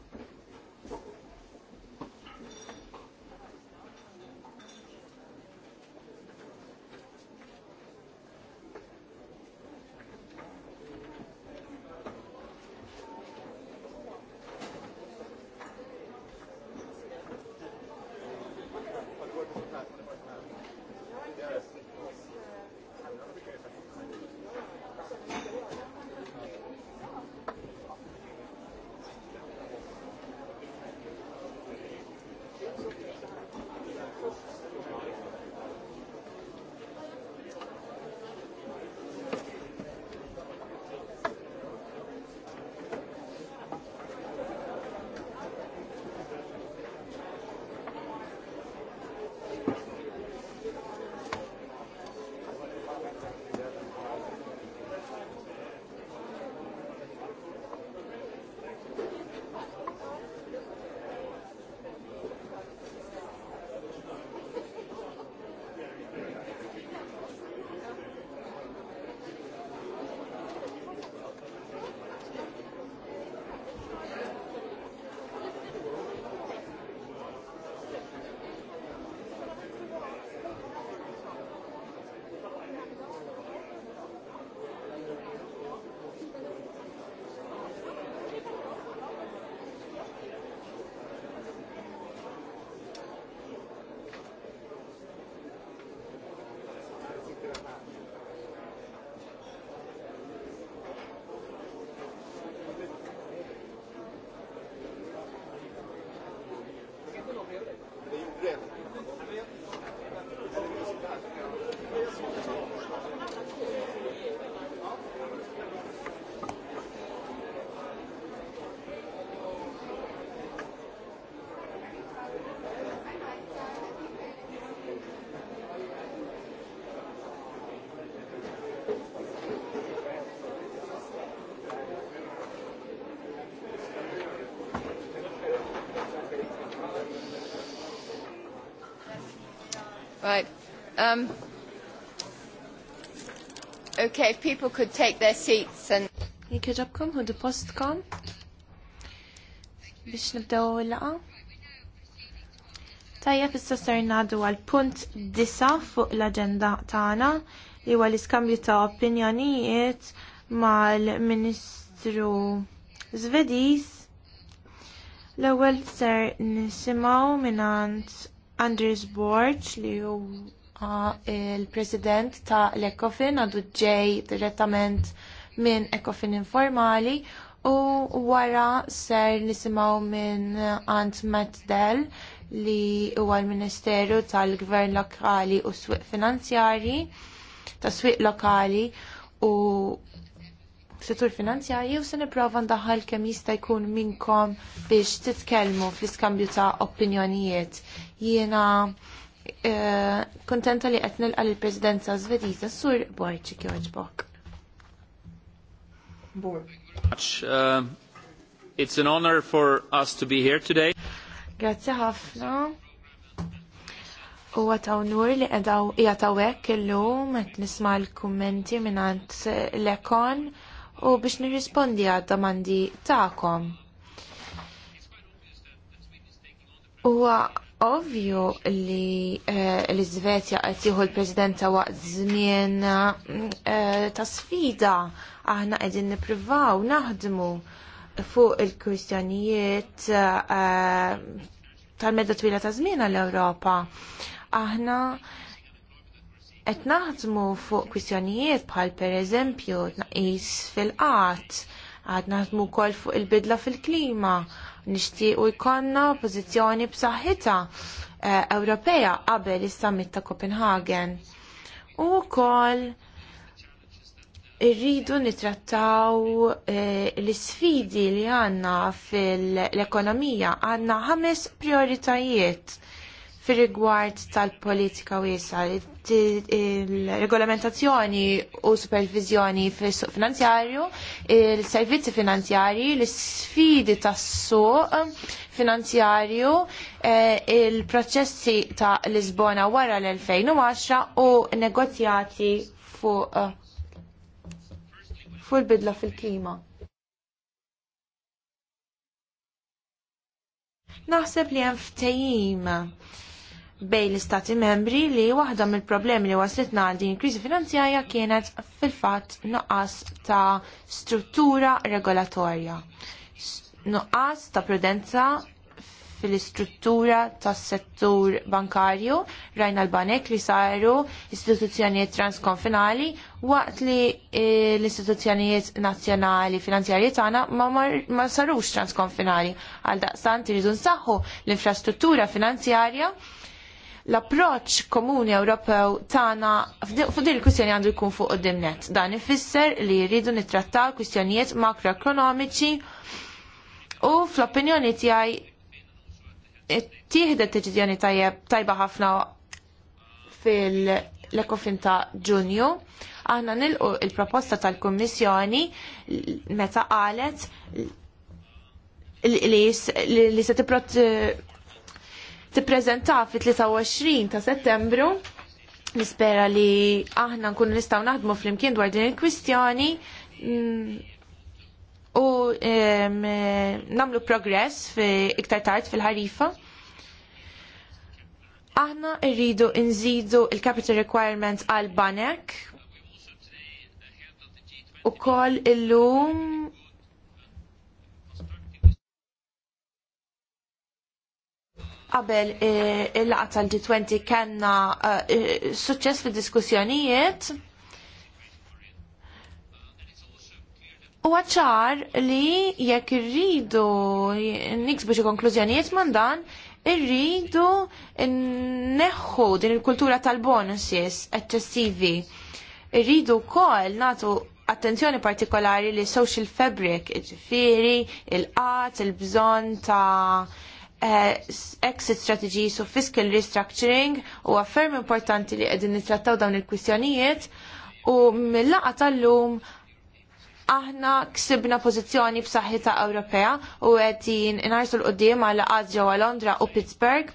Um, okay, if people could take their seats and... Jikġabkom, hudu postkom
biex nibdew il-laqa. Tajja fissa ser ngħadu għal punt disa fuq l agenda tagħna li huwa l-iskambju ta' opinjonijiet mal-Ministru Zvediż. L-ewwel ser nisimgħu mingħand Andris Borch li hu il-president ta' l-Ekofin għadu ġej direttament minn Ekofin informali u wara ser nisimaw minn Ant Dell li huwa l-Ministeru tal-Gvern Lokali u Swiq Finanzjari ta' Swiq Lokali u settur finanzjari u se nipprova ndaħħal kemm jista' jkun minnkom biex titkellmu fl-iskambju ta' opinjonijiet. Jiena Eh, kontenta li qed għal il prezidenza Svediża Sur Borċi bok.
Uh, it's an honor for us to be here today.
Grazzi ħafna. U għataw nur li għadaw jgħatawek il-lum għet nisma l-kommenti minnant l-ekon u biex nirrispondi għad domandi ta'kom. U Ovvju li eh, l-Izvezja qed jieħu l presidenta waqt żmien eh, ta' sfida aħna qegħdin nippruvaw naħdmu fuq il-kwistjonijiet eh, tal-medda twila ta' żmien għall-Ewropa. Aħna qed naħdmu fuq kwistjonijiet bħal pereżempju tnaqis fil-qatt Għadna għadmu wkoll fuq il-bidla fil-klima, nixtiequ jkollna pożizzjoni b'saħħitha eh, Ewropea qabel is-summit ta' Copenhagen. U kol irridu nitrattaw eh, l isfidi li għandna fil-ekonomija għandna ħames prioritajiet fir-rigward tal-politika wiesa, il-regolamentazzjoni u supervizjoni fis-suq finanzjarju, il-servizzi finanzjarji, l-sfidi tas-suq finanzjarju, eh, il-proċessi ta' Lisbona wara l-2010 u negozjati fuq eh, fuq il-bidla fil-klima. Naħseb li hemm ftehim bejn l-istati membri li waħda mill-problemi li waslitna għal din il-kriżi finanzjarja kienet fil-fatt nuqqas ta' struttura regolatorja. Nuqqas ta' prudenza fil-istruttura tas settur bankarju rajna l-banek li saru istituzzjonijiet transkonfinali waqt li eh, l-istituzzjonijiet nazzjonali finanzjarji tagħna ma, ma sarux transkonfinali għal daqstant iridu nsaħħu l-infrastruttura finanzjarja l-approċ komuni Ewropew tagħna fuq din il-kwistjoni għandu jkun fuq qudimnet. Dan ifisser li jridu nittrattaw kwistjonijiet makroekonomiċi u fl-opinjoni tiegħi id deċiżjoni tajjeb tajba ħafna fil-ekofin ta' Ġunju. Aħna nilqu il-proposta tal-Kummissjoni meta qalet li se tippreżenta fit-23 ta' Settembru. Nispera li aħna nkunu nistgħu naħdmu flimkien dwar din il-kwistjoni mm, u nagħmlu progress fi iktar tard fil-ħarifa. Aħna rridu nżidu il-capital requirements għal banek u koll illum qabel eh, il-laqa tal-G20 kellna eh, eh, suċċess fid diskussjonijiet U għacċar li jekk irridu niksbu xi konklużjonijiet man dan, irridu neħħu din il-kultura tal-bonuses eċċessivi. Irridu wkoll nagħtu attenzjoni partikolari li social fabric, ġifiri, il-qat, il-bżon ta' Eh, exit strategies u fiscal restructuring u għaffermi importanti li għedin nitrattaw dawn il-kwistjonijiet u mill-laqa tal-lum aħna ksibna pozizjoni b'saħħitha Ewropea u għedin inħarsu l-qudiem għal laqgħat u Londra u Pittsburgh.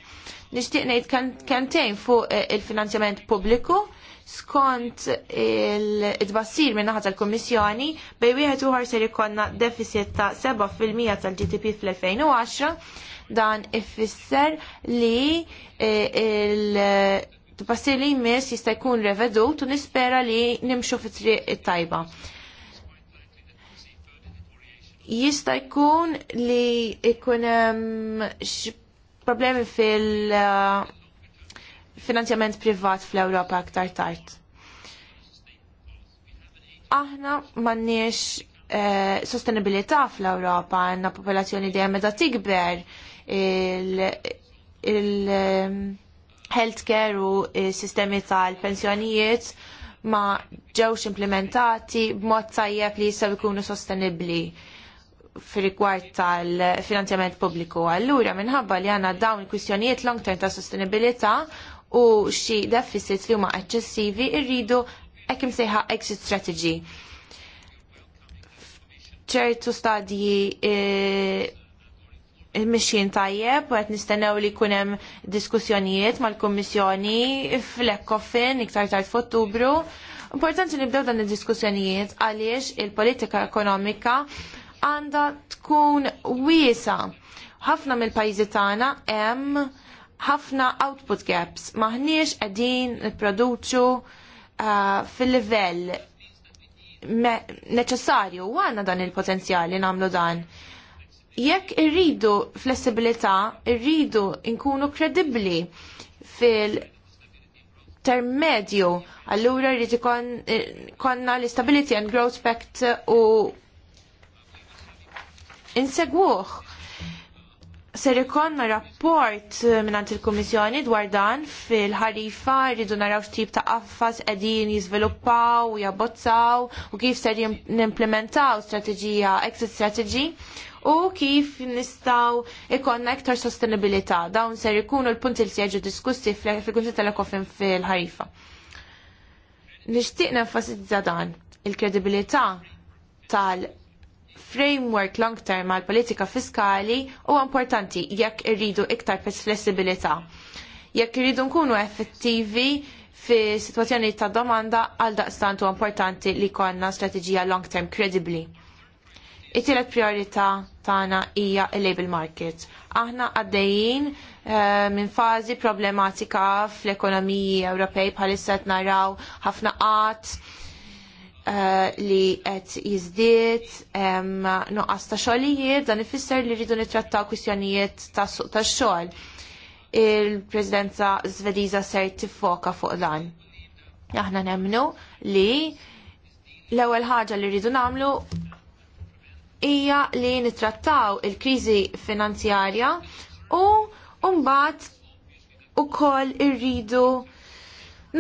Nixtieq ngħid kentejn fuq eh, il-finanzjament pubbliku skont il-tbassir minnaħa naħa tal-Kummissjoni bej wieħed uħar ser ikonna deficit ta' 7% tal-GDP fl-2010 dan ifisser li eh, il- passi li jmiss jista' jkun revedut u nispera li nimxu fi triq it-tajba. Jista' jkun li jkun ehm, problemi fil- eh, finanzjament privat fl-Ewropa aktar tard. Aħna m'għandniex eh, sostenibilità fl-Ewropa, għandna popolazzjoni dejjem meta tikber, il-healthcare il um, u s eh, sistemi tal-pensjonijiet ma ġewx implementati b'mod tajjeb li jistgħu jkunu sostenibbli fir-rigward tal-finanzjament pubbliku. Allura minħabba li għandna dawn il-kwistjonijiet long term ta' sostenibilità u xi deficits li huma eċċessivi rridu hekk imsejħa exit strategy ċertu stadji eh, mixjien tajjeb u qed nistennew li jkun hemm diskussjonijiet mal-Kummissjoni fl-Ekofin iktar tard f'Ottubru. Importanti li nibdew dan id-diskussjonijiet għaliex il-politika ekonomika għandha tkun wiesa. Ħafna mill-pajjiżi tagħna hemm ħafna output gaps. Maħniex qegħdin nipproduċu uh, fil-livell neċessarju u għandna dan il-potenzjali nagħmlu dan jekk irridu flessibilità, irridu nkunu kredibbli fil termedju allura rrid konna l-Stability and Growth Pact u inseguħ ser ikonna rapport minnant il-Komissjoni dwar dan fil-ħarifa rridu naraw x'tip ta' affas qegħdin jiżviluppaw u jabbozzaw u kif ser nimplementaw strategija exit strategy u kif nistaw ikonna iktar sostenibilità. Dawn ser ikunu l-punti li seġu diskussi fil-kunsil tal-ekofin fil-ħarifa. Nishtiq nenfasizza dan il-kredibilità tal- framework long term għal politika fiskali u importanti jekk irridu iktar flessibilità. Jekk irridu nkunu effettivi fi situazzjoni ta' domanda għal daqstantu importanti li konna strategija long term kredibli. It-tielet priorità tagħna hija il-label market. Aħna għaddejjin eh, minn fażi problematika fl-ekonomiji Ewropej bħalissa qed naraw ħafna qatt eh, li qed jiżdied nuqqas ta' xogħlijiet dan ifisser li rridu nittrattaw kwistjonijiet ta' suq tax-xogħol. Il-Presidenza Żvediża ser tiffoka fuq dan. Aħna nemmnu li l-ewwel ħaġa li rridu nagħmlu hija li nitrattaw il-kriżi finanzjarja u mbagħad ukoll irridu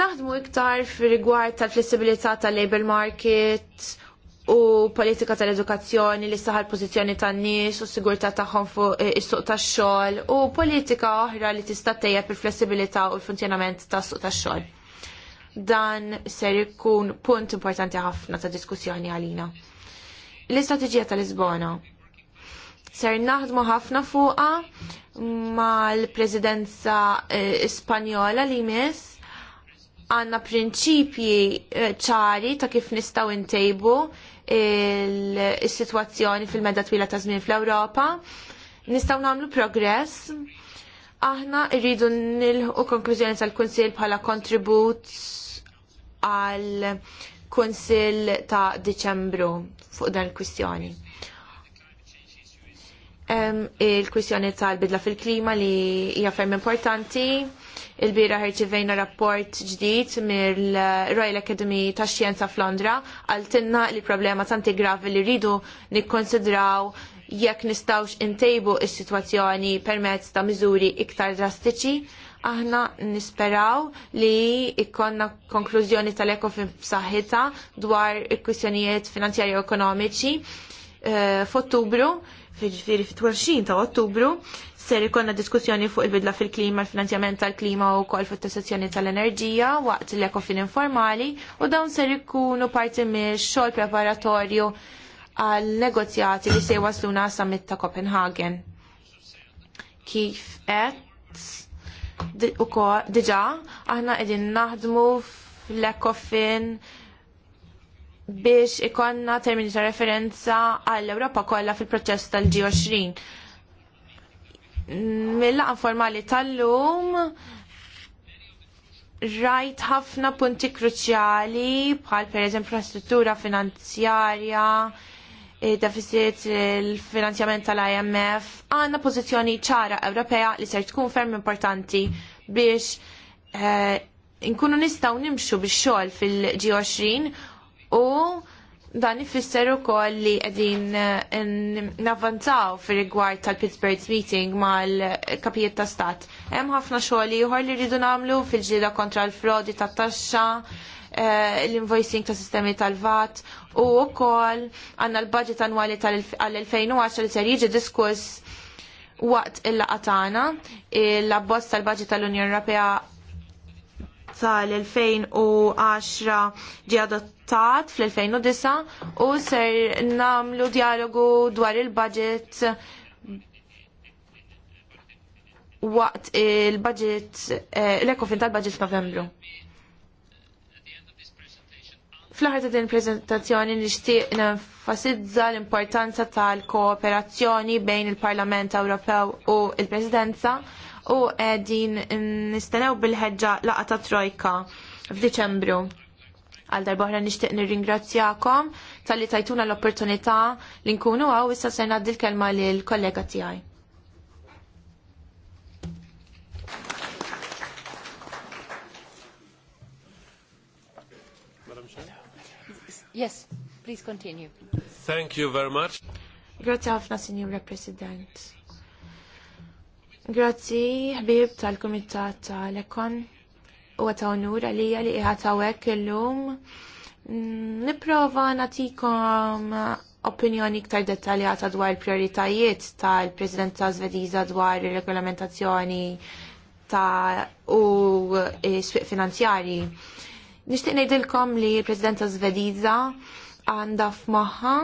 naħdmu iktar fir-rigward tal-flessibilità tal-labor market u politika tal-edukazzjoni li saħal pożizzjoni tan-nies u s-sigurtà tagħhom fuq eh, is-suq tax-xogħol u politika oħra li tista' tejjeb il-flessibilità u l-funzjonament tas-suq tax-xogħol. Dan ser ikun punt importanti ħafna ta' diskussjoni għalina l-istrateġija tal-Lisbona. Ser naħdmu ħafna fuqa mal-Presidenza eh, Spanjola li mis għanna prinċipji eh, ċari ta' kif nistaw intejbu il-situazzjoni fil-medda twila ta' żmien fl-Ewropa. Nistaw namlu progress. Aħna rridu nilħu konklużjoni tal-Kunsil bħala kontribut għal Kunsil ta' Deċembru fuq dan il-kwistjoni. Il-kwistjoni tal-bidla fil-klima li hija ferm importanti. Il-bira ħirċivejna rapport ġdid mill-Royal Academy ta' Xjenza f'Londra għal-tinna li problema tanti gravi li rridu nikkonsidraw jekk nistawx intejbu is-sitwazzjoni permezz ta' miżuri iktar drastiċi aħna nisperaw li ikkonna konklużjoni tal-ekofin saħħita dwar il-kwistjonijiet finanzjarji ekonomiċi eh, f'Ottubru, fiġifieri fit-20 ta' Ottubru, ser ikonna diskussjoni fuq il-bidla fil-klima, il-finanzjament tal-klima u kol fuq tassazzjoni tal-enerġija waqt l-ekofin informali u dawn ser ikunu parti mix xogħol preparatorju għal negozjati li se wasluna summit ta' Copenhagen. Kif qed diġa aħna qegħdin naħdmu fl-ekofin biex ikonna termini ta' referenza għall-Ewropa kollha fil-proċess tal-G20. mill laq formali tal-lum rajt ħafna punti kruċjali bħal per eżempju infrastruttura finanzjarja, E, deficit il-finanzjament e, tal-IMF, għanna pozizjoni ċara Ewropea li ser tkun ferm importanti biex inkunu e, nkunu nistaw nimxu biex xogħol fil-G20 u dan ifisser ukoll li qegħdin navvanzaw fir-rigward tal-Pittsburgh meeting mal-kapijiet ta' stat. Hemm ħafna xogħol ieħor li rridu nagħmlu fil-ġlieda kontra l-frodi tat-taxxa, Eh, l-invoicing ta' sistemi tal-VAT u kol għandna l-budget annwali tal-2010 li ser jiġi diskuss waqt il-laqa tagħna l-abbozz tal-budget tal-Unjoni Ewropea tal-2010 ġi adottat fl-2009 u ser namlu dialogu dwar il-budget waqt il-budget, eh, l-ekofin tal-budget f'Novembru. Fl-ħar ta' din prezentazzjoni nixtieq nenfasizza l-importanza tal-kooperazzjoni bejn il-Parlament Ewropew u il-Presidenza u din nistenew bil-ħeġġa laqa ta' Trojka f'Diċembru. Għal darbohra nixtieq nirringrazzjakom tal-li tajtuna l-opportunità li nkunu għaw issa se ngħaddi l-kelma lill kollega tiegħi. Yes, please continue.
Thank you very much.
Grazie ħafna, Signora President. Grazzi, ħbib tal-Kumitat tal-Ekon u għata onur għalija li għatawek l-lum. Niprofa natikom opinjoni iktar dettaljata dwar prioritajiet tal-President tal Zvediza dwar il-regolamentazzjoni ta' u s-sfiq finanzjari. Nixtieq ngħidilkom li l presidenta Svediża għandha f'moħħa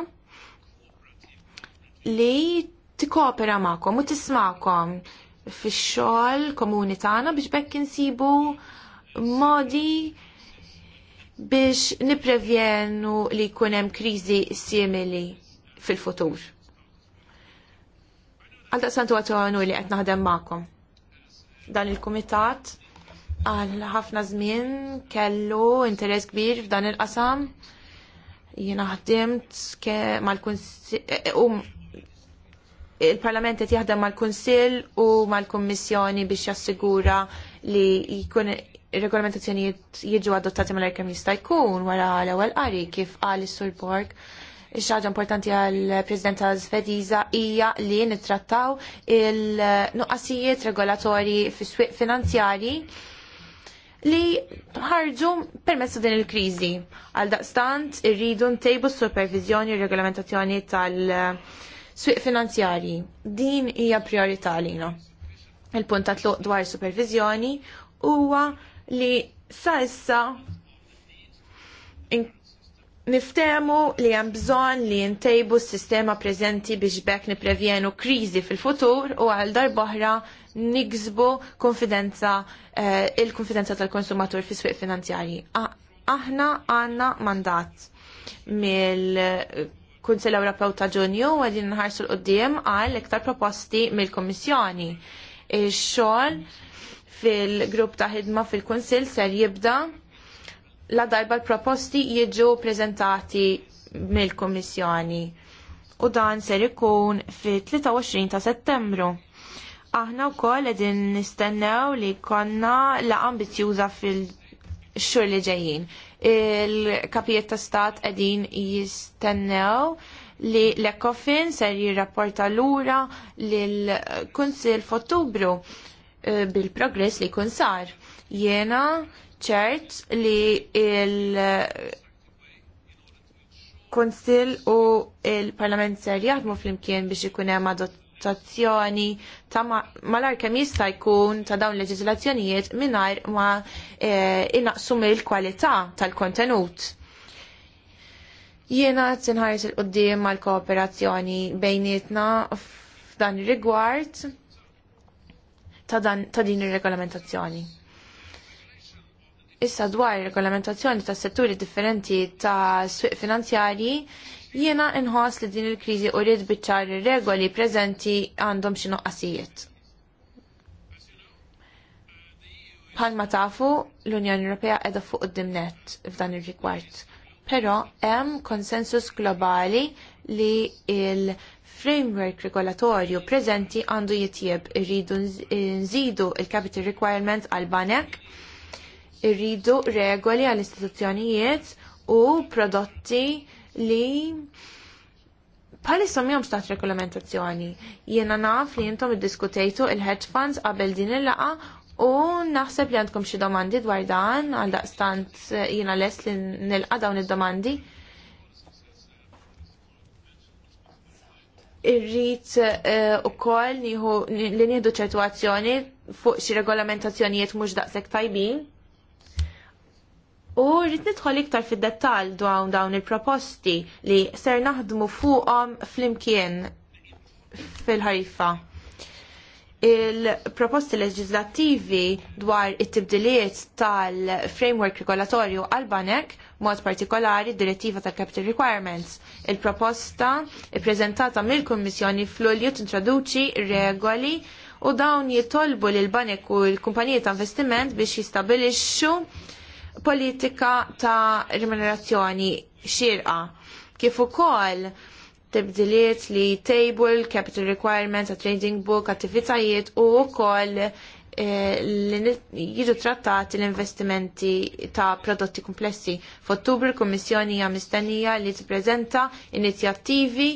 li t-koopera magħkom u tisma'kom fix-xogħol komuni tagħna biex bekk insibu modi biex niprevjenu li jkun hemm kriżi simili fil-futur. Għaldaq santu għanu li qed naħdem magħkom. Dan il-kumitat għal ħafna żmien kellu interess kbir f'dan il-qasam. Jiena ħdimt mal-kunsill e, e, um, il-Parlament qed jaħdem mal-Kunsill u mal-Kummissjoni biex jassigura li jkun regolamentazzjonijiet jiġu adottati mal kemm jista' jkun wara l-ewwel qari kif qal is-Sur Borg. Ix-ħaġa importanti għall presidenta Svediża hija li nittrattaw il-nuqqasijiet regolatorji fis-swieq finanzjarji li ħarġu permezz din il-kriżi. Għal daqstant irridu ntejbu s-supervizjoni u regolamentazzjoni tal-swiq finanzjarji. Din hija priorità lina. Il-punt ta' tluq dwar supervizjoni huwa li sa issa niftemu li hemm bżonn li ntejbu s-sistema preżenti biex bekk niprevjenu kriżi fil-futur u għal darboħra nigżbu konfidenza eh, il-konfidenza tal-konsumatur fis swieq finanzjarji. Aħna għandna mandat mill kunsell Ewropew ta' Ġunju għedin nħarsu l-qoddim għal iktar proposti mill-Kommissjoni. Ix-xogħol fil-grupp ta' ħidma fil kunsill ser jibda la darba l-proposti jiġu prezentati mill komissjoni u dan ser ikun fi 23 ta' settembru. Aħna u koll edin nistennew li konna la ambizjuża fil-xur li ġejjin. Il-kapijiet ta' stat edin jistennew li l-Ekofin ser jirrapporta l-ura l-Kunsil f'Ottubru eh, bil-progress li kun sar. Jena ċert li il- Konsil u il-Parlament ser jaħdmu fl-imkien biex ikun hemm adottazzjoni ta' malar kemm jista' jkun ta' dawn leġiżlazzjonijiet mingħajr ma eh, inaqsu mill-kwalità tal-kontenut. Jiena tinħares il-qoddim mal-kooperazzjoni bejnietna f'dan ir-rigward ta' din ir-regolamentazzjoni. Issa dwar regolamentazzjoni ta' setturi differenti ta' swieq finanzjarji, jiena nħoss li din il-kriżi u rrid biċċar regoli preżenti għandhom xi noqqasijiet. Bħalma tafu, l-Unjoni Ewropea qiegħda fuq id-dimnet f'dan ir-rigward. Però hemm konsensus globali li il- framework regolatorju preżenti għandu jitjieb irridu nżidu il-capital requirement għal banek irridu regoli għall istituzzjonijiet u prodotti li bħalissa miħom stat regolamentazzjoni. Jena naf li jintom id-diskutejtu il-hedge funds qabel din il-laqa u naħseb li għandkom xi domandi dwar dan għal daqstant eh, jena les li nilqa dawn id-domandi. Irrit eh, u koll li nieħdu ċertu azzjoni fuq xi regolamentazzjonijiet mhux daqshekk tajbin U rrid nidħol iktar fid-dettall dwar dawn il-proposti li ser naħdmu fuqhom flimkien fil-ħarifa. Il-proposti leġislattivi dwar it-tibdiliet tal-framework regolatorju għal-banek mod partikolari direttiva tal capital requirements. Il-proposta i-prezentata mill-Kummissjoni fl-Ulju t-introduċi regoli u dawn jitolbu lil banek u l-kumpaniji ta' investiment biex jistabilixxu politika ta' remunerazzjoni xirqa kif ukoll tibdiliet li table, capital requirements, trading book, attivitajiet u wkoll eh, li jiġu trattati l-investimenti ta' prodotti komplessi. F'Ottubru l-Kummissjoni hija mistennija li tippreżenta inizjattivi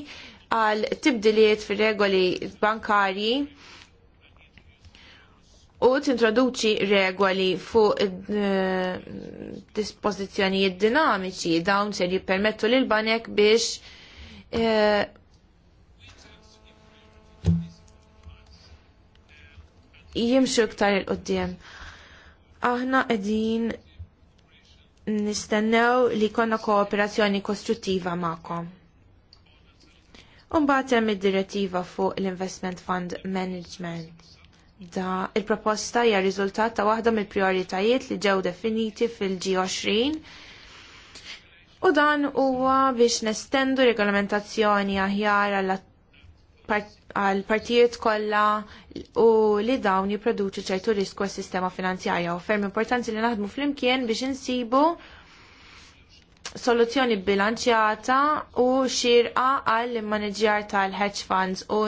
għal tibdiliet fir-regoli bankarji u tintroduċi regoli fuq eh, dispożizzjonijiet dinamiċi dawn se jippermettu l banek biex eh, jimxu iktar il-qoddim. Aħna qegħdin nistennew li konna kooperazzjoni kostruttiva ma'kom. un hemm id-direttiva fuq l-Investment Fund Management Da, il-proposta hija riżultat ta' waħda mill-prioritajiet li ġew definiti fil-G20 u dan huwa biex nestendu regolamentazzjoni aħjar għal partijiet kollha u li dawn jipproduċu ċertu risku għas-sistema finanzjarja u ferm importanti li naħdmu flimkien biex insibu soluzzjoni bilanċjata u xirqa għall-manager tal-hedge funds u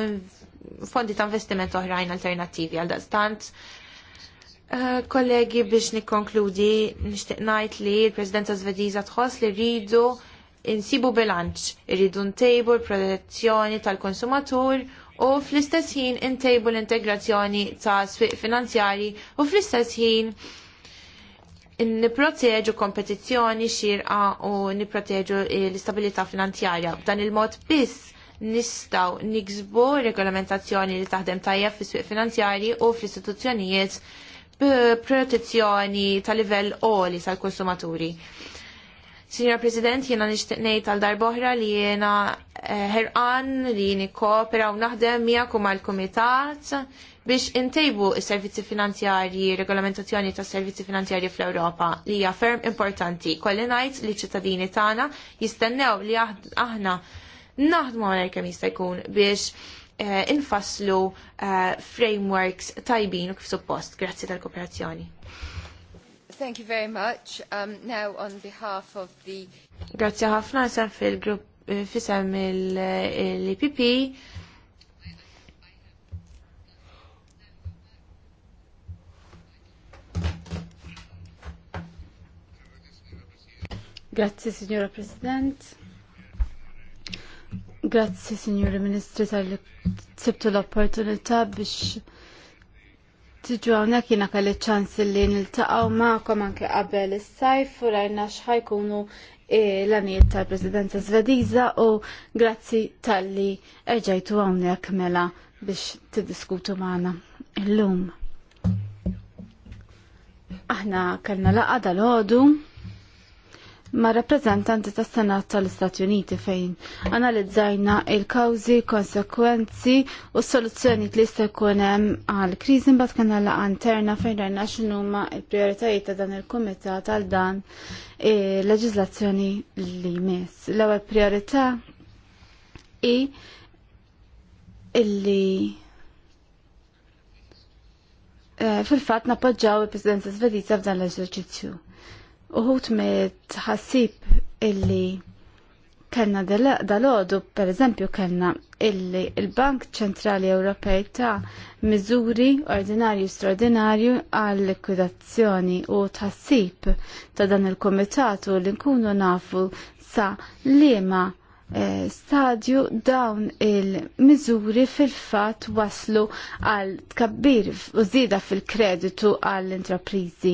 fondi ta' investiment oħrajn alternattivi għal daqstant. Eh, kollegi biex nikkonkludi, nixtieq ngħid li l-Presidenza Svediża tħoss li rridu insibu bilanċ, irridu ntejbu l-protezzjoni tal-konsumatur u fl-istess ħin ntejbu l-integrazzjoni ta' swieq finanzjari u fl-istess ħin niproteġu kompetizzjoni xirqa u niproteġu l-istabilità finanzjarja. B'dan il-mod biss nistaw niksbu regolamentazzjoni li taħdem tajjeb fis swieq finanzjarji u fl-istituzzjonijiet protezzjoni ta' livell oli tal-konsumaturi. Signor President, jena nishtiqnej ngħid tal boħra li jena Herqan eh, li nikkoopera u naħdem miegħek mal-kumitat biex intejbu s-servizzi finanzjarji, regolamentazzjoni ta' servizzi finanzjarji fl-Ewropa li hija ferm importanti. Kolli ngħid li ċittadini tagħna jistennew li aħna naħdmu għalhekk kemm jista' jkun biex uh, infasslu uh, frameworks tajbin u kif suppost. Grazzi tal-kooperazzjoni.
Thank you very much. Um, now on behalf of the...
Grazie ħafna sem fil-grupp eh, fisem l-IPP.
Grazie signora Presidente. Grazzi, Signori Ministri, tal-li tsibtu l-opportunità biex tiġu għonek jina kalli ċans li nil-taqaw ma'kom anke qabel is-sajf u rajna xħajkunu eh, l-għaniet tal-Presidenza Svediza u grazzi tal-li eġajtu għonek mela biex tiddiskutu maħna l-lum. Aħna kellna laqa dal-ħodu ma' rappresentanti tas senat tal-Istati Uniti fejn analizzajna il-kawzi, konsekwenzi u soluzzjoni li se jkun hemm għal kriżi mbagħad kien laqgħa interna fejn rajna x'inhuma l-prijoritajiet ta' dan il-kumitat għal dan leġiżlazzjoni li jmiss. L-ewwel priorità i illi eh, fil-fat nappoġġaw il-Presidenza Svediza f'dan l-eżerċizzju uħut me tħassib illi kellna dal-ħodu, per eżempju, kellna illi il-Bank Ċentrali Ewropej ta' miżuri ordinarju straordinarju għal likwidazzjoni u tħassib ta' dan il-komitatu li nkunu nafu sa' liema Eh, stadju dawn il-miżuri fil-fat waslu għal tkabbir u zida fil-kreditu għall intraprizi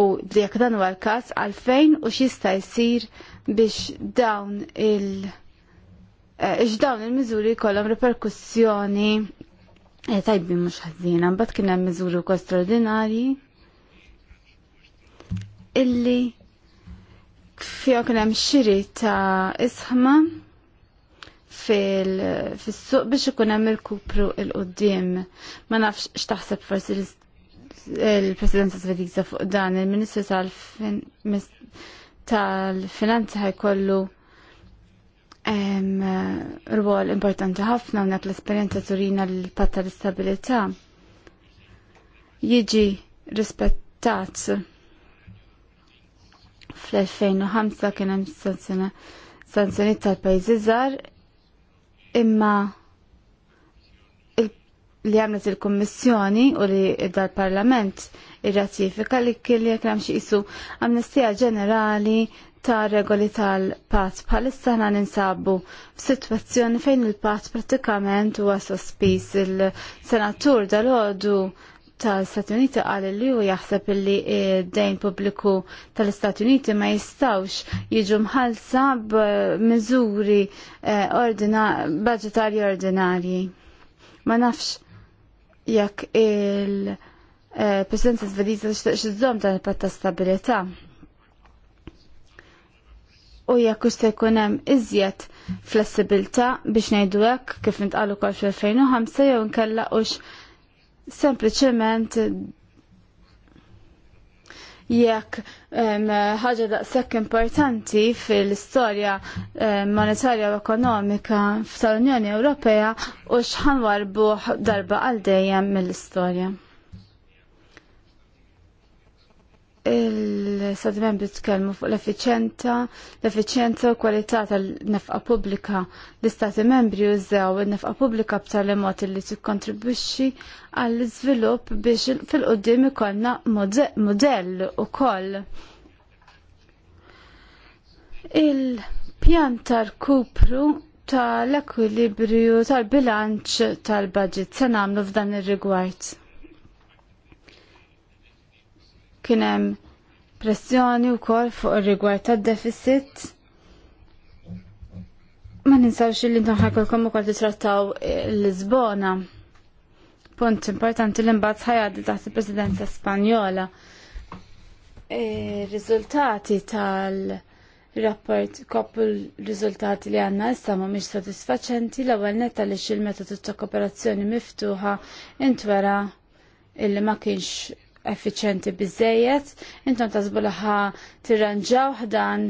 u d-dijak dan huwa l-każ għalfejn u xista' jsir biex dawn il- eh, dawn il-miżuri jkollhom reperkussjoni eh, tajbi mhux ħażina, mbagħad kien hemm miżuri wkoll straordinarji illi fija kien hemm xiri ta' isħma' fil-suq biex ikun hemm il-kupru il-qudiem. Ma nafx x'taħseb forsi il-Presidenza Svediża fuq dan il-Ministru tal-Finanzi ħajkollu rwol importanti ħafna unek l-esperjenza turina l-patta l-istabilità jiġi rispettat fl-2005 kien hemm sanzjonijiet tal-pajjiżi żgħar imma li għamlet il-Kommissjoni u li dal-Parlament ir-ratifika li kien jekk hemm xisu amnestija ġenerali ta' regoli tal-pat palissa ħna ninsabu f'sitwazzjoni fejn il-pat prattikament huwa sospiż il-senatur dal ħodu tal-Stati Uniti qal li hu jaħseb li dejn pubbliku tal-Istati Uniti ma jistawx jiġu mħalsa b'miżuri eh, budgetarji ordinarji. Ma nafx jekk il-Presidenza eh, Svediza tixtieq iżżomm dan il-patt ta' stabilità. U jekk se jkun hemm iżjed flessibilità biex ngħidu hekk kif intqalu kol fil-2005 jew nkella hux sempliċement jekk ħaġa daqshekk importanti fil-istorja monetarja u ekonomika tal-Unjoni Ewropea u x'ħanwarbuh darba għal dejjem mill-istorja. il-sad membri tkellmu fuq l-efficienza, l-efficienza u kwalità tal-nefqa pubblika. L-istati membri użew il-nefqa pubblika b'tali mod li tikkontribwixxi għall iżvilupp biex fil-qudiem ikollna modell ukoll. Il-pjan tal-kupru tal-ekwilibrju tal-bilanċ tal-budget se nagħmlu f'dan ir-rigward. Kien hemm pressjoni wkoll fuq ir-rigward tad-deficit. Ma ninsawx li kol ukoll trattaw l-Lisbona. Punt importanti li mbagħad ħajad taħt il-Presidenza Spanjola. Rizultati tal- rapport koppel riżultati li għanna issa ma miex satisfaċenti l ewwel netta li il-metodu ta' kooperazzjoni miftuħa intwera illi ma kienx effiċenti bizzejiet, intom tazbulaħa tirranġaw dan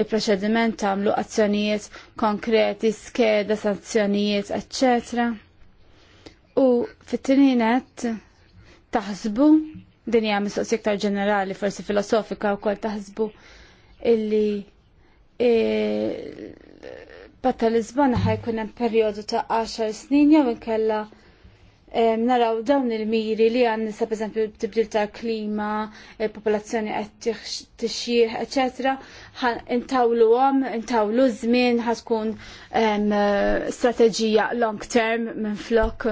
il-proċediment tamlu azzjonijiet konkreti, skeda, sanzjonijiet, ecc. U fit-tininet taħsbu, din hija mistoqsija iktar ġenerali, forsi filosofika wkoll taħsbu illi e, Batta Lisbona hemm perjodu ta' 10 snin jew inkella naraw dawn il-miri li għan nisa eżempju tibdil ta' klima, eh, popolazzjoni qed tixjih, eċetera, intawlu għom, intawlu żmien, ħatkun strateġija long term minn flok.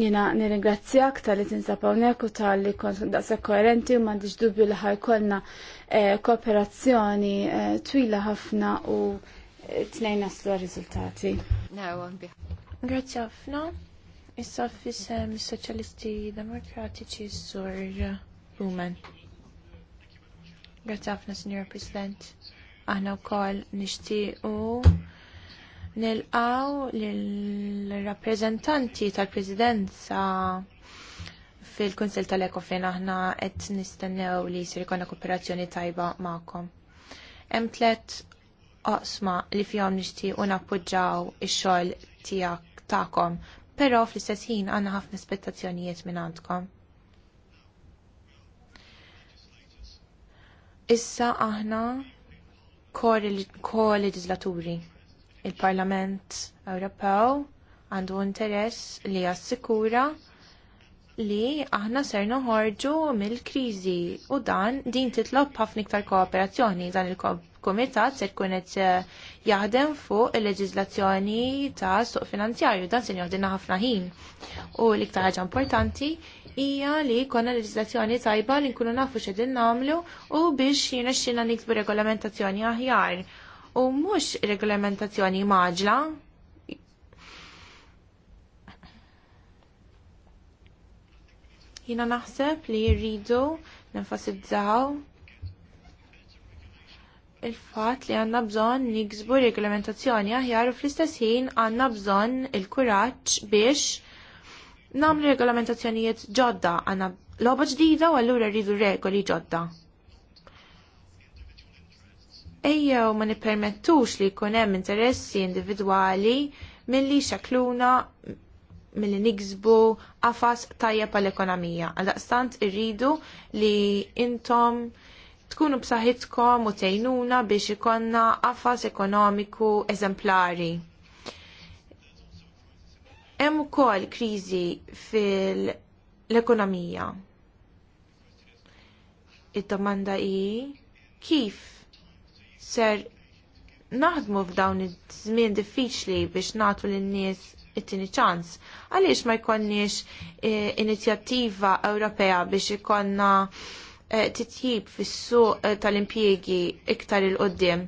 Jina nirringrazzjak tal-li tinsab hawnhekk u tal-li kont daqshekk koerenti u m'għandix dubju li ħajkollna eh, kooperazzjoni eh, twila ħafna u tnejn naslu riżultati.
Grazzi ħafna. Issa fissem soċjalisti demokratiċi sur Rumen. Grazafna, Signor President. Aħna wkoll nixtiequ nilqaw l-rappreżentanti tal-Presidenza fil-Kunsel tal-Ekofin aħna qed nistennew li jsir ikolna kooperazzjoni tajba magħkom. Hemm tliet oqsma li fihom nixtiequ nappoġġaw ix-xogħol tiegħek tagħkom però fl-istess ħin għandna ħafna aspettazzjonijiet minn għandkom. Issa aħna ko-leġislaturi. Il-Parlament Ewropew għandu interess li jassikura li aħna ser noħorġu mill-kriżi u dan din titlob ħafna iktar kooperazzjoni dan il-komitat se jkun qed eh, jaħdem fuq il-leġiżlazzjoni ta' suq finanzjarju dan se joħdilna ħafna ħin. U l-iktar ħaġa importanti hija li jkollna leġiżlazzjoni tajba li nkunu nafu x'edin nagħmlu u biex jirnexxilna nikbu regolamentazzjoni aħjar. U mhux regolamentazzjoni maġla, Jina naħseb li jirridu nenfasizzaw il-fat li għanna bżon nikzbu regolamentazzjoni aħjar u fl-istess ħin għanna bżon il-kuraġġ biex namlu regolamentazzjonijiet ġodda għanna loba ġdida u allura rridu regoli ġodda. Ejjew ma nippermettux li jkun hemm interessi individwali milli xakluna mill nigzbu għafas tajjeb għall ekonomija Għal-daqstant irridu li intom tkunu b'saħħitkom u tejnuna biex ikonna għafas ekonomiku eżemplari. Hemm ukoll kriżi fil-ekonomija. Id-domanda hi kif ser naħdmu f'dawn iż-żmien diffiċli biex nagħtu lin-nies it-tini ċans. Għaliex ma jkonniex eh, inizjattiva Ewropea biex ikonna eh, titjib fis-suq eh, tal-impjiegi iktar il-qoddim.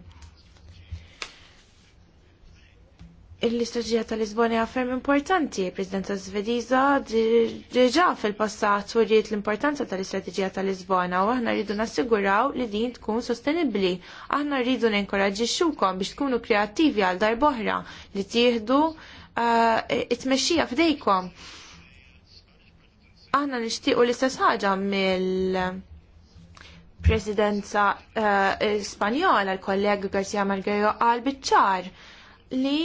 l-istraġija tal-Lisboni għafem importanti. Presidenta Svediza diġa fil-passat urriet l-importanza tal-istraġija tal-Lisbona u aħna rridu nassiguraw li din tkun sostenibli. Aħna rridu ninkoraġġixxukom biex tkunu kreattivi għal darboħra li tieħdu Eh, it-tmexxija f'dejkom. Aħna nixtiequ l-istess ħaġa mill presidenza eh, Spanjola l-kollega Garcia Margallo qal biċ-ċar li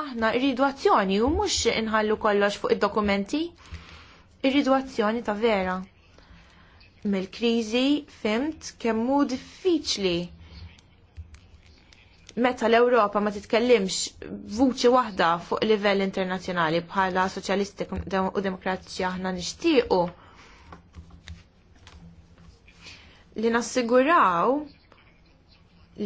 aħna rridu azzjoni u mhux inħallu kollox fuq id-dokumenti. Irridu azzjoni ta' vera. Mill-kriżi fimt kemm hu diffiċli meta l-Ewropa ma titkellimx vuċi waħda fuq livell internazzjonali bħala soċjalisti u demokratiċi aħna nixtiequ li nassiguraw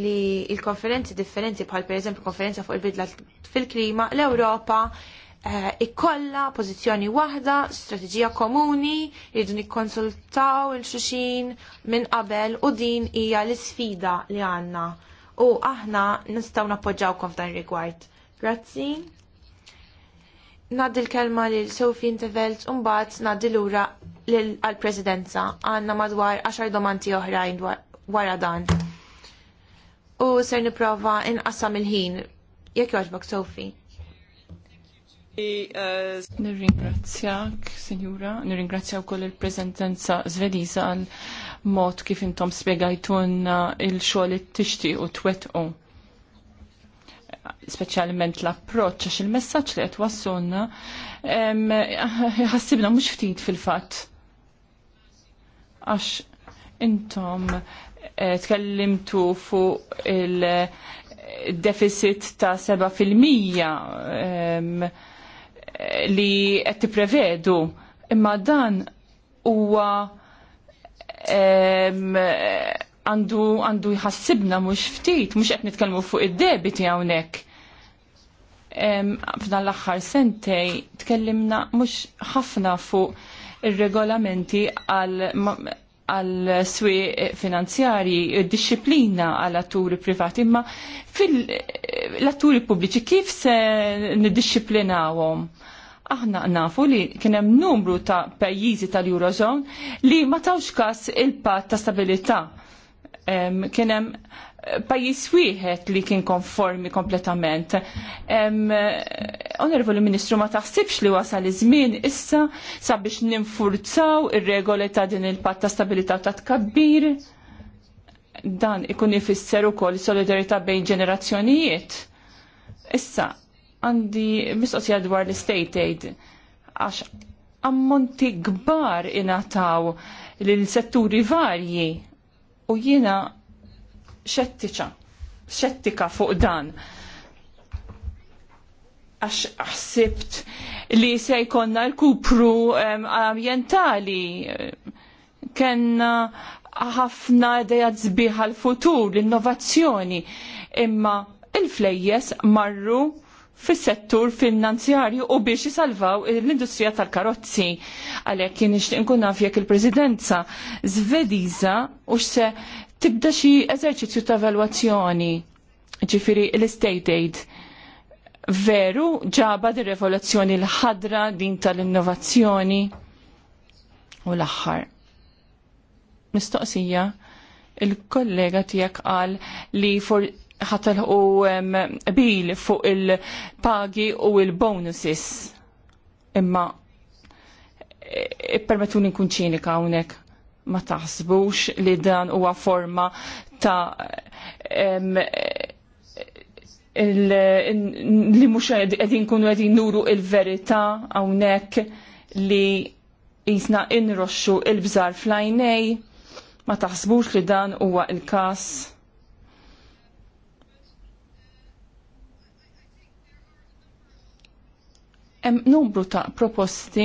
li il-konferenzi differenti bħal per eżempju konferenza fuq il-bidla fil-klima l-Ewropa eh, ikkolla pożizzjoni waħda, strateġija komuni, jridu nikkonsultaw il-xuxin minn qabel u din hija l-isfida li għandna u aħna nistgħu nappoġġawkom f'dan rigward. Grazzi. Naddi l-kelma lil Sophie Intervelt u mbagħad naddi lura għall-Presidenza għandna madwar 10 domandi oħrajn wara dan. U ser nipprova inqassam
il-ħin. Jekk jogħġbok Sophie. Eh, Nirringrazzjak, Sinjura, nirringrazzja wkoll il-preżentenza Zvediża għal mod kif intom spiegajtunna il-xogħol it-tixti u twettqu. Speċjalment l-approċċ għax il-messaġġ li qed wassunna ħassibna mhux ftit fil-fatt. Għax intom eh, tkellimtu fuq il-deficit ta' 7% li qed tipprevedu imma dan huwa għandu għandu jħassibna mhux ftit, mhux qed nitkellmu fuq id-debiti hawnhekk. F'dan l-aħħar sentej tkellimna mhux ħafna fuq ir-regolamenti għal swi finanzjari, disċiplina għal atturi privati, imma fil-atturi pubbliċi kif se niddisċiplinawhom? aħna nafu li kienem numru ta' pajjiżi tal-Eurozone li ma tawx kas il-pat ta' stabilità. Um, kienem eh, pajjiż wieħed li kien konformi kompletament. Um, Onorevoli Ministru, ma taħsibx li wasal iż-żmien issa sabiex ninfurzaw ir-regoli ta' din il-patt ta' stabilità ta' tkabbir dan ikun ifisser ukoll solidarità bejn ġenerazzjonijiet. Issa, għandi mistoqsija dwar l-state aid għax ammonti kbar inataw l-setturi varji u jiena xettiċa, xettika fuq dan. Għax ħsibt li se jkonna l-kupru ambientali kenna ħafna dejad zbiħa l-futur, l-innovazzjoni, imma il-flejjes marru fis-settur finanzjarju u biex jisalvaw l-industrija tal-karozzi. Għalhekk kien nixtieq nkun naf jekk il-Presidenza zvediza u se tibda xi eżerċizzju ta' evalwazzjoni ġifiri l-estate aid. Veru ġaba di revoluzzjoni l-ħadra din tal-innovazzjoni u l-aħħar. Mistoqsija, il-kollega tijak għal li for ħatelħu bil fuq il-pagi u il-bonuses. Imma e, permetuni nkun ċinika hawnhekk ma taħsbux li dan huwa forma ta' li mhux qegħdin kunu qegħdin nuru il-verità hawnhekk li jisna inroxxu il-bżar flajnej ma taħsbux li dan huwa il-każ Hemm numru ta' proposti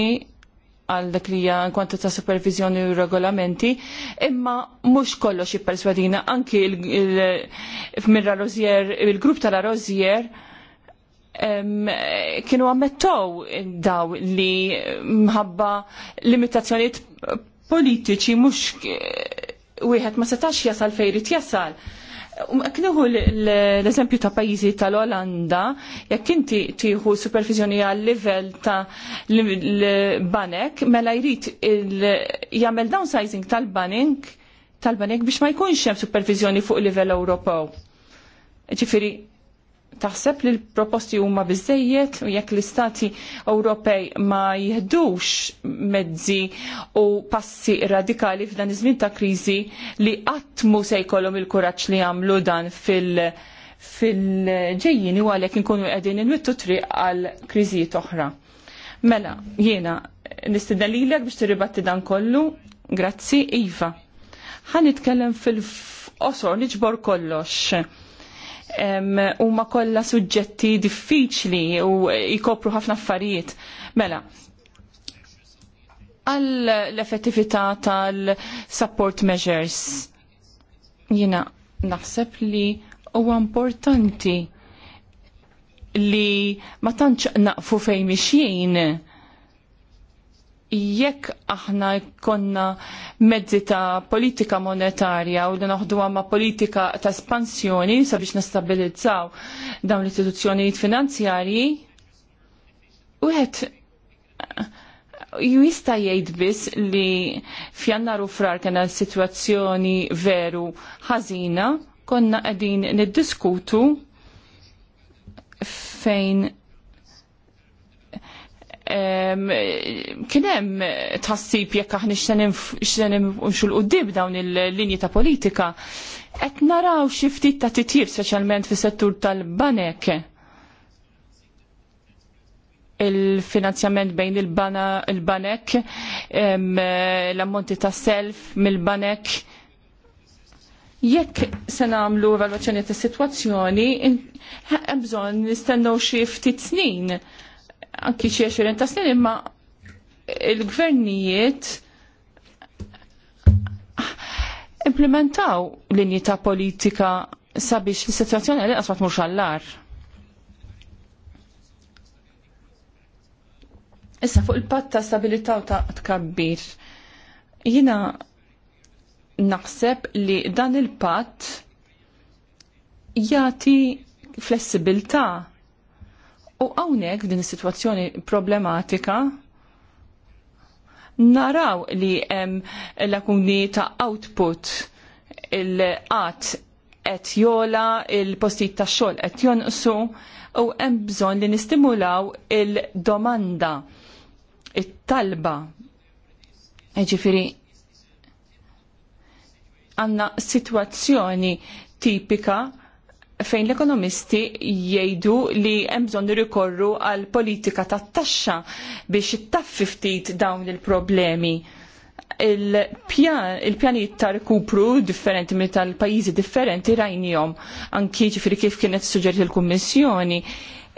għal dak li hija kwantu ta' supervizjoni u regolamenti, imma mhux kollox jipperswadina anki minn Rozier, il-grupp tal Rozier kienu ammettow daw li mħabba limitazzjoniet politiċi mhux eh, wieħed ma setax jasal fejrit jasal. Um, Ekniħu l-eżempju ta' pajizi tal-Olanda, jekk inti tieħu supervizjoni għal livell ta' l-banek, mela jrid jagħmel downsizing tal-banek tal-banek biex ma jkunx hemm supervizjoni fuq livell Ewropew. Ġifieri taħseb li l-proposti huma biżejjed u jekk l-istati Ewropej ma jihdux mezzi u passi radikali f'dan iż-żmien ta' kriżi li qatt mu se jkollhom il-kuraġġ li jagħmlu dan fil- fil-ġejjin u għalhekk inkunu qegħdin inwittu triq għal kriżijiet oħra. Mela, jiena nistidna lilek biex tirribatti dan kollu, grazzi Iva. Ħa nitkellem fil-qosor niġbor kollox huma kollha suġġetti diffiċli u jkopru ħafna affarijiet. Mela, għal l-effettività tal-support measures jina naħseb li huwa importanti li ma tantx naqfu fejn mixjien jekk aħna konna mezzi ta' politika monetarja u li naħdu ma' politika ta' espansjoni sabiex nestabilizzaw dawn l-istituzzjonijiet finanzjarji, u ju jista jgħid biss li f'jannar u frar kena situazzjoni veru ħażina, konna qegħdin niddiskutu fejn kien hemm tassib jekk aħna xtenim imxu l-qudiem dawn il-linji ta' politika. Qed naraw xi ftit ta' titjib speċjalment fis-settur tal-banek il-finanzjament bejn il-banek, l-ammonti ta' self mill-banek. Jekk se nagħmlu evalwazzjoni ta' sitwazzjoni, bżonn nistennew xi ftit snin anki xi ta' snin imma il-gvernijiet implementaw linji ta' politika sabiex is-sitwazzjoni għalli qasmat mhux għallar. Issa fuq il-patt ta' stabilità u ta' tkabbir. Jina naħseb li dan il-patt jati flessibilità U hawnhekk din is-sitwazzjoni problematika naraw li hemm l-akuni ta' output il-qat qed jola il-postijiet tax-xogħol qed jonqsu u hemm bżonn li nistimulaw il-domanda it-talba. Ġifieri għandna sitwazzjoni tipika fejn l-ekonomisti jgħidu li hemm bżonn rikorru għal politika tat-taxxa biex taffi ftit dawn il-problemi il-pjanijiet ta' rikupru differenti minn tal-pajjiżi differenti rajnijom anki ġifri kif kienet suġġerti l-Kummissjoni.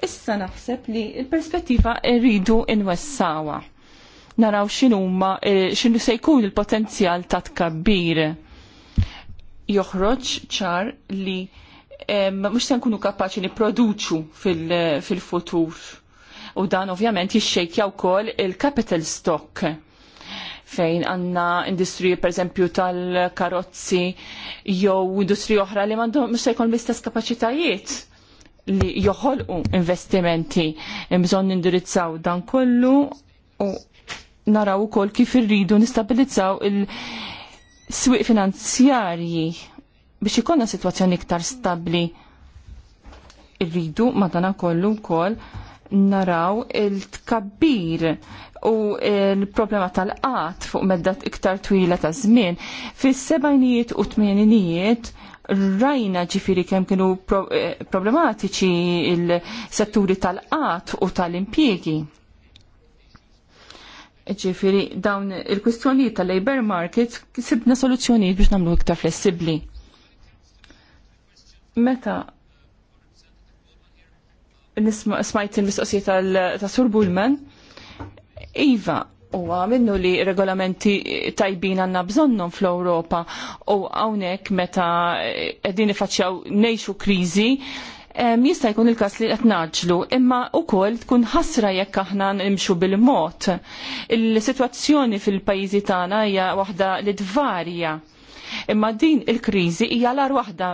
Issa naħseb li l-perspettiva rridu inwessawa. Naraw x'inhuma eh, x'inhu se jkun il-potenzjal ta' tkabbir. Joħroġ ċar li mux se nkunu kapaċi nipproduċu fil-futur. u dan ovvjament u wkoll il-capital stock fejn għanna industriji per esempio tal-karozzi jew industriji oħra li m'għandhom mux se jkun l-istess kapaċitajiet li joħolqu investimenti bżonn indirizzaw dan kollu u naraw ukoll kif irridu nistabilizzaw il-swieq finanzjarji biex ikonna situazzjoni iktar stabli irridu madana kollu kol naraw il-tkabbir u il-problema tal-qat fuq medda iktar twila ta' żmien. Fis-sebajnijiet u tmeninijiet rajna ġifiri kemm kienu pro eh, problematiċi il-setturi tal-qat u tal impiegi Ġifiri dawn il-kwistjonijiet tal-labor market sibna soluzzjonijiet biex nagħmlu iktar flessibbli. Meta nisma smajt il-mistoqsijiet ta' Sur Bullman, Iva, huwa minnu li regolamenti tajbin għanna bżonnum fl-Europa u għawnek meta eh, għedin ifaċċaw nejxu krizi, jista' jkun il-kas li qed naġlu, imma wkoll tkun ħasra jekk aħna nimxu bil-mod. Il-sitwazzjoni fil-pajjiżi tagħna hija waħda li tvarja Imma din il-kriżi hija l-ar waħda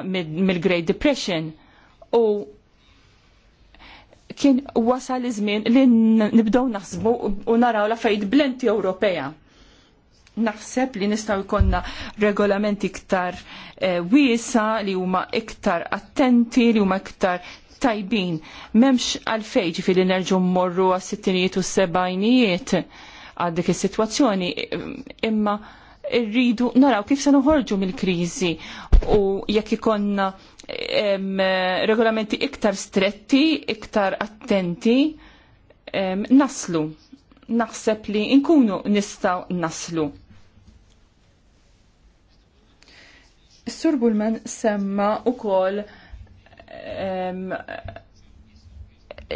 mill-Great Depression u kien wasal iż-żmien li nibdew naħsbu u naraw la fejt blenti Ewropea. Naħseb li nistgħu jkollna regolamenti iktar eh, wiesa li huma iktar attenti, li huma iktar tajbin. M'hemmx għalfejn ġifieri nerġgħu mmorru għas-sittinijiet u s sebgħinijiet għal dik is-sitwazzjoni, imma rridu naraw kif se noħorġu mill-kriżi u jekk ikonna regolamenti iktar stretti, iktar attenti, naslu. Naħseb li nkunu nistaw naslu. Sur Bullman semma u kol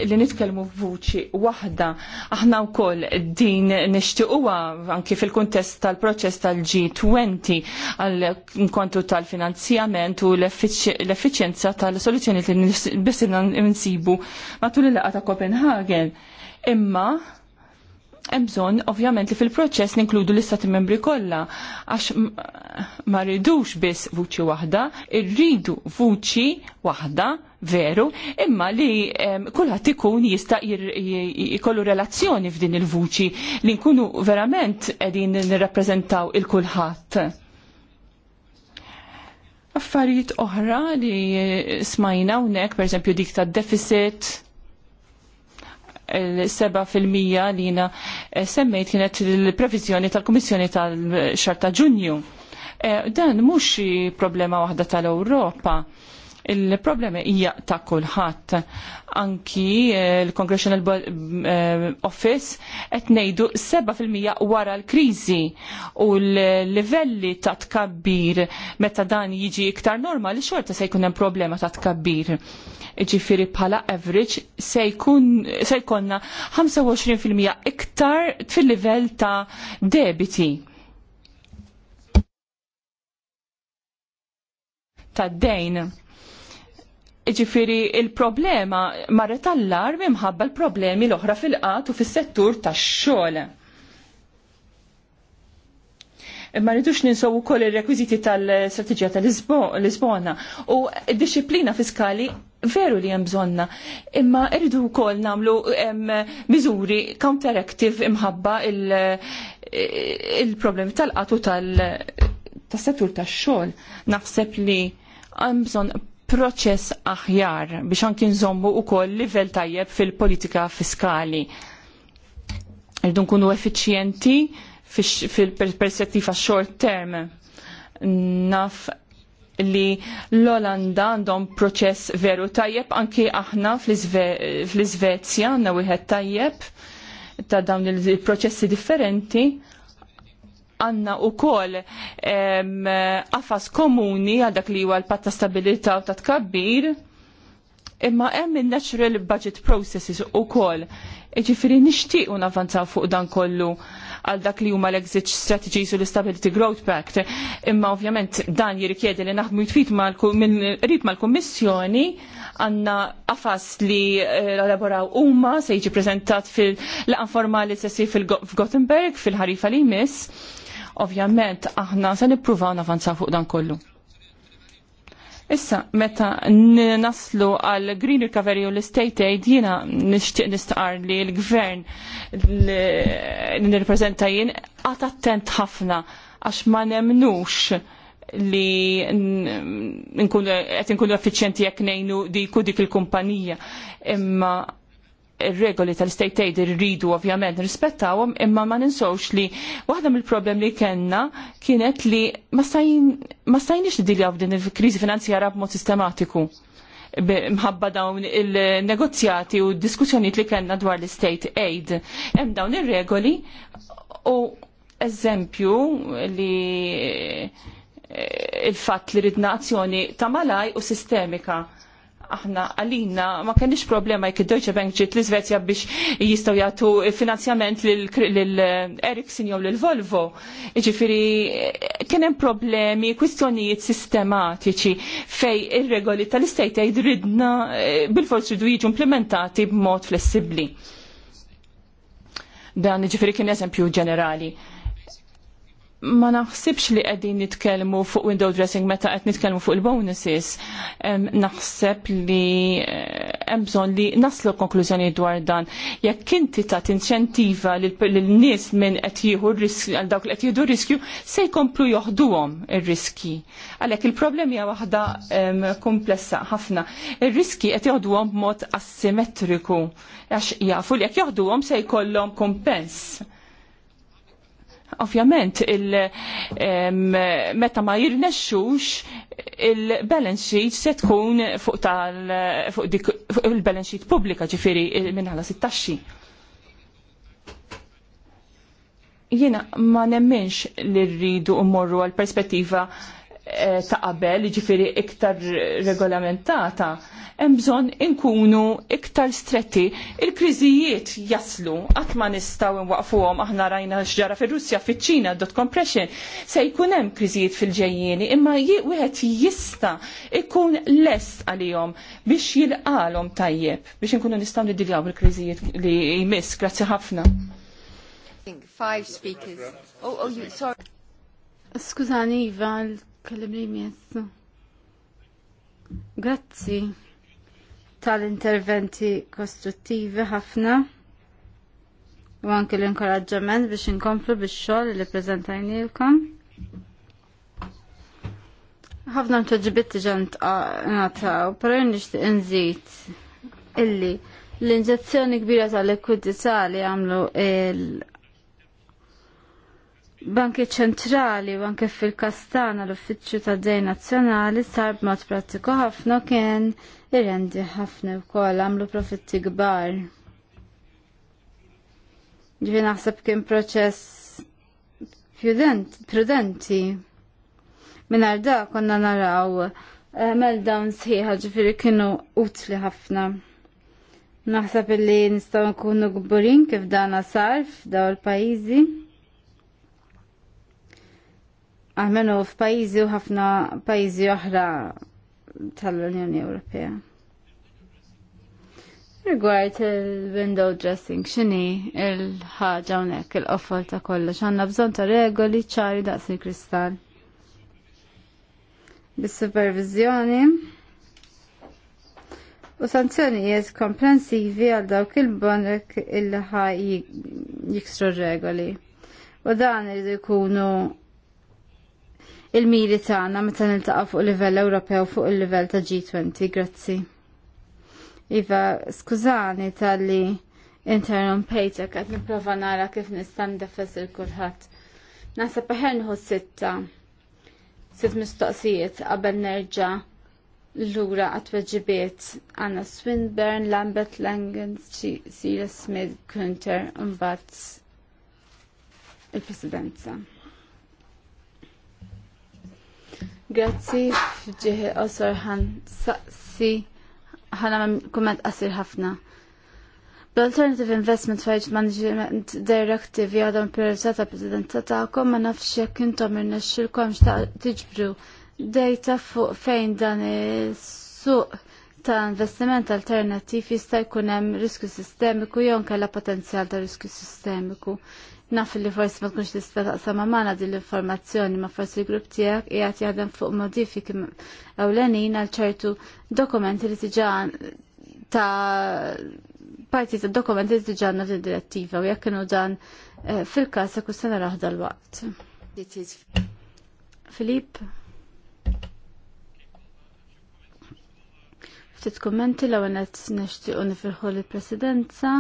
li nitkellmu f'vuċi waħda. Aħna wkoll din nixtiequha anki fil-kuntest tal-proċess tal-G20 għal kontu tal-finanzjament u l-effiċjenza tal-soluzzjoni li biss insibu matul il-laqa ta' Copenhagen. Imma hemm bżonn ovvjament li fil-proċess ninkludu l-istati membri kollha għax ma rridux biss vuċi waħda, irridu vuċi waħda veru, imma li kulħadd ikun jista' jkollu relazzjoni f'din il-vuċi li nkunu verament qegħdin nirrappreżentaw il-kulħadd. Affarijiet oħra li eh, smajna hawnhekk, pereżempju dik tad-deficit, fil-mija li jina eh, semmejt kienet il-previżjoni tal-Kummissjoni tal-Xar ta' Ġunju. Eh, dan mhux problema waħda tal-Ewropa il-problemi hija ta' kulħadd. Anki eh, l-Congressional eh, Office qed ngħidu 7% wara l-kriżi u l-livelli ta' tkabbir meta dan jiġi iktar normali xorta se jkun hemm problema ta' tkabbir. Ġifieri bħala average se jkun se jkollna 25% iktar fil-livell ta' debiti. ta' dejn Iġifiri, il-problema marret lar imħabba l-problemi l-oħra fil-qat u fis-settur tax-xogħol. Imma rridux ninsow ukoll ir-rekwiżiti tal-Strateġija tal-Lisbona u d-disciplina fiskali veru li hemm bżonna, imma rridu wkoll nagħmlu miżuri counteractive imħabba il-problemi il problemi tal tal-settur tax-xogħol. Naħseb li hemm bżonn proċess aħjar biex anki nżommu wkoll livell tajjeb fil-politika fiskali. Irdu nkunu effiċjenti fil-perspettiva short term. Naf li l-Olanda għandhom proċess veru tajjeb anki aħna fl-Svezja għandna wieħed tajjeb ta' dawn il-proċessi differenti għanna u kol għafas komuni għal dak li huwa l-patta stabilita u ta' tkabbir, imma hemm il-natural budget processes u kol. Iġifiri nishtiq un navanzaw fuq dan kollu għal dak li huma l-exit strategies u l-stability growth pact. Imma ovvjament dan jirrikjedi li naħdmu jitfit rib mal-kommissjoni għanna għafas li eh, elaboraw huma se jiġi prezentat fil-laqan formali sessi fil-Gothenburg fil-ħarifa li jmiss Ovvjament, aħna se nippruvaw navanzaw fuq dan kollu. Issa, meta naslu għal Green Recovery u l-State Aid, jina nishtiq nistqar li l-gvern li nirrepreżenta jien għat attent ħafna għax ma nemnux li qed nkunu effiċjenti jekk ngħinu dik u dik il-kumpanija. Imma regoli tal-state aid rridu ovvjament rispettawhom imma ma ninsowx li waħda mill-problem li kellna kienet li ma stajniex nidilja f'din il-kriżi finanzjara b'mod sistematiku mħabba dawn il-negozjati u diskussjoniet li kellna dwar l-state aid. Hemm dawn ir-regoli u eżempju li eh, il-fatt li ridna azzjoni ta' malaj u sistemika aħna għalina ma kenniex problema jekk id-Deutsche Bank ġiet l-Iżvezja biex jistgħu jagħtu finanzjament lil eh, Ericsson jew lil Volvo. Jiġifieri eh, kien hemm problemi, kwistjonijiet sistematiċi fej ir-regoli tal-istejt jgħid ridna eh, bil-forsi ridu jiġu implementati b'mod flessibbli. Dan jiġifieri kien eżempju ġenerali ma naħsibx li qegħdin nitkellmu fuq window dressing meta qed nitkellmu fuq il-bonuses. Naħseb li eh, hemm bżonn li naslu konklużjoni dwar dan. Jekk inti ta' tinċentiva lil-nies minn qed jieħu riskju għal dawk li qed jieħdu riskju se jkomplu joħduhom ir-riski. Għalhekk il-problemi hija waħda komplessa ħafna. Ir-riski qed joħduhom b'mod asimetriku għax jafu li jekk joħduhom se jkollhom kompens Ovvjament, meta ma jirnexxux il-balance sheet se tkun fuq tal fuq dik il-balance sheet pubblika ġifieri minn sit-taxxi. Jiena ma nemmenx li rridu mmorru għal perspettiva Eh, ta' qabel, ġifiri iktar regolamentata, hemm bżonn inkunu iktar stretti. Il-kriżijiet jaslu, qatt ma nistgħu nwaqfuhom aħna rajna x'ġara fir-Russja fiċ-Ċina dot compression, se jkun hemm kriżijiet fil-ġejjieni, imma wieħed jista' ikun lest għalihom biex jilqalhom tajjeb biex inkunu nistgħu niddiljaw il-kriżijiet li jmiss. Grazzi ħafna.
Oh, oh sorry. Skużani, Iva, Kellim li Grazzi tal-interventi kostruttivi ħafna u anke l-inkoraġġament biex inkomplu biex xogħol li preżentajnilkom. Ħafna mtoġibitti ġant nataw, jien nixtieq inżid illi l-inġezzjoni kbira tal ekwitità li għamlu il- banki ċentrali u anke fil-kastana l-uffiċċju ta' dej nazzjonali sar b'mod prattiku ħafna kien irrendi ħafna wkoll għamlu profitti kbar. Ġifi naħseb kien proċess prudenti. Minar da konna naraw eh, meltdowns ħieħa ġifiri kienu utli ħafna. Naħseb illi nistgħu nkunu gburin kif dana sar f'daw il-pajjiżi għalmenu f'pajjiżi u ħafna pajjiżi oħra tal-Unjoni Ewropea. Rigward il-window dressing, xini il-ħagġa unek il qofol ta' kollox, għanna bżon ta' regoli ċari daqs il-kristall. Bis-supervizjoni u sanzjonijiet komprensivi għal dawk il-bonek il-ħaj jiksru regoli. U dan irridu jkunu il-miri tagħna meta niltaqgħu fuq livell Ewropew fuq il-livell ta' G20. Grazzi. Iva, skużani tal-li interrompejtek qed nipprova nara kif nista' ndefes il kulħadd. Naħseb aħjar nħu sitta sitt mistoqsijiet qabel nerġa' lura għat-weġibiet għanna Swinburne, Lambert Langen, Sira Smith, Kunter, un Batz il-presidenza. Grazzi fġiħi osor ħan saqsi ħana kumment qasir ħafna. Bl-Alternative Investment fight Management Directive jgħadhom priorità ta' Presidenta tagħkom ma nafx jekk intom irnexxilkom tiġbru dejta fuq fejn dan is-suq ta' investiment alternattiv jista' jkun hemm riskju sistemiku jew nkella potenzjal ta' riskju sistemiku. Naf li forsi ma tkunx tista' taqsam magħna din l-informazzjoni ma forsi l-grupp tiegħek qiegħed jaħdem fuq modifiki ewlenin għal ċertu dokumenti li tiġa ta' parti ta' dokumenti li tiġa għandna direttiva u jekk kienu dan eh, fil-każ jekk sena raħda l-waqt. Filip? Ftit kummenti l-għonet nishtiqu nifirħu l-presidenza.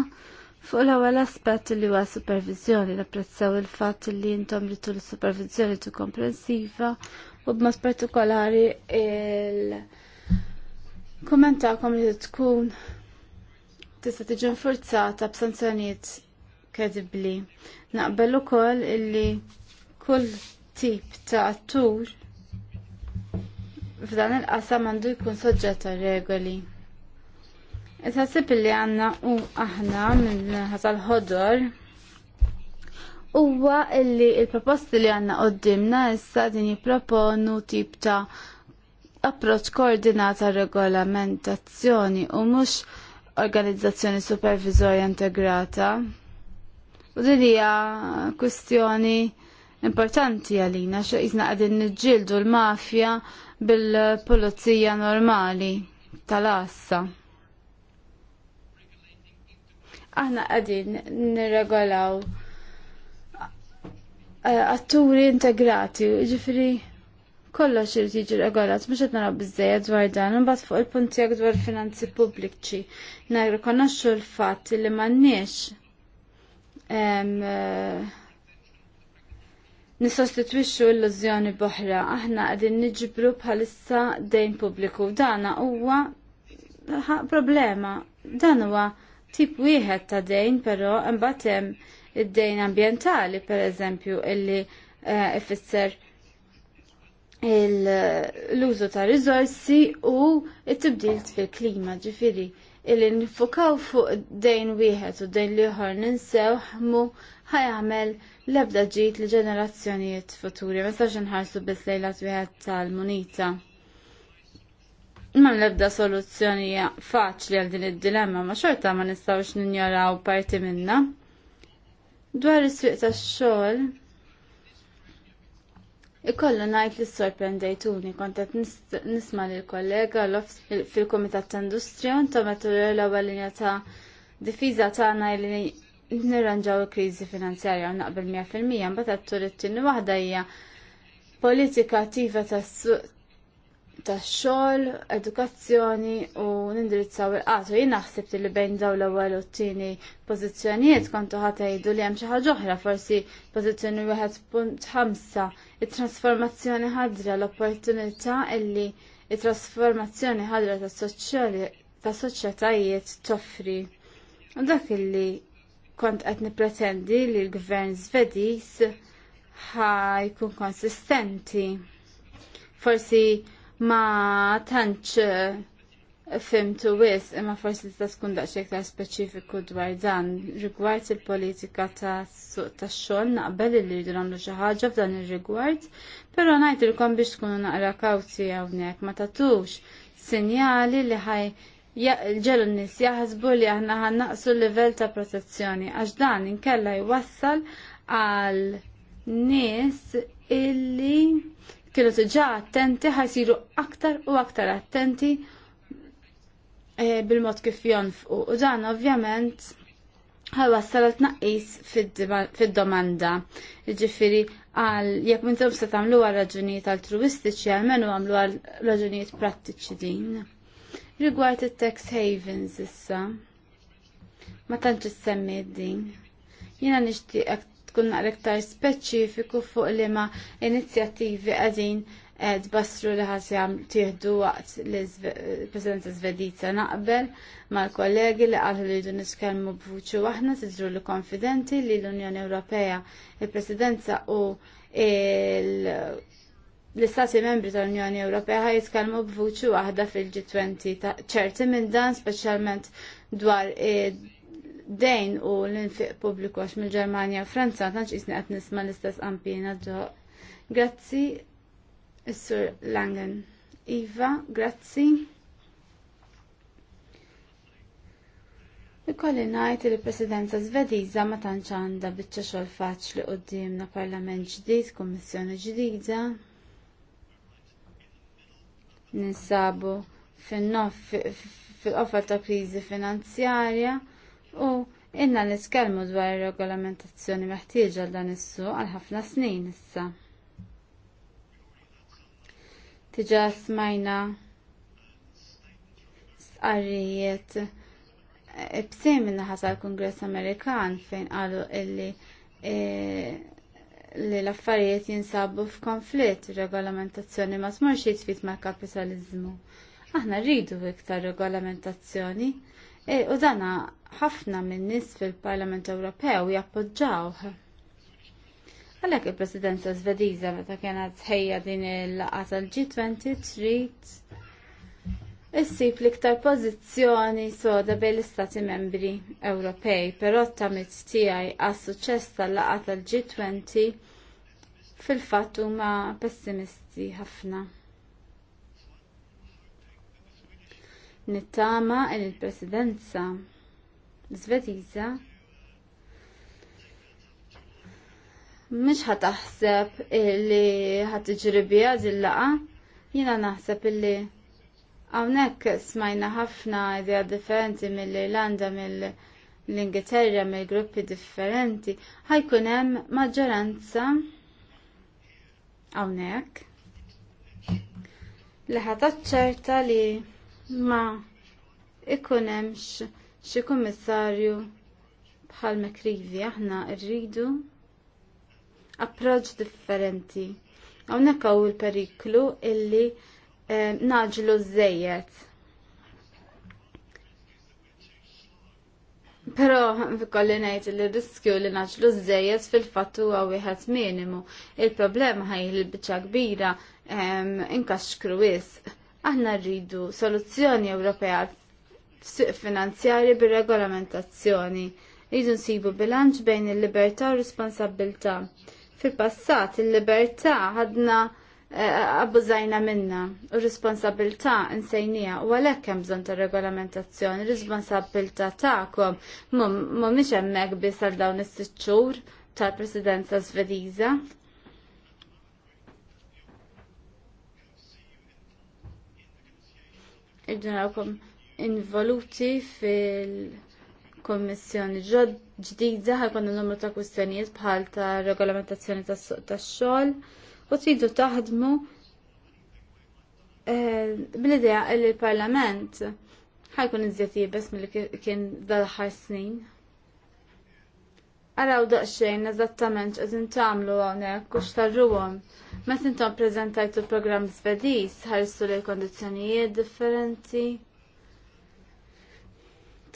Fuq l-ewwel aspett li huwa supervizjoni napprezzaw il-fatt li intom li tul supervizjoni tu komprensiva u b'mod partikolari il kommentakom li tkun tista' tiġi nfurzata b'sanzjonijiet kredibbli. Naqbel ukoll illi kull tip ta' attur f'dan il-qasam għandu jkun soġġett regoli. regoli sepp li għanna u aħna minn ħasal ħodor huwa illi il-proposti li għanna qoddimna issa din jipproponu tip ta' approċ koordinata regolamentazzjoni u mhux organizzazzjoni supervizorja integrata. U din hija kwistjoni importanti għalina xa jizna għadin nġildu l-mafja bil-polizija normali tal-assa aħna qegħdin nirregolaw eh, atturi integrati, ġifri kollox irid jiġi regolat, mhux qed naraw biżejjed dwar dan, imbagħad fuq il-punt tiegħek dwar finanzi pubbliċi. Nirrikonoxxu l-fatt li m'għandniex eh, nisostitwixxu illużjoni boħra, aħna qegħdin niġbru bħalissa dejn pubbliku. Dana huwa problema, dan huwa tip wieħed ta' dejn, però imbagħad hemm id-dejn ambjentali pereżempju illi eh, ifisser l-użu ta' riżorsi u t-tibdil fil-klima ġifiri illi nifukaw fuq dejn wieħed u dejn liħor ninsew ħmu ħajamel l-ebda ġit li ġenerazzjonijiet futuri, ma sax nħarsu biss lejla wieħed tal-munita. Ma ebda soluzzjoni faċli għal din id-dilemma, ma xorta ma nistawx ninjoraw parti minna. Dwar is-swieq tax-xogħol, ikollu ngħid li sorprendejtuni kont qed nisma' lil kollega fil-Kumitat ta' Industrija intom qed l-ewwel linja ta' difiża tagħna li nirranġaw il-kriżi finanzjarja u naqbel 100% mbagħad qed it-tieni waħda hija politika attiva tas-suq tax-xogħol, edukazzjoni u nindirizzaw il-qatu. Jien naħseb li bejn daw l-ewwel u t-tieni pożizzjonijiet kontu ħatejdu li hemm xi ħaġa oħra forsi pożizzjoni wieħed punt ħamsa it-trasformazzjoni ħadra l-opportunità illi it-trasformazzjoni ħadra ta' soċjetajiet toffri. U dak illi kont qed nippretendi li l-gvern Svediż ħajkun konsistenti. Forsi ma tantx eh, fimtu wis imma forsi tista' tkun daqsxejn iktar speċifiku dwar dan rigward il-politika ta' suq tax-xogħol naqbel li jridu nagħmlu xi ħaġa f'dan ir-rigward, però ngħidilkom biex tkunu naqra kawzi hawnhekk ma tagħtux sinjali li ħaj ġelu n-nis jaħsbu li aħna ħannaqsu l-level ta' protezzjoni għax dan inkella jwassal għal nis illi kienu diġà attenti ħajsiru aktar u aktar attenti eh, bil-mod kif jonfqu. U dan ovvjament ħawassal tnaqqis fid-domanda. Ġifiri, għal jekk mintom se tamlu għal raġunijiet altruistiċi għal menu għamlu għal raġunijiet prattiċi din. Rigward it-tax havens issa. Ma tantx semmi din. Jena nixtieqek tkun naqrektar speċifiku fuq li ma inizjattivi għadin eh, tbassru li ħas jam tieħdu waqt l-Presidenza eh, Svediza naqbel mal-kollegi li għalħu li jdu niskelmu bħuċu għahna tidru li konfidenti li l-Unjoni Ewropeja il-Presidenza u l-Istati membri tal-Unjoni Ewropeja ħaj jitkelmu bħuċu waħda fil-G20 ċerti minn dan specialment dwar eh, dejn u l-infiq publiku għax mill-Ġermanja u Franza tantx jisni għat nisma' l-istess għampina ġoq. Grazzi Is-Sur Langen. Iva, grazzi. Ikolli ngħid li l-Presidenza zvediza ma tantx għandha biċċa xogħol li qudiemna Parlament ġdijt, Kummissjoni ġdida. Ninsabu fin fil ta' kriżi finanzjarja U inna niskelmu dwar ir-regolamentazzjoni meħtieġa għal dan is-suq għal ħafna snin issa. Tiġa smajna sqarrijiet e, bsim minna ħasal kongress Amerikan fejn qalu illi e, li l-affarijiet jinsabu f'konflitt regolamentazzjoni ma tmorx jitfit ma' kapitalizmu. Aħna rridu iktar regolamentazzjoni E, u dana ħafna minn nis fil-Parlament Ewropew jappoġġaw. Għalhekk il-Presidenza Svediża meta kienet tħejja din il-laqgħa tal-G20 trid Issib l-iktar pożizzjoni soda bejn l-Istati membri Ewropej, però tamit tiegħi għas suċċess tal-laqgħa tal-G20 fil-fatt huma pessimisti ħafna. Nittama il-presidenza Zvediza mhix ħataħseb li ħat iġribija zillaqa jiena naħseb illi hawnhekk smajna ħafna idea differenti mill-Irlanda mill irlanda mill ingilterra mill gruppi differenti, ħajkun hemm maġġoranza hawnhekk li ħataċċerta li ma ikun hemmx xi kummissarju bħal mekrivi aħna rridu approċ differenti. Hawnhekk hu l periklu illi eh, naġlu żejjed. Però kolli ngħid li riskju li naġlu żejjed fil fatt huwa wieħed minimu. Il-problema ħaj biċċa kbira inkaxkru wisq. Aħna rridu soluzzjoni Ewropea suq finanzjari bir-regolamentazzjoni. Rridu nsibu bilanċ bejn il-libertà u responsabilità. Fil-passat il-libertà ħadna eh, abbużajna minna u responsabilta insejnija u għalek hemm bżonn ta' regolamentazzjoni, responsabilta tagħkom mhumiex hemmhekk biss għal dawn is-sitt tal-Presidenza Svediża, id-dunawkom involuti fil-kommissjoni ġdida n numru ta' kwistjonijiet bħal ta' regolamentazzjoni tax-xogħol u tridu taħdmu eh, bl-idea li l-Parlament ħajkun iżjed jibes mill-li kien dal-ħar snin. Araw daqsxejn eżattament qegħdin tagħmlu hawnhekk u xtarruhom. Meta intom preżentajtu programm Svediż ħarissu li kondizzjonijiet differenti.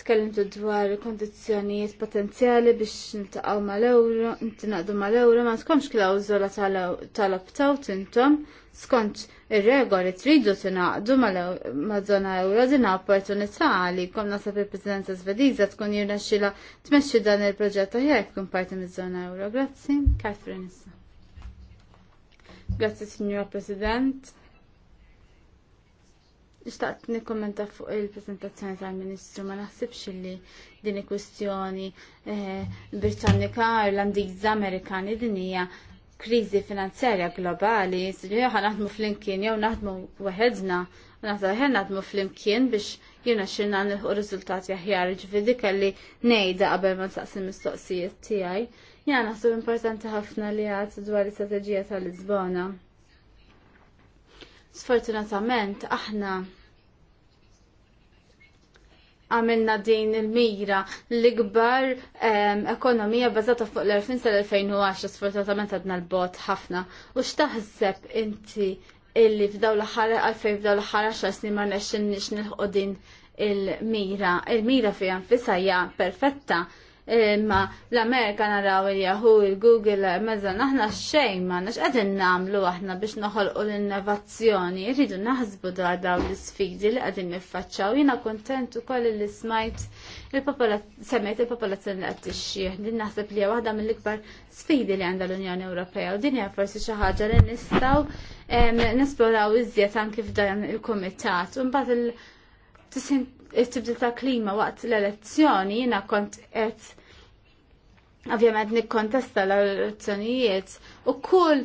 Tkellimtu dwar kondizzjonijiet potenzjali biex l mal-ewro, ma mal euro ma tkomx użola tal optaw tintom, intom skont ir-regoli tridu tingħaqdu ma' żona euro dina opportunità li kom nasab il-Presidenza svediza tkun t tmexxi dan il-proġett aħjar tkun parti miż zona euro. Grazzi, Catherine issa. Grazzi, Signor President. Ixtaqt nikkommenta fuq il-prezentazzjoni tal-Ministru ma naħsibx li din kwistjoni eh, Britannika, Irlandiża, Amerikani din hija kriżi finanzjarja globali, ħa naħdmu flimkien jew naħdmu weħedna, naħdmu ħen naħdmu flimkien biex jiena xirna nilħu riżultati aħjar ġvidi kelli ngħidha qabel ma nsaqsim mistoqsijiet tiegħi. Jina naħsu importanti ħafna li għad dwar l-istrateġija tal-Lisbona. Sfortunatament aħna għamilna din il-mira l-ikbar ekonomija bazzata fuq l-2000 sal-2010 sfortunatament għadna l-bot ħafna. U xtaħseb inti illi f'daw l-ħara għalfej f'daw l-ħara xar ma nexxin nix nilħu il-mira. Il-mira fija nfisajja perfetta imma l-Amerika naraw il-Yahoo, il-Google, Amazon, aħna xejn ma nax qegħdin nagħmlu aħna biex noħolqu l-innovazzjoni, rridu naħsbu dwar dawn l-isfidi li qegħdin niffaċċaw. Jiena kuntent ukoll li smajt semmejt il-popolazzjoni li qed tixjih. Din naħseb li hija waħda mill-ikbar sfidi li għandha l-Unjoni Ewropea u din forsi xi ħaġa li nistgħu nisploraw iżjed anki f'dan il-kumitat. un il- tibdil ta' klima waqt l-elezzjoni jiena kont qed ovvjament nikkontesta l-elezzjonijiet u kull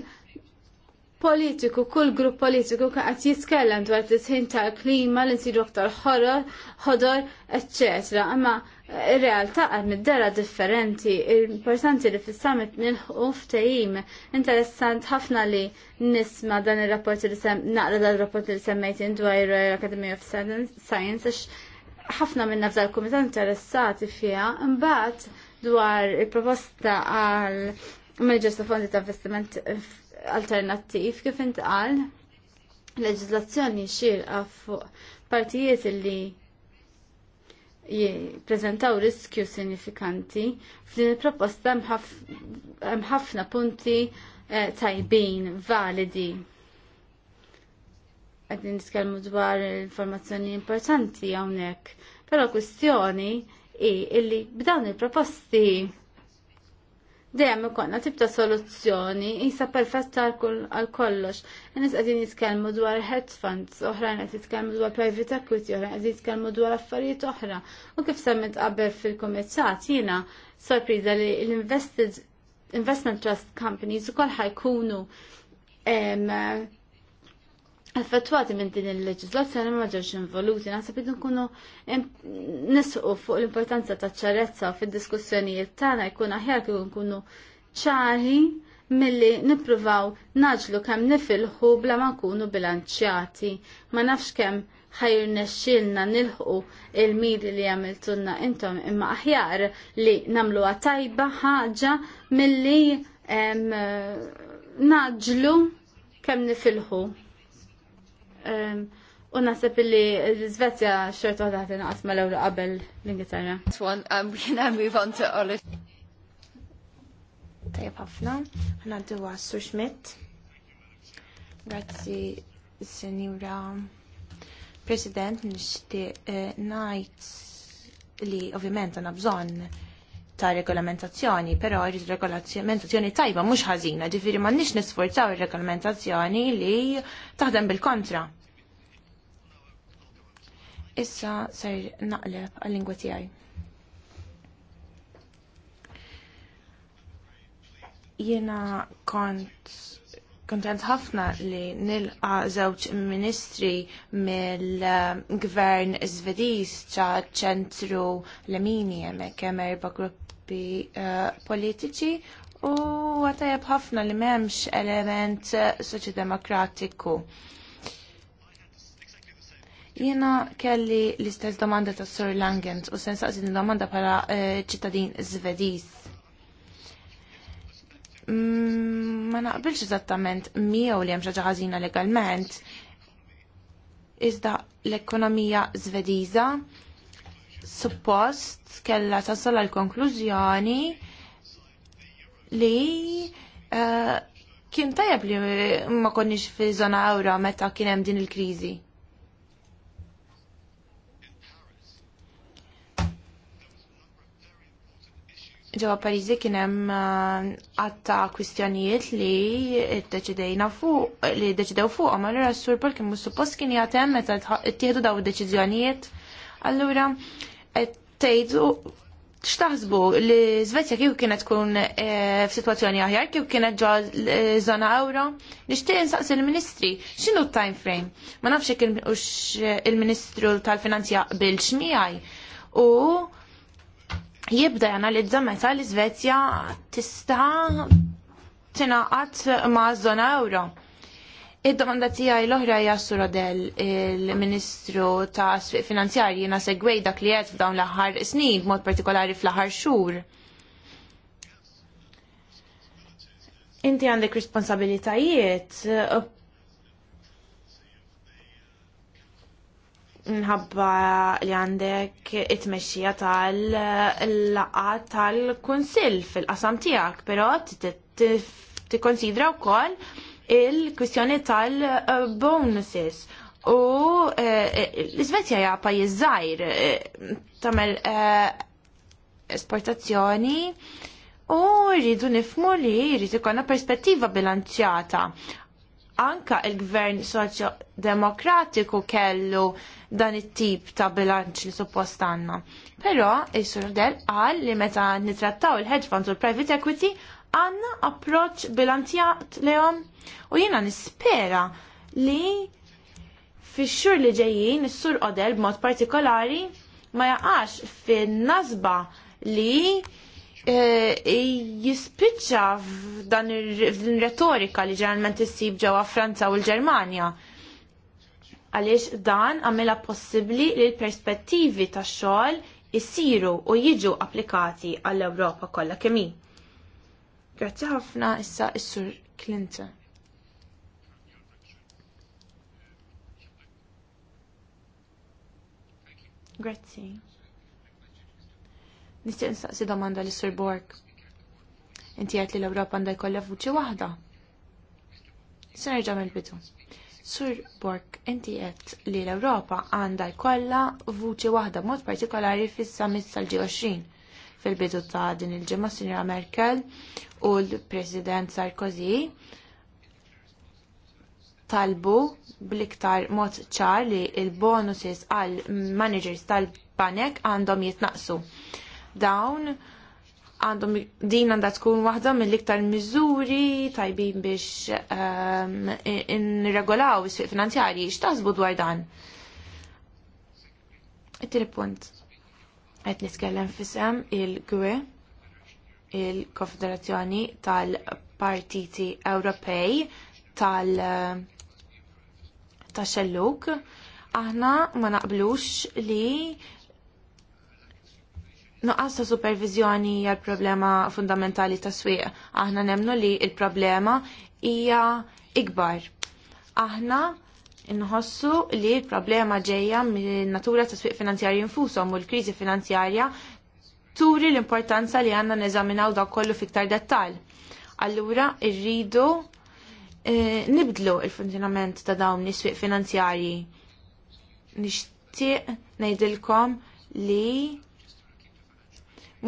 politiku, kull grupp politiku qed jitkellem dwar t-tisħin tal klima l-insidu aktar ħodor, ħodor, Amma Ir-realtà għad differenti, importanti li fis-summit nilħu ftehim. Interessant ħafna li nisma dan ir-rapport li sem naqra dan rapport li semmejt dwar l-Academy of Science għax ħafna minna f'dal kumitat interessati fiha, imbagħad dwar il-proposta għal meġġer ta' fondi ta' investiment alternattiv kif intqal leġislazzjoni xirqa fuq partijiet li jippreżentaw riskju sinifikanti. F'din il-proposta hemm ħafna punti eh, tajbin, validi. Qegħdin nitkellmu dwar informazzjoni importanti hawnhekk, però l-kwestjoni hi illi b'dawn il-proposti Dejjem ikonna tip ta' soluzzjoni isa perfetta għal kollox. Nis qegħdin jitkellmu dwar hedge funds, oħrajn qed jitkellmu dwar private equity, oħrajn qed jitkellmu dwar affarijiet oħra. U kif semmit qabel fil-kumitat jiena sorpriża li l-invested investment trust companies ukoll ħajkunu effettwati minn din il-leġislazzjoni ma ġewx involuti, naħseb id nkunu nisqu fuq l-importanza ta' ċarezza fid-diskussjonijiet tagħna jkun aħjar kieku nkunu ċari milli nippruvaw naġlu kemm nifilħu bla ma nkunu bilanċjati. Ma nafx kemm ħajr nexxilna nilħu il-miri li għamiltunna intom imma aħjar li namlu għatajba ħaġa milli naġlu kemm nifilħu. U nasib li l-Svezja xort in ħatina qasma l qabel l-Ingilterra.
Swan, um, we move on to Oli. Tajab ħafna, għu għassu Schmidt. Grazzi, senjura President, nishti eh, najt li ta' regolamentazzjoni, però regolamentazzjoni tajba mhux ħażina, ġifieri m'għandniex nisforzaw ir-regolamentazzjoni li taħdem bil-kontra. Issa ser naqleb għal-lingwa tiegħi. Jiena kont kontent ħafna li nilqa żewġ ministri mill-gvern Svediż ċa' ċentru Lemini hemmhekk hemm erba' gruppi eh, politiċi u għatajab ħafna li m'hemmx element eh, soċidemokratiku. Jiena kelli l-istess domanda tas Sur Langent u sensaqsi domanda bħala eh, ċittadin Svediż Mm, ma naqbilx eżattament miegħu li hemm xi ħażina legalment. Iżda l-ekonomija Żvediża suppost kellha tasal għal konklużjoni li uh, kien tajab li ma konniex fi zona euro meta kien hemm din il-kriżi. ġewwa Pariżi kien hemm għatta eh, kwistjonijiet li ddeċidejna fuq li ddeċidew fuqhom allura s-sur Paul kien mhux suppost kien jagħtem meta ttieħdu daw id-deċiżjonijiet. Allura qed tgħidu x'taħsbu li Svezja kieku kienet tkun eh, f'sitwazzjoni aħjar kieku kienet ġo żona eh, euro, nixtieq insaqsi il-Ministri x'inhu time frame. Ma nafx hekk il-Ministru tal-Finanzi jaqbilx miegħi u jibda janalizza meta l-Iżvezja tista' tingħaqad ma' żona euro. Id-domanda tiegħi l-oħra Jassur Surodel, il-Ministru ta' Sfiq Finanzjarji jiena segwej dak li jett f'dawn l-aħħar snin, b'mod partikolari fl-aħħar xhur. Inti għandek responsabilitajiet nħabba li għandek it-mexxija tal-laqat tal-kunsill fil-qasam tiegħek, però tikkonsidra wkoll il-kwistjoni tal-bonuses. U eh, eh, l-Svezja ja pajjiż żgħir eh, tagħmel esportazzjoni u rridu nifmu li jrid ikollna perspettiva bilanċjata anka il-gvern soċjo-demokratiku kellu dan it-tip ta' bilanċ li suppost għandna. Però is-sur Del qal li meta nitrattaw il-hedge funds u l-private equity għandna approċċ bilanċjat għom u jiena nispera li fix-xhur li ġejjin is-sur Odel b'mod partikolari ma jaqax fin nazba li eh, jispiċċa f'dan il retorika li ġeneralment issib ġewwa Franza u l-Ġermanja għaliex dan għamela possibbli li l-perspettivi tax xogħol isiru u jiġu applikati għall-Ewropa kollha kemm hi. Grazzi ħafna issa is-Sur Clinton. Grazzi. Nistgħu nistaqsi domanda li sur Borg. Inti għed li l-Ewropa għandha jkollha vuċi waħda. Se nerġa' mill-bidu. Sur Bork, inti għedt li l-Ewropa għandha jkollha vuċi waħda mod partikolari fis-summit g fil-bidu ta' din il-ġimgħa Sinjora Merkel u l-President Sarkozy talbu bl-iktar mod ċar li il-bonuses għal managers tal-banek għandhom jitnaqsu. Dawn għandhom din għandha tkun waħda mill-iktar miżuri tajbin biex ehm, nregolaw is-suq finanzjarji. X'taħsbu dwar dan? it punt. Qed nitkellem fisem il-GWE, il-Konfederazzjoni tal-Partiti Ewropej tal- ta' xelluk Aħna ma naqblux li Nuqqas ta' supervizjoni għal problema fundamentali ta' swieq. Aħna nemnu li l-problema hija ikbar. Aħna nħossu li l-problema ġejja minn natura ta' swieq finanzjarji infushom u l-kriżi finanzjarja turi l-importanza li għandna neżaminaw dak kollu fiktar dettal. Allura rridu e, nibdlu il-funzjonament ta' dawn is-swieq finanzjarji. Nixtieq ngħidilkom li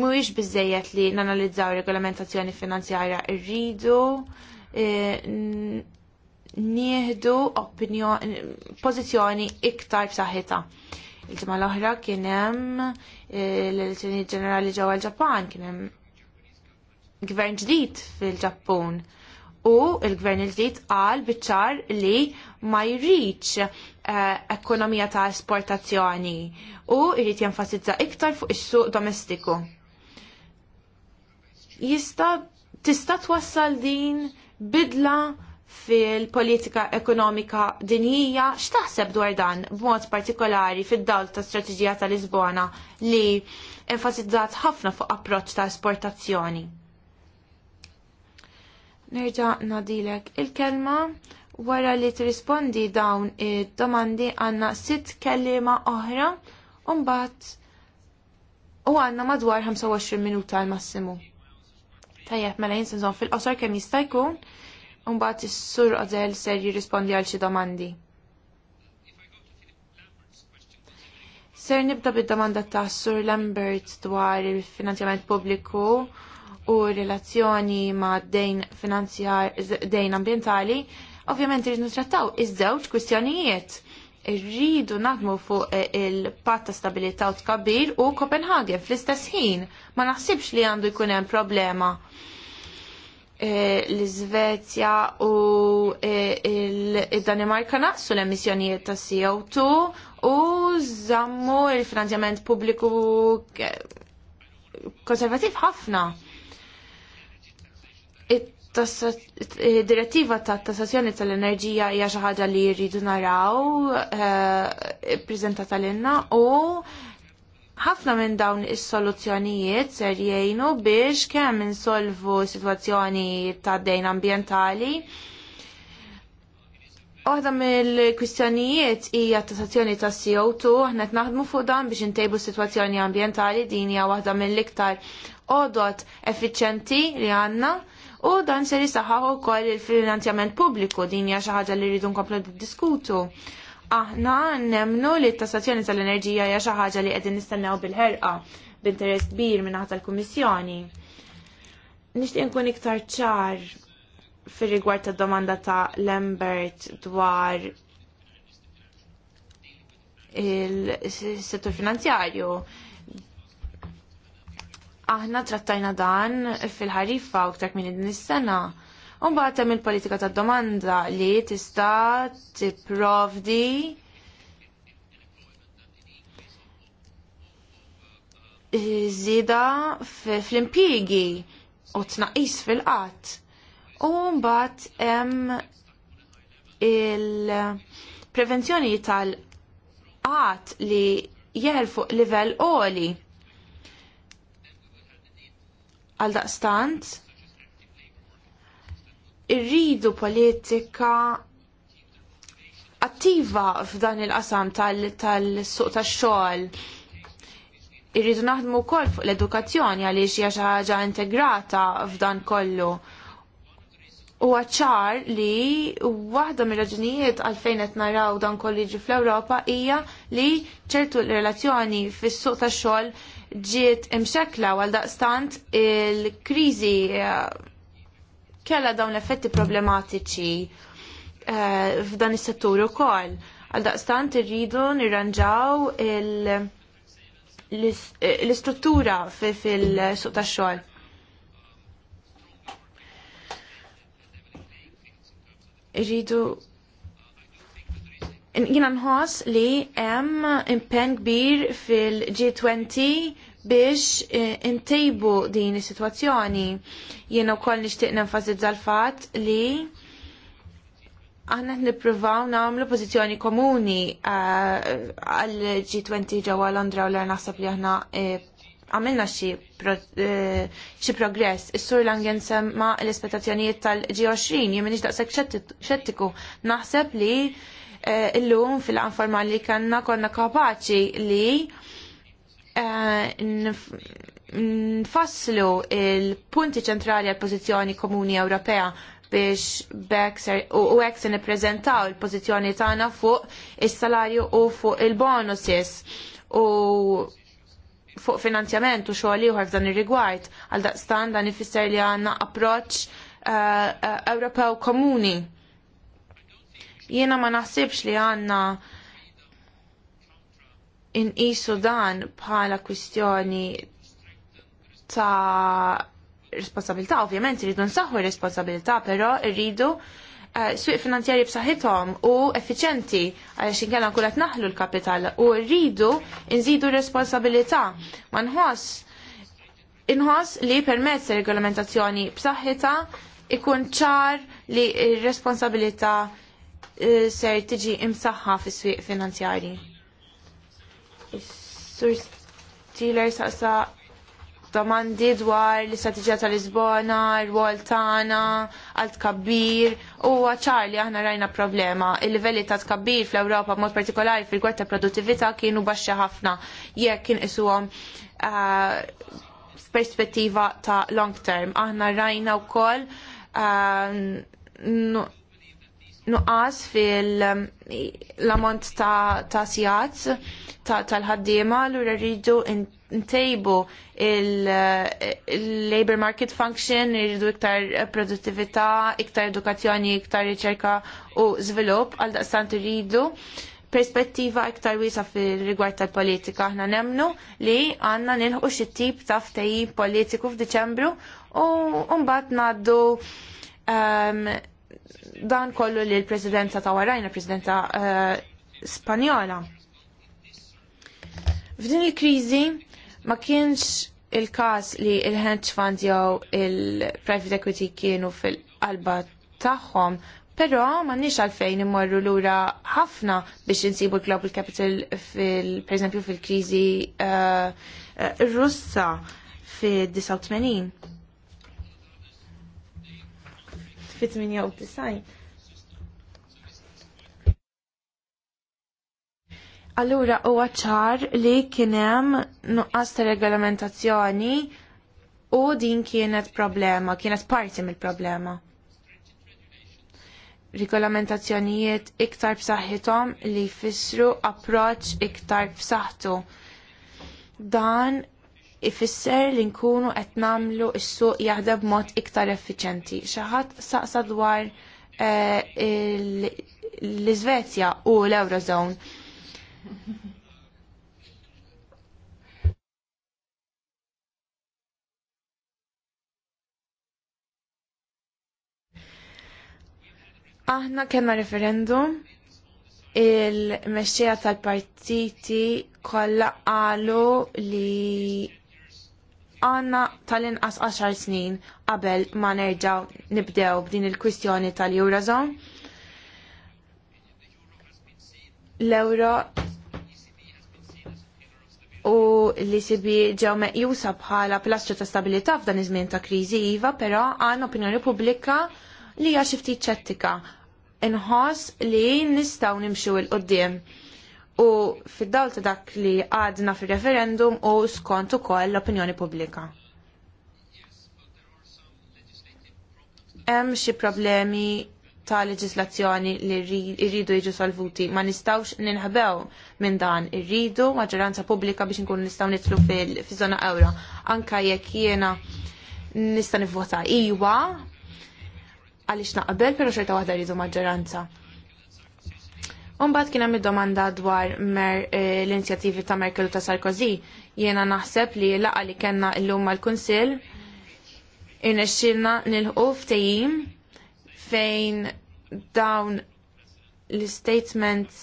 mhuwiex biżejjed li nanalizzaw regolamentazzjoni finanzjarja rridu eh, nieħdu pożizzjoni iktar b'saħħitha. Il-ġimgħa l-oħra kien hemm eh, l-elezzjoni ġenerali ġewwa l ġappan kien hemm gvern ġdid fil-Ġappun u l gvern il-ġdid qal biċ-ċar li ma jridx eh, ekonomija ta' esportazzjoni u jrid jenfasizza iktar fuq is-suq domestiku jista tista' twassal din bidla fil-politika ekonomika dinjija, x'taħseb dwar dan b'mod partikolari fid-dawl ta' strateġija ta' Lisbona li enfasizzat ħafna fuq approċċ ta' esportazzjoni. Nerġa' nadilek il-kelma wara li tirrispondi dawn id-domandi għandna sitt kelliema oħra u mbagħad u għandna madwar 25 minuta għal massimu. Tajjeb, mela jinsinżon fil-qosor kemm jista' jkun, u mbagħad is-sur Ozel ser jirrispondi għal xi domandi. Ser nibda bid-domanda ta' Sur Lambert dwar il-finanzjament pubbliku u relazzjoni ma' dejn finanzjar dejn ambientali, ovvjament irid nittrattaw iż-żewġ kwistjonijiet Irridu naħdmu fuq eh, il-patt ta' stabilità u tkabbir u Kopenhagen fl-istess ħin. Ma naħsibx li għandu jkun hemm problema. Eh, L-Iżvezja u eh, il-Danimarka naqsu l-emissjonijiet ta' CO2 u zammu il-finanzjament pubbliku konservativ ħafna. Eh, direttiva ta' tassazzjoni tal-enerġija hija xi ħaġa li jridu naraw eh, ippreżentata lilna u ħafna minn dawn is-soluzzjonijiet ser jgħinu biex kemm insolvu sitwazzjoni ta' dejn ambjentali. Waħda mill-kwistjonijiet hija t tassazzjoni ta' CO2, aħna qed naħdmu fuq dan biex intejbu s-sitwazzjoni ambjentali din hija waħda mill-iktar għodot effiċenti li għandna u dan se jisaħħaħ koll il-finanzjament pubbliku din hija xi ħaġa li rridu nkomplu diskutu. Aħna nemnu li t-tassazzjoni tal-enerġija hija xi ħaġa li qegħdin nistennew bil-ħerqa b'interess kbir minn tal-Kummissjoni. Nixtieq nkun iktar ċar fir rigward ta' domanda ta' Lambert dwar il-settur finanzjarju aħna trattajna dan fil-ħarifa u ktar minn din is-sena. mbagħad hemm il-politika tad domanda li tista' tipprovdi żieda fl-impjiegi u tnaqqis fil-qatt. U mbagħad hemm il-prevenzjoni tal-qatt li jeħel fuq livell qoli għal daqstant irridu politika attiva f'dan il-qasam tal-suq tax-xogħol. Irridu naħdmu wkoll fuq l-edukazzjoni għaliex hija xi ħaġa integrata f'dan kollu. Huwa ċar li waħda mir-raġunijiet għalfejn qed naraw dan kollu jiġi fl-Ewropa hija li ċertu l-relazzjoni fis-suq tax-xogħol ġiet imxekla għal daqstant il-krizi eh, kella dawn l-effetti problematiċi eh, f'dan is-settur ukoll. Għal daqstant irridu nirranġaw eh, l-istruttura fil-suq tax-xogħol. Irridu Jina nħoss li hemm impenn kbir fil-G20 biex eh, intejbu din is-sitwazzjoni. Jiena wkoll nixtieq nenfasizza l-fatt li aħna nippruvaw nagħmlu pożizzjoni komuni eh, għal G20 ġewwa Londra u l naħseb li aħna eh, għamilna xi progress. Is-sur Langen semma l-espettazzjonijiet tal-G20 jien iġdaq sekk xettiku. Naħseb li Eh, illum fil-anforma li kanna konna kapaċi li eh, nfasslu il-punti ċentrali għal pożizzjoni komuni Ewropea biex bekser u hekk se nippreżentaw il-pożizzjoni tagħna fuq is-salarju u fuq il-bonuses u fuq finanzjament u xogħol ieħor f'dan ir-rigward għal daqstan dan ifisser li għandna approċċ eh, Ewropew komuni Jiena ma naħsibx li għandna isu dan bħala kwistjoni ta' responsabilità, ovvjament rridu nsaħħu responsabilità, però rridu uh, eh, suq finanzjari b'saħħithom u effiċenti għaliex inkella nkun qed naħlu l-kapital u rridu nżidu responsabilità. Ma nħoss inħoss li permezz regolamentazzjoni b'saħħitha ikun ċar li r responsabilità ser tiġi imsaħħa fis swieq finanzjarji. Sur Steeler saqsa domandi dwar l-istrateġija tal-Lisbona, r-wol tana, għal tkabbir, u ċarli aħna rajna problema. Il-livelli ta' tkabbir fl-Ewropa mod partikolari fil-gwert ta' produttività kienu baxxa ħafna jekk kien isuhom uh, perspettiva ta' long term. Aħna rajna wkoll uh, nuqqas fil-lamont um, ta', ta sijat tal-ħaddiema ta l rridu ntejbu il-labor market function, rridu iktar produttività, iktar edukazzjoni, iktar riċerka u zvilup, għal daqstant rridu perspettiva iktar wisa fil-rigward tal-politika. Aħna nemnu li għanna nilħu xit-tip ta' ftejji politiku f'Diċembru u mbagħad ngħaddu um, dan kollu li l-presidenza ta' warajna, presidenza uh, Spanjola. F'din il-krizi ma kienx il-kas li il-hedge fund jew il-private equity kienu fil-qalba tagħhom, però ma nix għalfejn immorru lura ħafna biex insibu l-global capital fil per fil-krizi uh, uh, russa fil-89 fit-98. Allura huwa ċar li kien hemm nuqqas ta' regolamentazzjoni u din kienet problema, kienet parti mill-problema. Regolamentazzjonijiet iktar b'saħħithom li jfissru approċċ iktar b'saħħtu. Dan ifisser li nkunu qed nagħmlu s-suq jaħdem b'mod iktar effiċenti. Xi ħadd saqsa dwar eh, l-Iżvezja u l-Eurozone. Aħna kena referendum il-mexxija tal-partiti kollha qalu li għanna tal-inqas 10 snin qabel ma nerġaw nibdew b'din il-kwistjoni tal-Eurozone. L-euro u l-ECB ġew meqjusa bħala plastru ta' stabilità f'dan iż-żmien ta' kriżi iva, però għandna opinjoni pubblika li hija xi ftit ċettika. Inħoss li nistgħu nimxu l qudiem u fid-dawl ta' dak li għadna fil-referendum u skont ukoll l-opinjoni pubblika. Hemm xi problemi ta' leġislazzjoni li rridu jiġu solvuti. Ma nistawx ninħabew minn dan irridu maġġoranza pubblika biex nkun nistaw nitlu fil-żona euro. Anka jekk jiena nista' nivvota iwa għaliex naqbel, pero xorta waħda rridu maġġoranza. Umbat kien hemm domanda dwar mer eh, l-inzjattivi ta' Merkel ta' Sarkozy. Jiena naħseb li laqa li kellna llum mal-Kunsill irnexxielna nilħu ftehim fejn dawn l-statements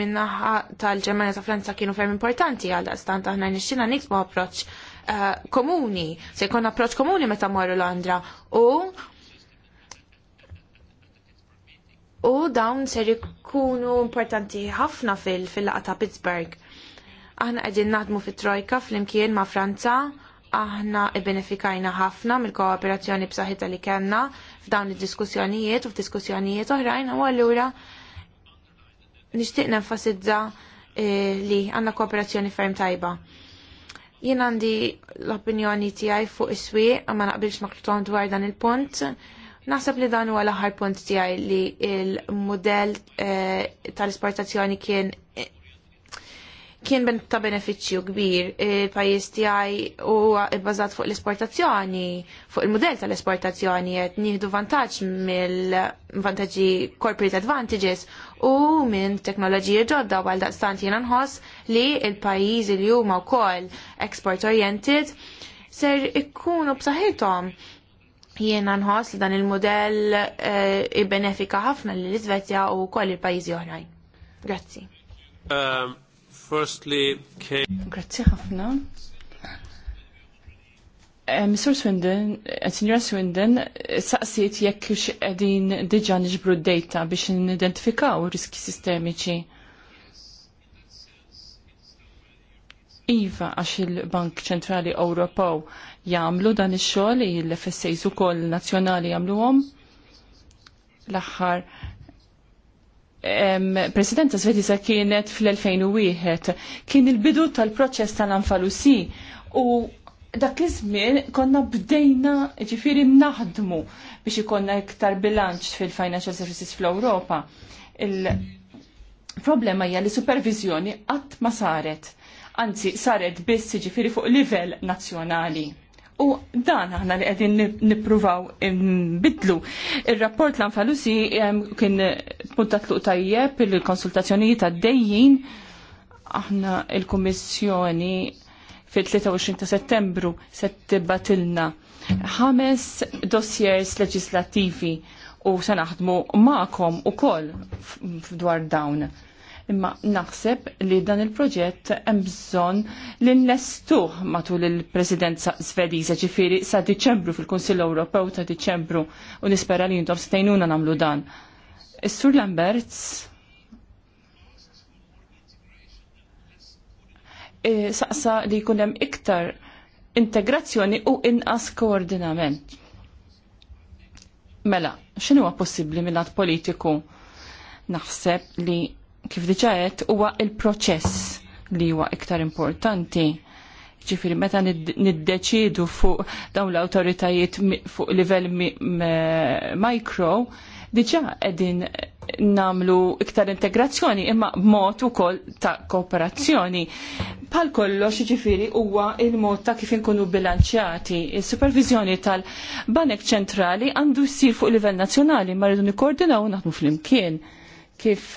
minnaħa tal-Ġermanja ta' Franza kienu ferm importanti għal daqstant aħna nixxina niksbu approċ eh, komuni, se jkun approċ komuni meta morru Londra u u dawn ser ikunu importanti ħafna fil-laqa ta' Pittsburgh. Aħna qegħdin naħdmu fit-Trojka flimkien ma' Franza, aħna benefikajna ħafna mill-kooperazzjoni b'saħħitha li kellna f'dawn id-diskussjonijiet u f'diskussjonijiet oħrajn u allura nixtieq nenfasizza eh, li għandna kooperazzjoni ferm tajba. Jien għandi l-opinjoni tiegħi fuq is-swieq ma naqbilx ma' dwar dan il-punt Naħseb li dan huwa l-aħħar punt tiegħi li l-mudell eh, tal-esportazzjoni kien eh, kien ben ta' benefiċċju kbir il-pajjiż tiegħi huwa bbażat fuq l-esportazzjoni, fuq il-mudell tal-esportazzjoni qed nieħdu vantaġġ mill-vantaġġi corporate advantages u minn teknoloġiji ġodda għal daqstant jiena nħoss li l-pajjiżi li huma wkoll export oriented ser ikkunu b'saħħithom jiena nħoss li dan il-modell eh, ibbenefika ħafna l iżvezja u koll il-pajjiżi oħrajn. Grazzi. Um, firstly,
Grazzi ħafna. Eh, Mr. Swindon, eh, Sr. Swindon, saqsiet jekk qegħdin diġà niġbru d-data biex n-identifikaw riski sistemiċi. Iva għax il-Bank Ċentrali Ewropew jagħmlu dan ix-xogħol l-FSAs ukoll nazzjonali jagħmluhom. L-aħħar Presidenta Svediza kienet fl-2001 kien il-bidu tal-proċess tal-Anfalusi u dak iż-żmien konna bdejna ġifiri naħdmu biex ikonna iktar bilanċ fil-financial services fl-Ewropa. Il-problema hija li supervizjoni qatt ma saret. Anzi, saret biss ġifiri fuq livell nazzjonali. U dan aħna li qegħdin nippruvaw nbidlu. Ir-rapport l-Anfalusi kien punta tluq tajjeb il-konsultazzjonijiet għaddejjin aħna il-Kummissjoni fit-23 ta' settembru se ħames dossiers leġislattivi u se naħdmu ma'kom ukoll dwar dawn imma naħseb li dan il-proġett hemm bżonn li nlestuh matul il-Presidenza Svediża ġifieri sa Diċembru fil-Kunsill Ewropew ta' Diċembru u nispera li jintom stejnuna nagħmlu dan. Is-Sur Lamberts e, saqsa li jkun hemm iktar integrazzjoni u inqas koordinament. Mela, x'inhuwa possibbli mill-lat politiku? Naħseb li kif diġa qed huwa il-proċess li huwa iktar importanti. Ġifiri, meta niddeċidu fuq dawn l-autoritajiet fuq livell mikro, diġa qegħdin namlu iktar integrazzjoni imma mod ukoll ta' kooperazzjoni. Bħal kollox ġifiri huwa il-mod ta' kif inkunu bilanċjati. il supervizjoni tal-Banek Ċentrali għandu jsir fuq livell nazzjonali ma rridu nikkoordinaw naħdmu flimkien kif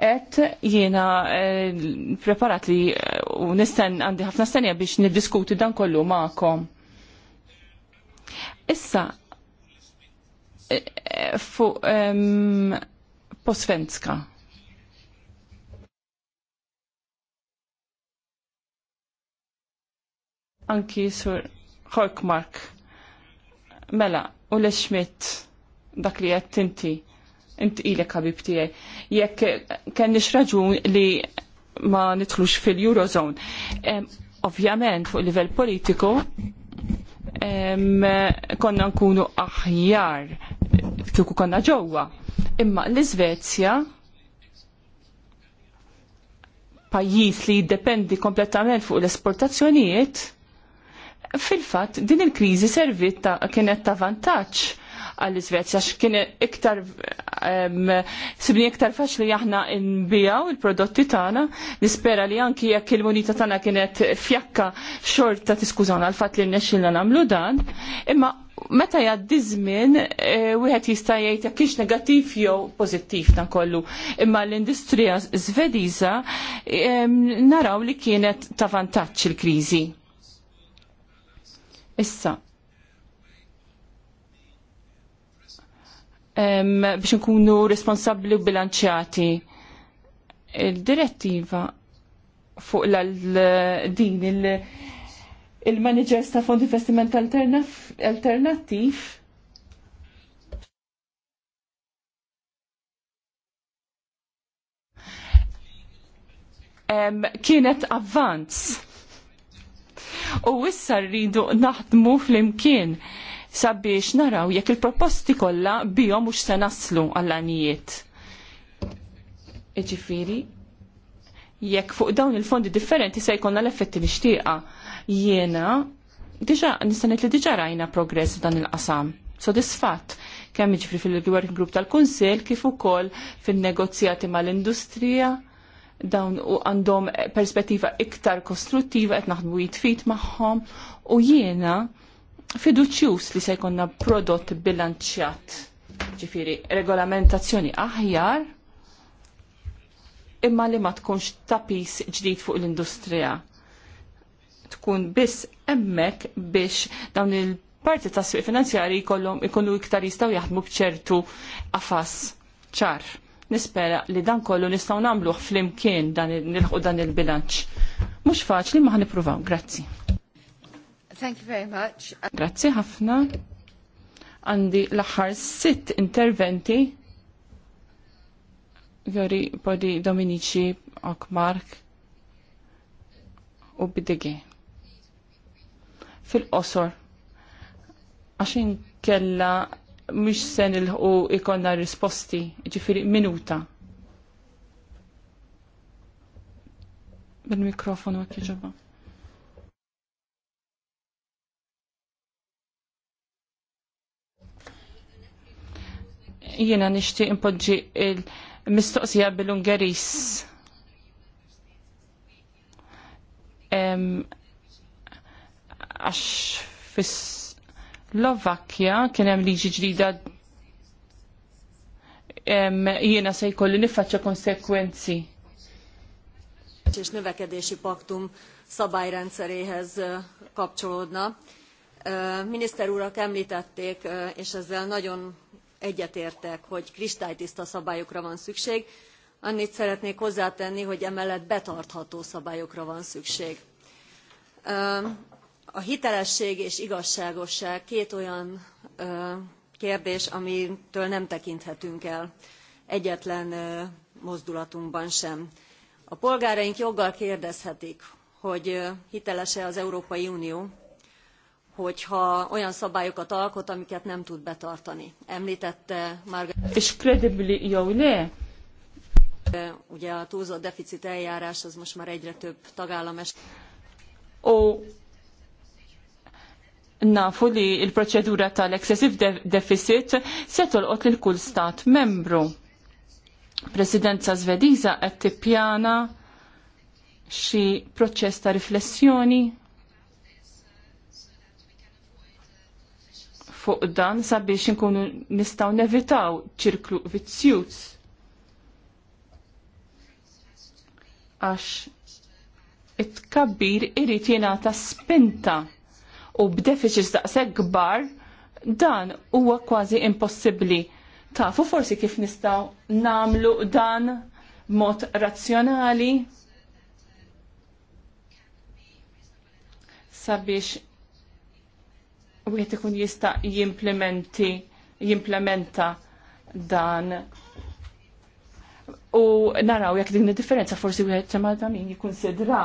et jiena eh, preparat li eh, u nisten għandi ħafna stenja biex niddiskuti dan kollu maqom. Issa, eh, fuq ehm, posvenska. Anki sur Horkmark. Mela, u l-Schmidt dak li għed tinti int ilek ħabib tiegħi. Jekk kenniex raġun li ma nidħlux fil-Eurozone. Ovvjament fuq livell politiku konna nkunu aħjar kieku konna ġewwa. Imma l-Iżvezja pajjiż li jiddependi kompletament fuq l-esportazzjonijiet, fil-fatt din il-kriżi servit ta' kienet ta' vantaġġ għall-Iżvezja x'kien iktar sibni iktar faċli aħna nbijaw il-prodotti tagħna, nispera li anki jekk il-munita tagħna kienet fjakka xorta tiskużawna għal fatt li nnexxilna nagħmlu dan, imma meta jgħaddi żmien e, wieħed jista' jgħid jekk kienx negattiv jew pożittiv dan kollu. Imma l-industrija Svediża naraw li kienet ta' vantaġġ il-kriżi. Issa, biex nkunu responsabbli u bilanċjati. Il-direttiva fuq l-din il-managers ta' fondi investiment alternattiv kienet avvanz. U issa rridu naħdmu fl-imkien sabiex naraw jekk il-proposti kollha bihom mhux se naslu għall-għanijiet. Iġifieri, jekk fuq dawn il-fondi differenti se jkollna l-effetti mixtieqa jiena diġa nistanet li diġa rajna progress dan il-qasam. Sodisfatt kemm jiġri fil-working group tal kunsel kif ukoll fin-negozjati mal-industrija dawn u għandhom perspettiva iktar kostruttiva qed naħdmu jitfit magħhom u jiena fiduċjus li se jkollna prodott bilanċjat, ġifiri regolamentazzjoni aħjar, imma li ma tkunx tapis ġdid fuq l-industrija. Tkun biss emmek biex dawn il-parti tas sfiq finanzjari jkollu iktar jistgħu jaħdmu bċertu qafas ċar. Nispera li dan kollu nistaw namluħ fl-imkien dan il-bilanċ. Mhux faċli ma ħanipruvaw. Grazzi.
Thank you very much.
Grazzi ħafna. Għandi l-aħħar sitt interventi. Jori Bodi Dominici Mark u Bidegi. Fil-qosor. Għaxin kella mux sen il-ħu ikonna risposti, ġifiri minuta. Bil-mikrofonu għak jiena nixtieq impoġġi il-mistoqsija bil-Ungeris. Għax fis Slovakkja kien hemm liġi ġdida jiena se jkolli nifaċċa konsekwenzi.
És növekedési paktum szabályrendszeréhez kapcsolódna. Miniszter urak említették, és ezzel nagyon egyetértek, hogy kristálytiszta szabályokra van szükség, annyit szeretnék hozzátenni, hogy emellett betartható szabályokra van szükség. A hitelesség és igazságosság két olyan kérdés, amitől nem tekinthetünk el egyetlen mozdulatunkban sem. A polgáraink joggal kérdezhetik, hogy hiteles-e az Európai Unió, hogyha olyan szabályokat alkot, amiket nem tud betartani. Említette már... És
kredibli jó ne?
Ugye a túlzott deficit eljárás az most már egyre több tagállam es. Ó,
na, li il procedura tal-excessive de deficit se ott lil kull stat membru. Presidenza svediza qed tippjana xi proċess ta' riflessjoni fuq dan sabiex inkunu nistgħu nevitaw ċirklu vizzjuż. Għax it-kabbir irid jingħata spinta u b'defiċis daqshekk kbar dan huwa kważi impossibbli. Tafu forsi kif nistgħu namlu dan mod razzjonali sabiex u ikun jista jimplementi jimplementa dan u naraw jekk din id-differenza forsi wieħed ċemal ta' min jikkunsidra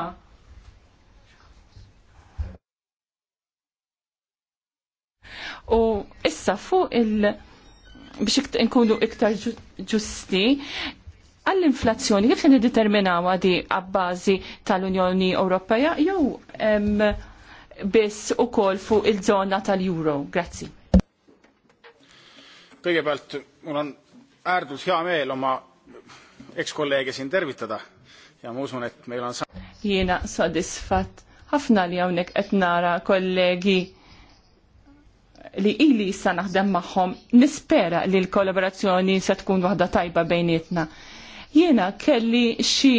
U issa fuq il- biex nkunu iktar ġusti, għall-inflazzjoni kif se niddeterminaw di għabbażi tal-Unjoni Ewropea jew biss ukoll fuq il-żona tal-Euro. Grazzi.
Kõigepealt mul on äärdus hea meel oma ekskolleege siin
tervitada ja ma usun, et meil on sa- jiena sadisfat. ħafna li hawnhekk qed nara kollegi li ili issa naħdem magħhom nispera li l-kollaborazzjoni se tkun waħda tajba bejnietna. Jiena kelli xi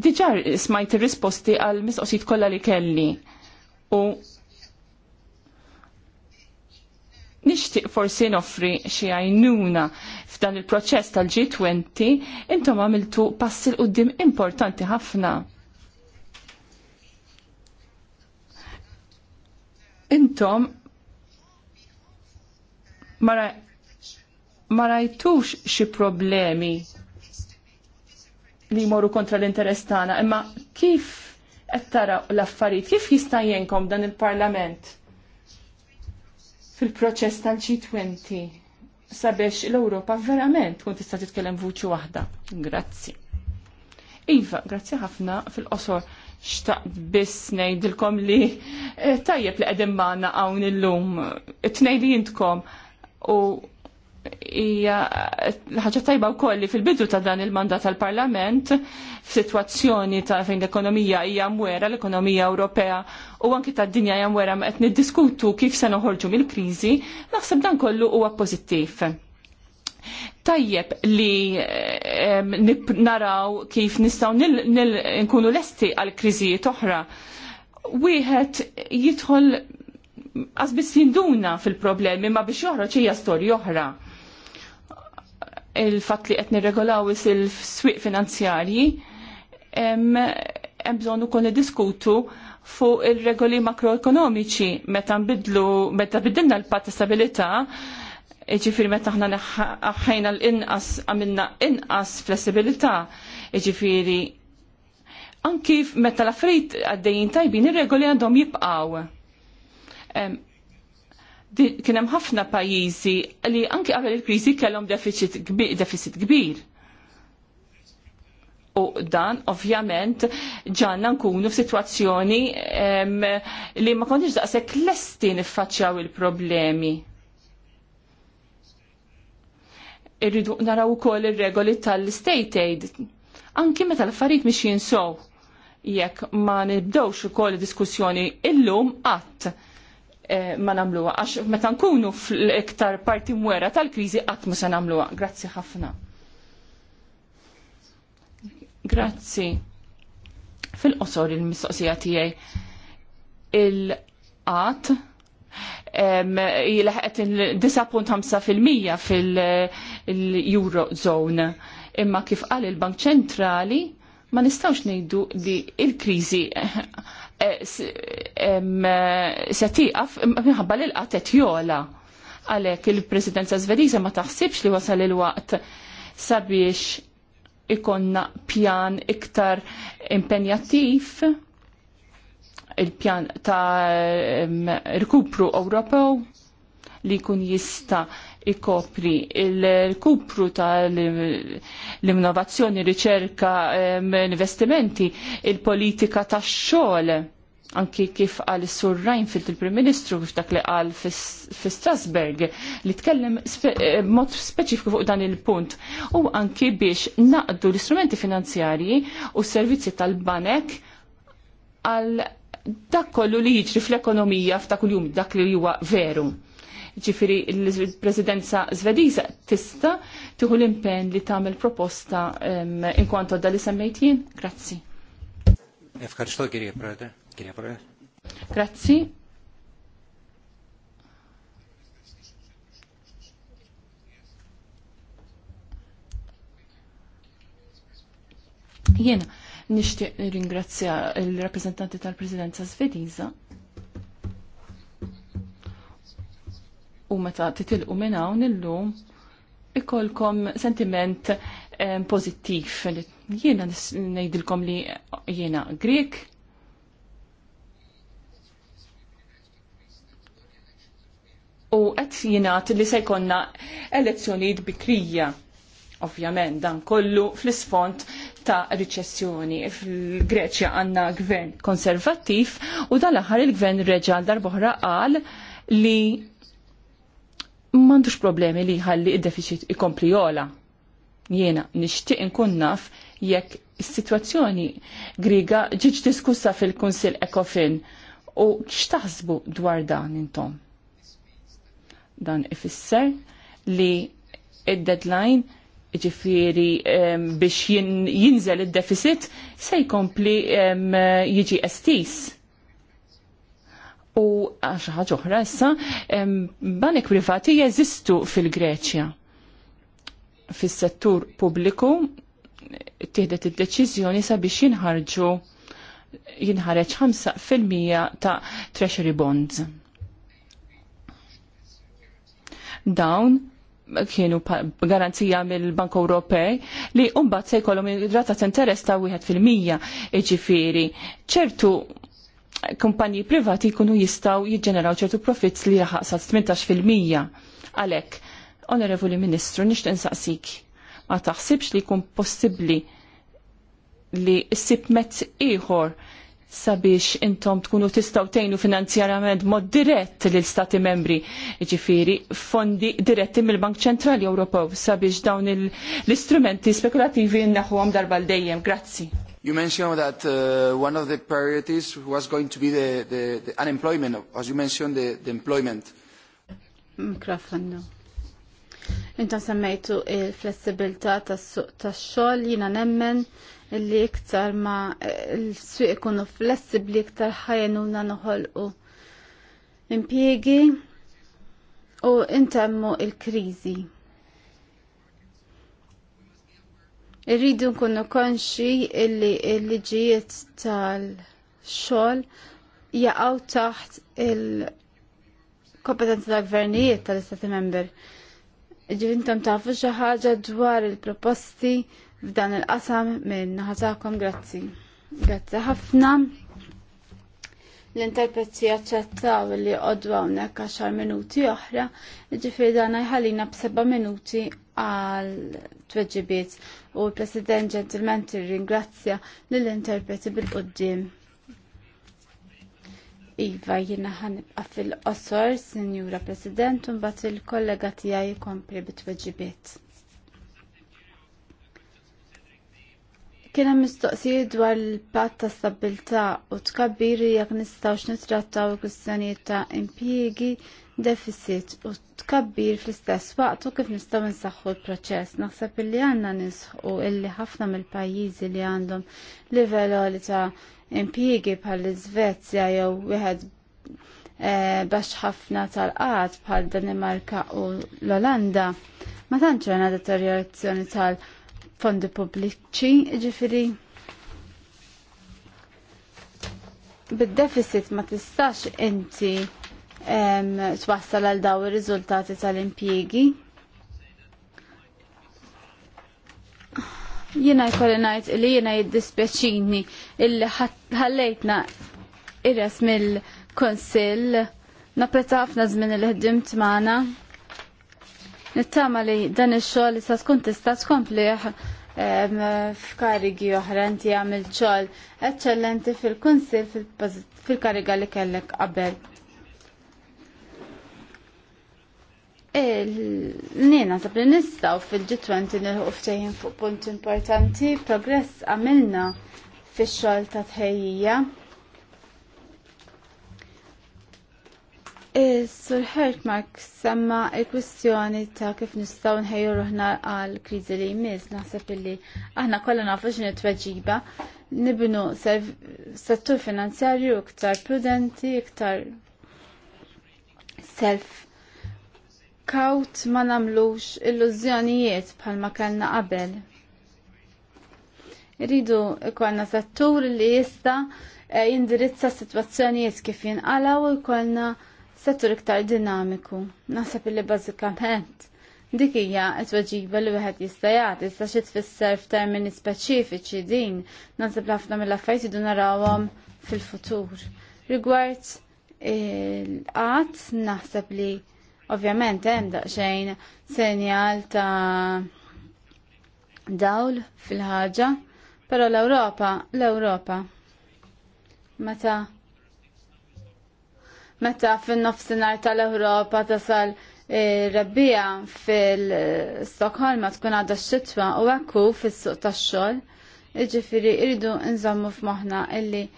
diġà smajt ir-risposti għal mistoqsijiet kollha li kelli u nixtieq forsi noffri xi għajnuna f'dan il-proċess tal-G20 intom għamiltu passi l qoddim importanti ħafna. Intom ma rajtux xi problemi li jmorru kontra l-interess tagħna, imma kif qed tara l-affarijiet kif jista' jenkom dan il-Parlament fil-proċess tal-G20 sabiex l-Ewropa verament tkun tista' titkellem vuċi waħda. Grazzi. Iva, grazzi ħafna fil-qosor xtaqt biss ngħidilkom li eh, tajjeb li qegħdin magħna hawn illum. It-tnejn jintkom u hija ħaġa tajba wkoll li fil-bidu ta' dan il-mandat tal-Parlament f'sitwazzjoni ta' fejn l-ekonomija hija mwera, l-ekonomija Ewropea u anki tad-dinja hija mwera qed niddiskutu kif se noħorġu mill-kriżi, naħseb dan kollu huwa pożittiv. Tajjeb li naraw kif nistgħu nkunu lesti għal kriżijiet oħra. Wieħed jidħol għazbis jinduna fil-problemi ma biex joħroġ hija storja oħra il-fatt li qed nirregolaw il-swieq finanzjarji, hemm bżonn ukoll niddiskutu fuq ir-regoli makroekonomiċi meta nbidlu meta bidilna l-patt stabilità jiġifieri meta aħna ħajna l-inqas, għamilna inqas flessibilità, ġifiri anki meta l-affarijiet għaddejjin tajbin ir-regoli għandhom jibqaw. Kien hemm ħafna pajjiżi li anke qabel il-kriżi kellhom deficit kbir, U dan ovvjament ġanna nkunu f'sitwazzjoni li ma konniex daqshekk lesti niffaċċjaw il-problemi. Irridu naraw ukoll ir-regoli tal-state aid. Anki meta l-affarijiet mhix jinsow jekk ma nibdewx ukoll diskussjoni illum qatt Eh, ma namluwa, għax meta nkunu fl-iktar parti mwera tal-krizi qatt ma se namluwa. Grazzi ħafna. Grazzi. Fil-qosor il-mistoqsija tiegħi il-qatt jilaħqet il-9.5% fil-Eurozone. Imma kif qal il-Bank Ċentrali ma nistawx ngħidu li il-kriżi Eh, eh, se tiqaf minħabba li l-qatet jola. Għalek il-presidenza svedisa ma taħsibx li wasal il-waqt sabiex ikonna pjan iktar impenjattiv il-pjan ta' rikupru Ewropew li jkun jista' ikopri il-kupru tal-innovazzjoni, riċerka, investimenti, il-politika tax xogħol anki kif għal sur Reinfeldt il-Prim Ministru kif dak li għal fi Strasberg li tkellem mod speċifiku fuq dan il-punt u anki biex naqdu l-istrumenti finanzjarji u s-servizzi tal-banek għal dak kollu li jiġri fl-ekonomija f'dak kuljum dak li huwa veru ġifiri l-presidenza svediza tista tiħu l-impen li tagħmel proposta inkwanto da li jien. Grazzi. Efkarċto, Grazzi. Jena, nishtiq ringrazzja il-rappresentanti tal-presidenza svediza u meta titilqu minn hawn illum ikolkom sentiment pozittiv. Jiena ngħidilkom li jiena Grek. U qed jingħad li se jkollna elezzjonijiet bikrija. Ovvjament dan kollu fl-isfond ta' riċessjoni. Fil-Greċja għandna gvern konservattiv u dal-aħħar il-gvern reġa darbohra qal li m'għandux problemi li jħalli id-deficit ikompli jola. Jiena nixtieq inkun naf jekk situazzjoni sitwazzjoni griga ġiġ diskussa fil-Kunsil Ekofin u x'taħsbu dwar dan intom. Dan ifisser li id-deadline ġifiri um, biex jinżel id-deficit se jkompli um, jiġi estis. U ah, xi ħaġa oħra issa, banek privati jeżistu fil-Greċja. Fis-settur pubbliku tieħdet id-deċiżjoni sabiex jinħarġu jinħareġ 5% ta' treasury bonds. Dawn kienu garanzija mill-Bank Ewropej li umbat se jkollhom rata ta' interess ta' wieħed fil-mija jiġifieri ċertu kumpanji privati jkunu jistaw jiġġeneraw ċertu profits li jaħaq fil 18%. Għalek, onorevoli ministru, nishtu nsaqsik: ma taħsibx li jkun possibli li s-sib mezz iħor sabiex intom tkunu tistaw tejnu finanzjarament mod dirett l-Stati membri, ġifiri fondi diretti mill-Bank Ċentrali Ewropew sabiex dawn l-istrumenti spekulativi naħu darba l-dejjem. Grazzi. You mentioned that uh, one of the priorities was going to be the, the, the unemployment, as you mentioned, the, the employment.
Mikrofonu. Mm, Intom semmejtu il-flessibilità tax-xogħol jina nemmen li iktar ma l-swieq ikunu flessibbli iktar ħajenuna noħolqu impiegi u intemmu il-kriżi. Irridu nkunu konxi illi l-liġijiet tal-xogħol jaqgħu taħt il-kompetenza tal-gvernijiet tal-Istati Member. Ġivintom tafu xi ħaġa dwar il-proposti f'dan il-qasam minn ħatakom grazzi. Grazzi ħafna. L-interpreti jaċċettaw li għodwa unnek għaxar minuti oħra, ġifiri dan jħallina b'7 minuti għal tweġibiet u l-President ġentilment ringrazzja lill-interpreti bil-qoddim. Iva, jina ħanibqa fil-qosor, Sinjura President, un bat il-kollega tijaj jikompli bit-weġibiet. hemm mistoqsijiet dwar l-pat ta' stabilta u tkabbiri jek nistgħux nitrattaw il ta' impjiegi deficit u tkabbir fl-istess waqt u kif nistgħu nsaħħu l-proċess. Naħseb illi għandna nisħu illi ħafna mill-pajjiżi li għandhom livell li ta' impjiegi bħal iżvezja jew wieħed eh, baxx ħafna tal-qad bħal Danimarka u l-Olanda. Ma tantx għandna deteriorazzjoni tal-fondi pubbliċi, ġifiri bid-deficit ma tistax inti twassal għal daw ir-riżultati tal-impjiegi. Jiena jkolli ngħid li jiena jiddispjaċini illi ħallejtna irres mill konsil napreta ħafna żmien li ħdimt magħna. Nittama li dan ix-xogħol issa tkun tista' tkomplih f'karigi oħra inti għamil xogħol eċċellenti fil-kunsil fil-kariga li kellek qabel. Eh, Nina tab li u fil-G20 nilħu ftejjin fuq punt importanti, progress għamilna fix-xogħol ta' tħejjija. Eh, Sur Hertmark semma il-kwistjoni ta' kif nistgħu nħejju ruħna għal kriżi li jmiss naħseb illi aħna kollha nafu x'inhi tweġiba nibnu settur finanzjarju iktar prudenti, iktar self kaut ma namlux illużjonijiet bħalma kellna qabel. Rridu ikolna settur li jista eh, jindirizza situazzjonijiet kif jinqalaw u jkollna settur iktar dinamiku. Naħseb li bażikament dik hija t-tweġiba li wieħed jista' jagħti issa xi tfisser f'termini speċifiċi din naħseb ħafna mill-affarijiet idu narawhom fil-futur. Rigward il-qatt naħseb li Ovvjament hemm daqsxejn senjal ta' dawl fil-ħaġa, però l-Ewropa, l-Ewropa. Meta meta fin-nofsinhar tal-Ewropa tasal rabbija fil-Stokholma tkun għadha x-xitwa u hekk fis-suq tax-xogħol, jiġifieri irridu nżammu f'moħħna illi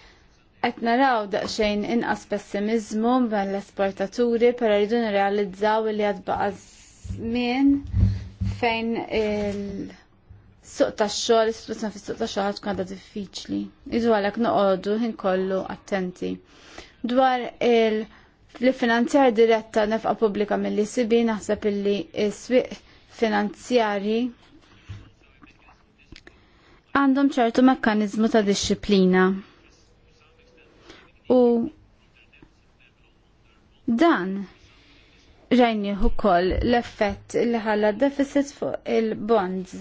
Qed naraw daqsxejn inqas pessimizmu bħal l-esportaturi per rridu nirrealizzaw li għad baqa' żmien fejn il-suq tax-xogħol, is-situazzjoni fis-suq tax-xogħol tkun għadha diffiċli. Idu għalhekk noqogħdu ħin kollu attenti. Dwar il- li finanzjar diretta nefqa pubblika mill sibi naħseb illi s-swieq finanzjari għandhom ċertu mekkanizmu ta' disċiplina u dan rajni ukoll l-effett li ħalla deficit fuq il-bonds.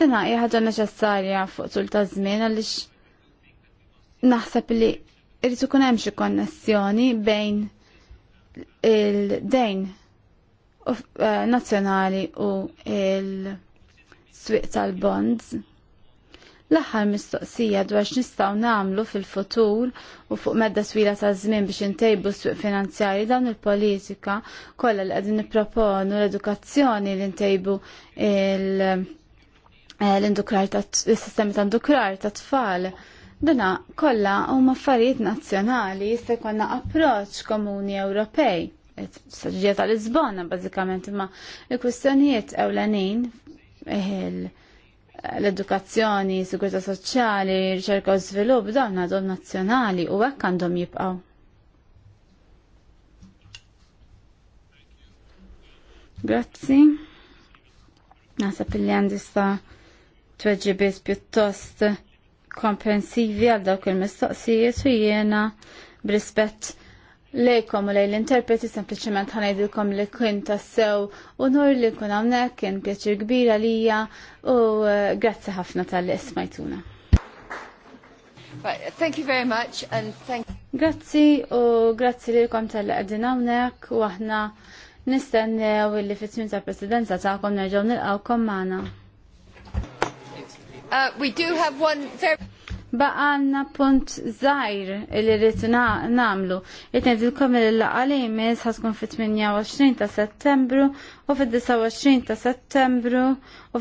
Dan hija ħagġa neċessarja fuq tul ta' żmien għaliex naħseb li irid ikun hemm xi konnessjoni bejn il-dejn eh, nazzjonali u il-swieq tal-bonds. L-aħħar mistoqsija dwar x'nistgħu nagħmlu fil-futur u fuq medda twila ta' żmien biex intejbu s-suq finanzjari dawn il-politika kollha li qegħdin nipproponu l-edukazzjoni li ntejbu eh, l-indukrar sistemi ta' indukrar ta' tfal. Dina kollha huma affarijiet nazzjonali jista' jkollna approċċ komuni Ewropej. Strategija tal-Lisbona bażikament imma l-kwistjonijiet ewlenin l-edukazzjoni, sigurtà soċjali, riċerka u żvilupp dawn għadhom nazzjonali u hekk għandhom jibqgħu. Grazzi. Nasab li għandista tweġibiet pjuttost komprensivi għal dawk il-mistoqsijiet u jiena b'rispett lejkom u lej l-interpreti sempliciment ħanajdilkom li kien tassew u nur li kun għamnek kien pjaċir kbira lija u eh, grazzi ħafna tal-li ismajtuna.
Right, thank you very much and thank
Grazzi u grazzi li kom tal għedin għamnek u aħna nistennew li fit-tmin ta' presidenza ta'kom nerġaw nilqawkom maħna.
Uh, we do have one very
baqanna punt zaħir li rrit namlu. Jitnedilkom il-laqalimis ħaskun fit-28 ta' settembru u fit-29 ta' settembru u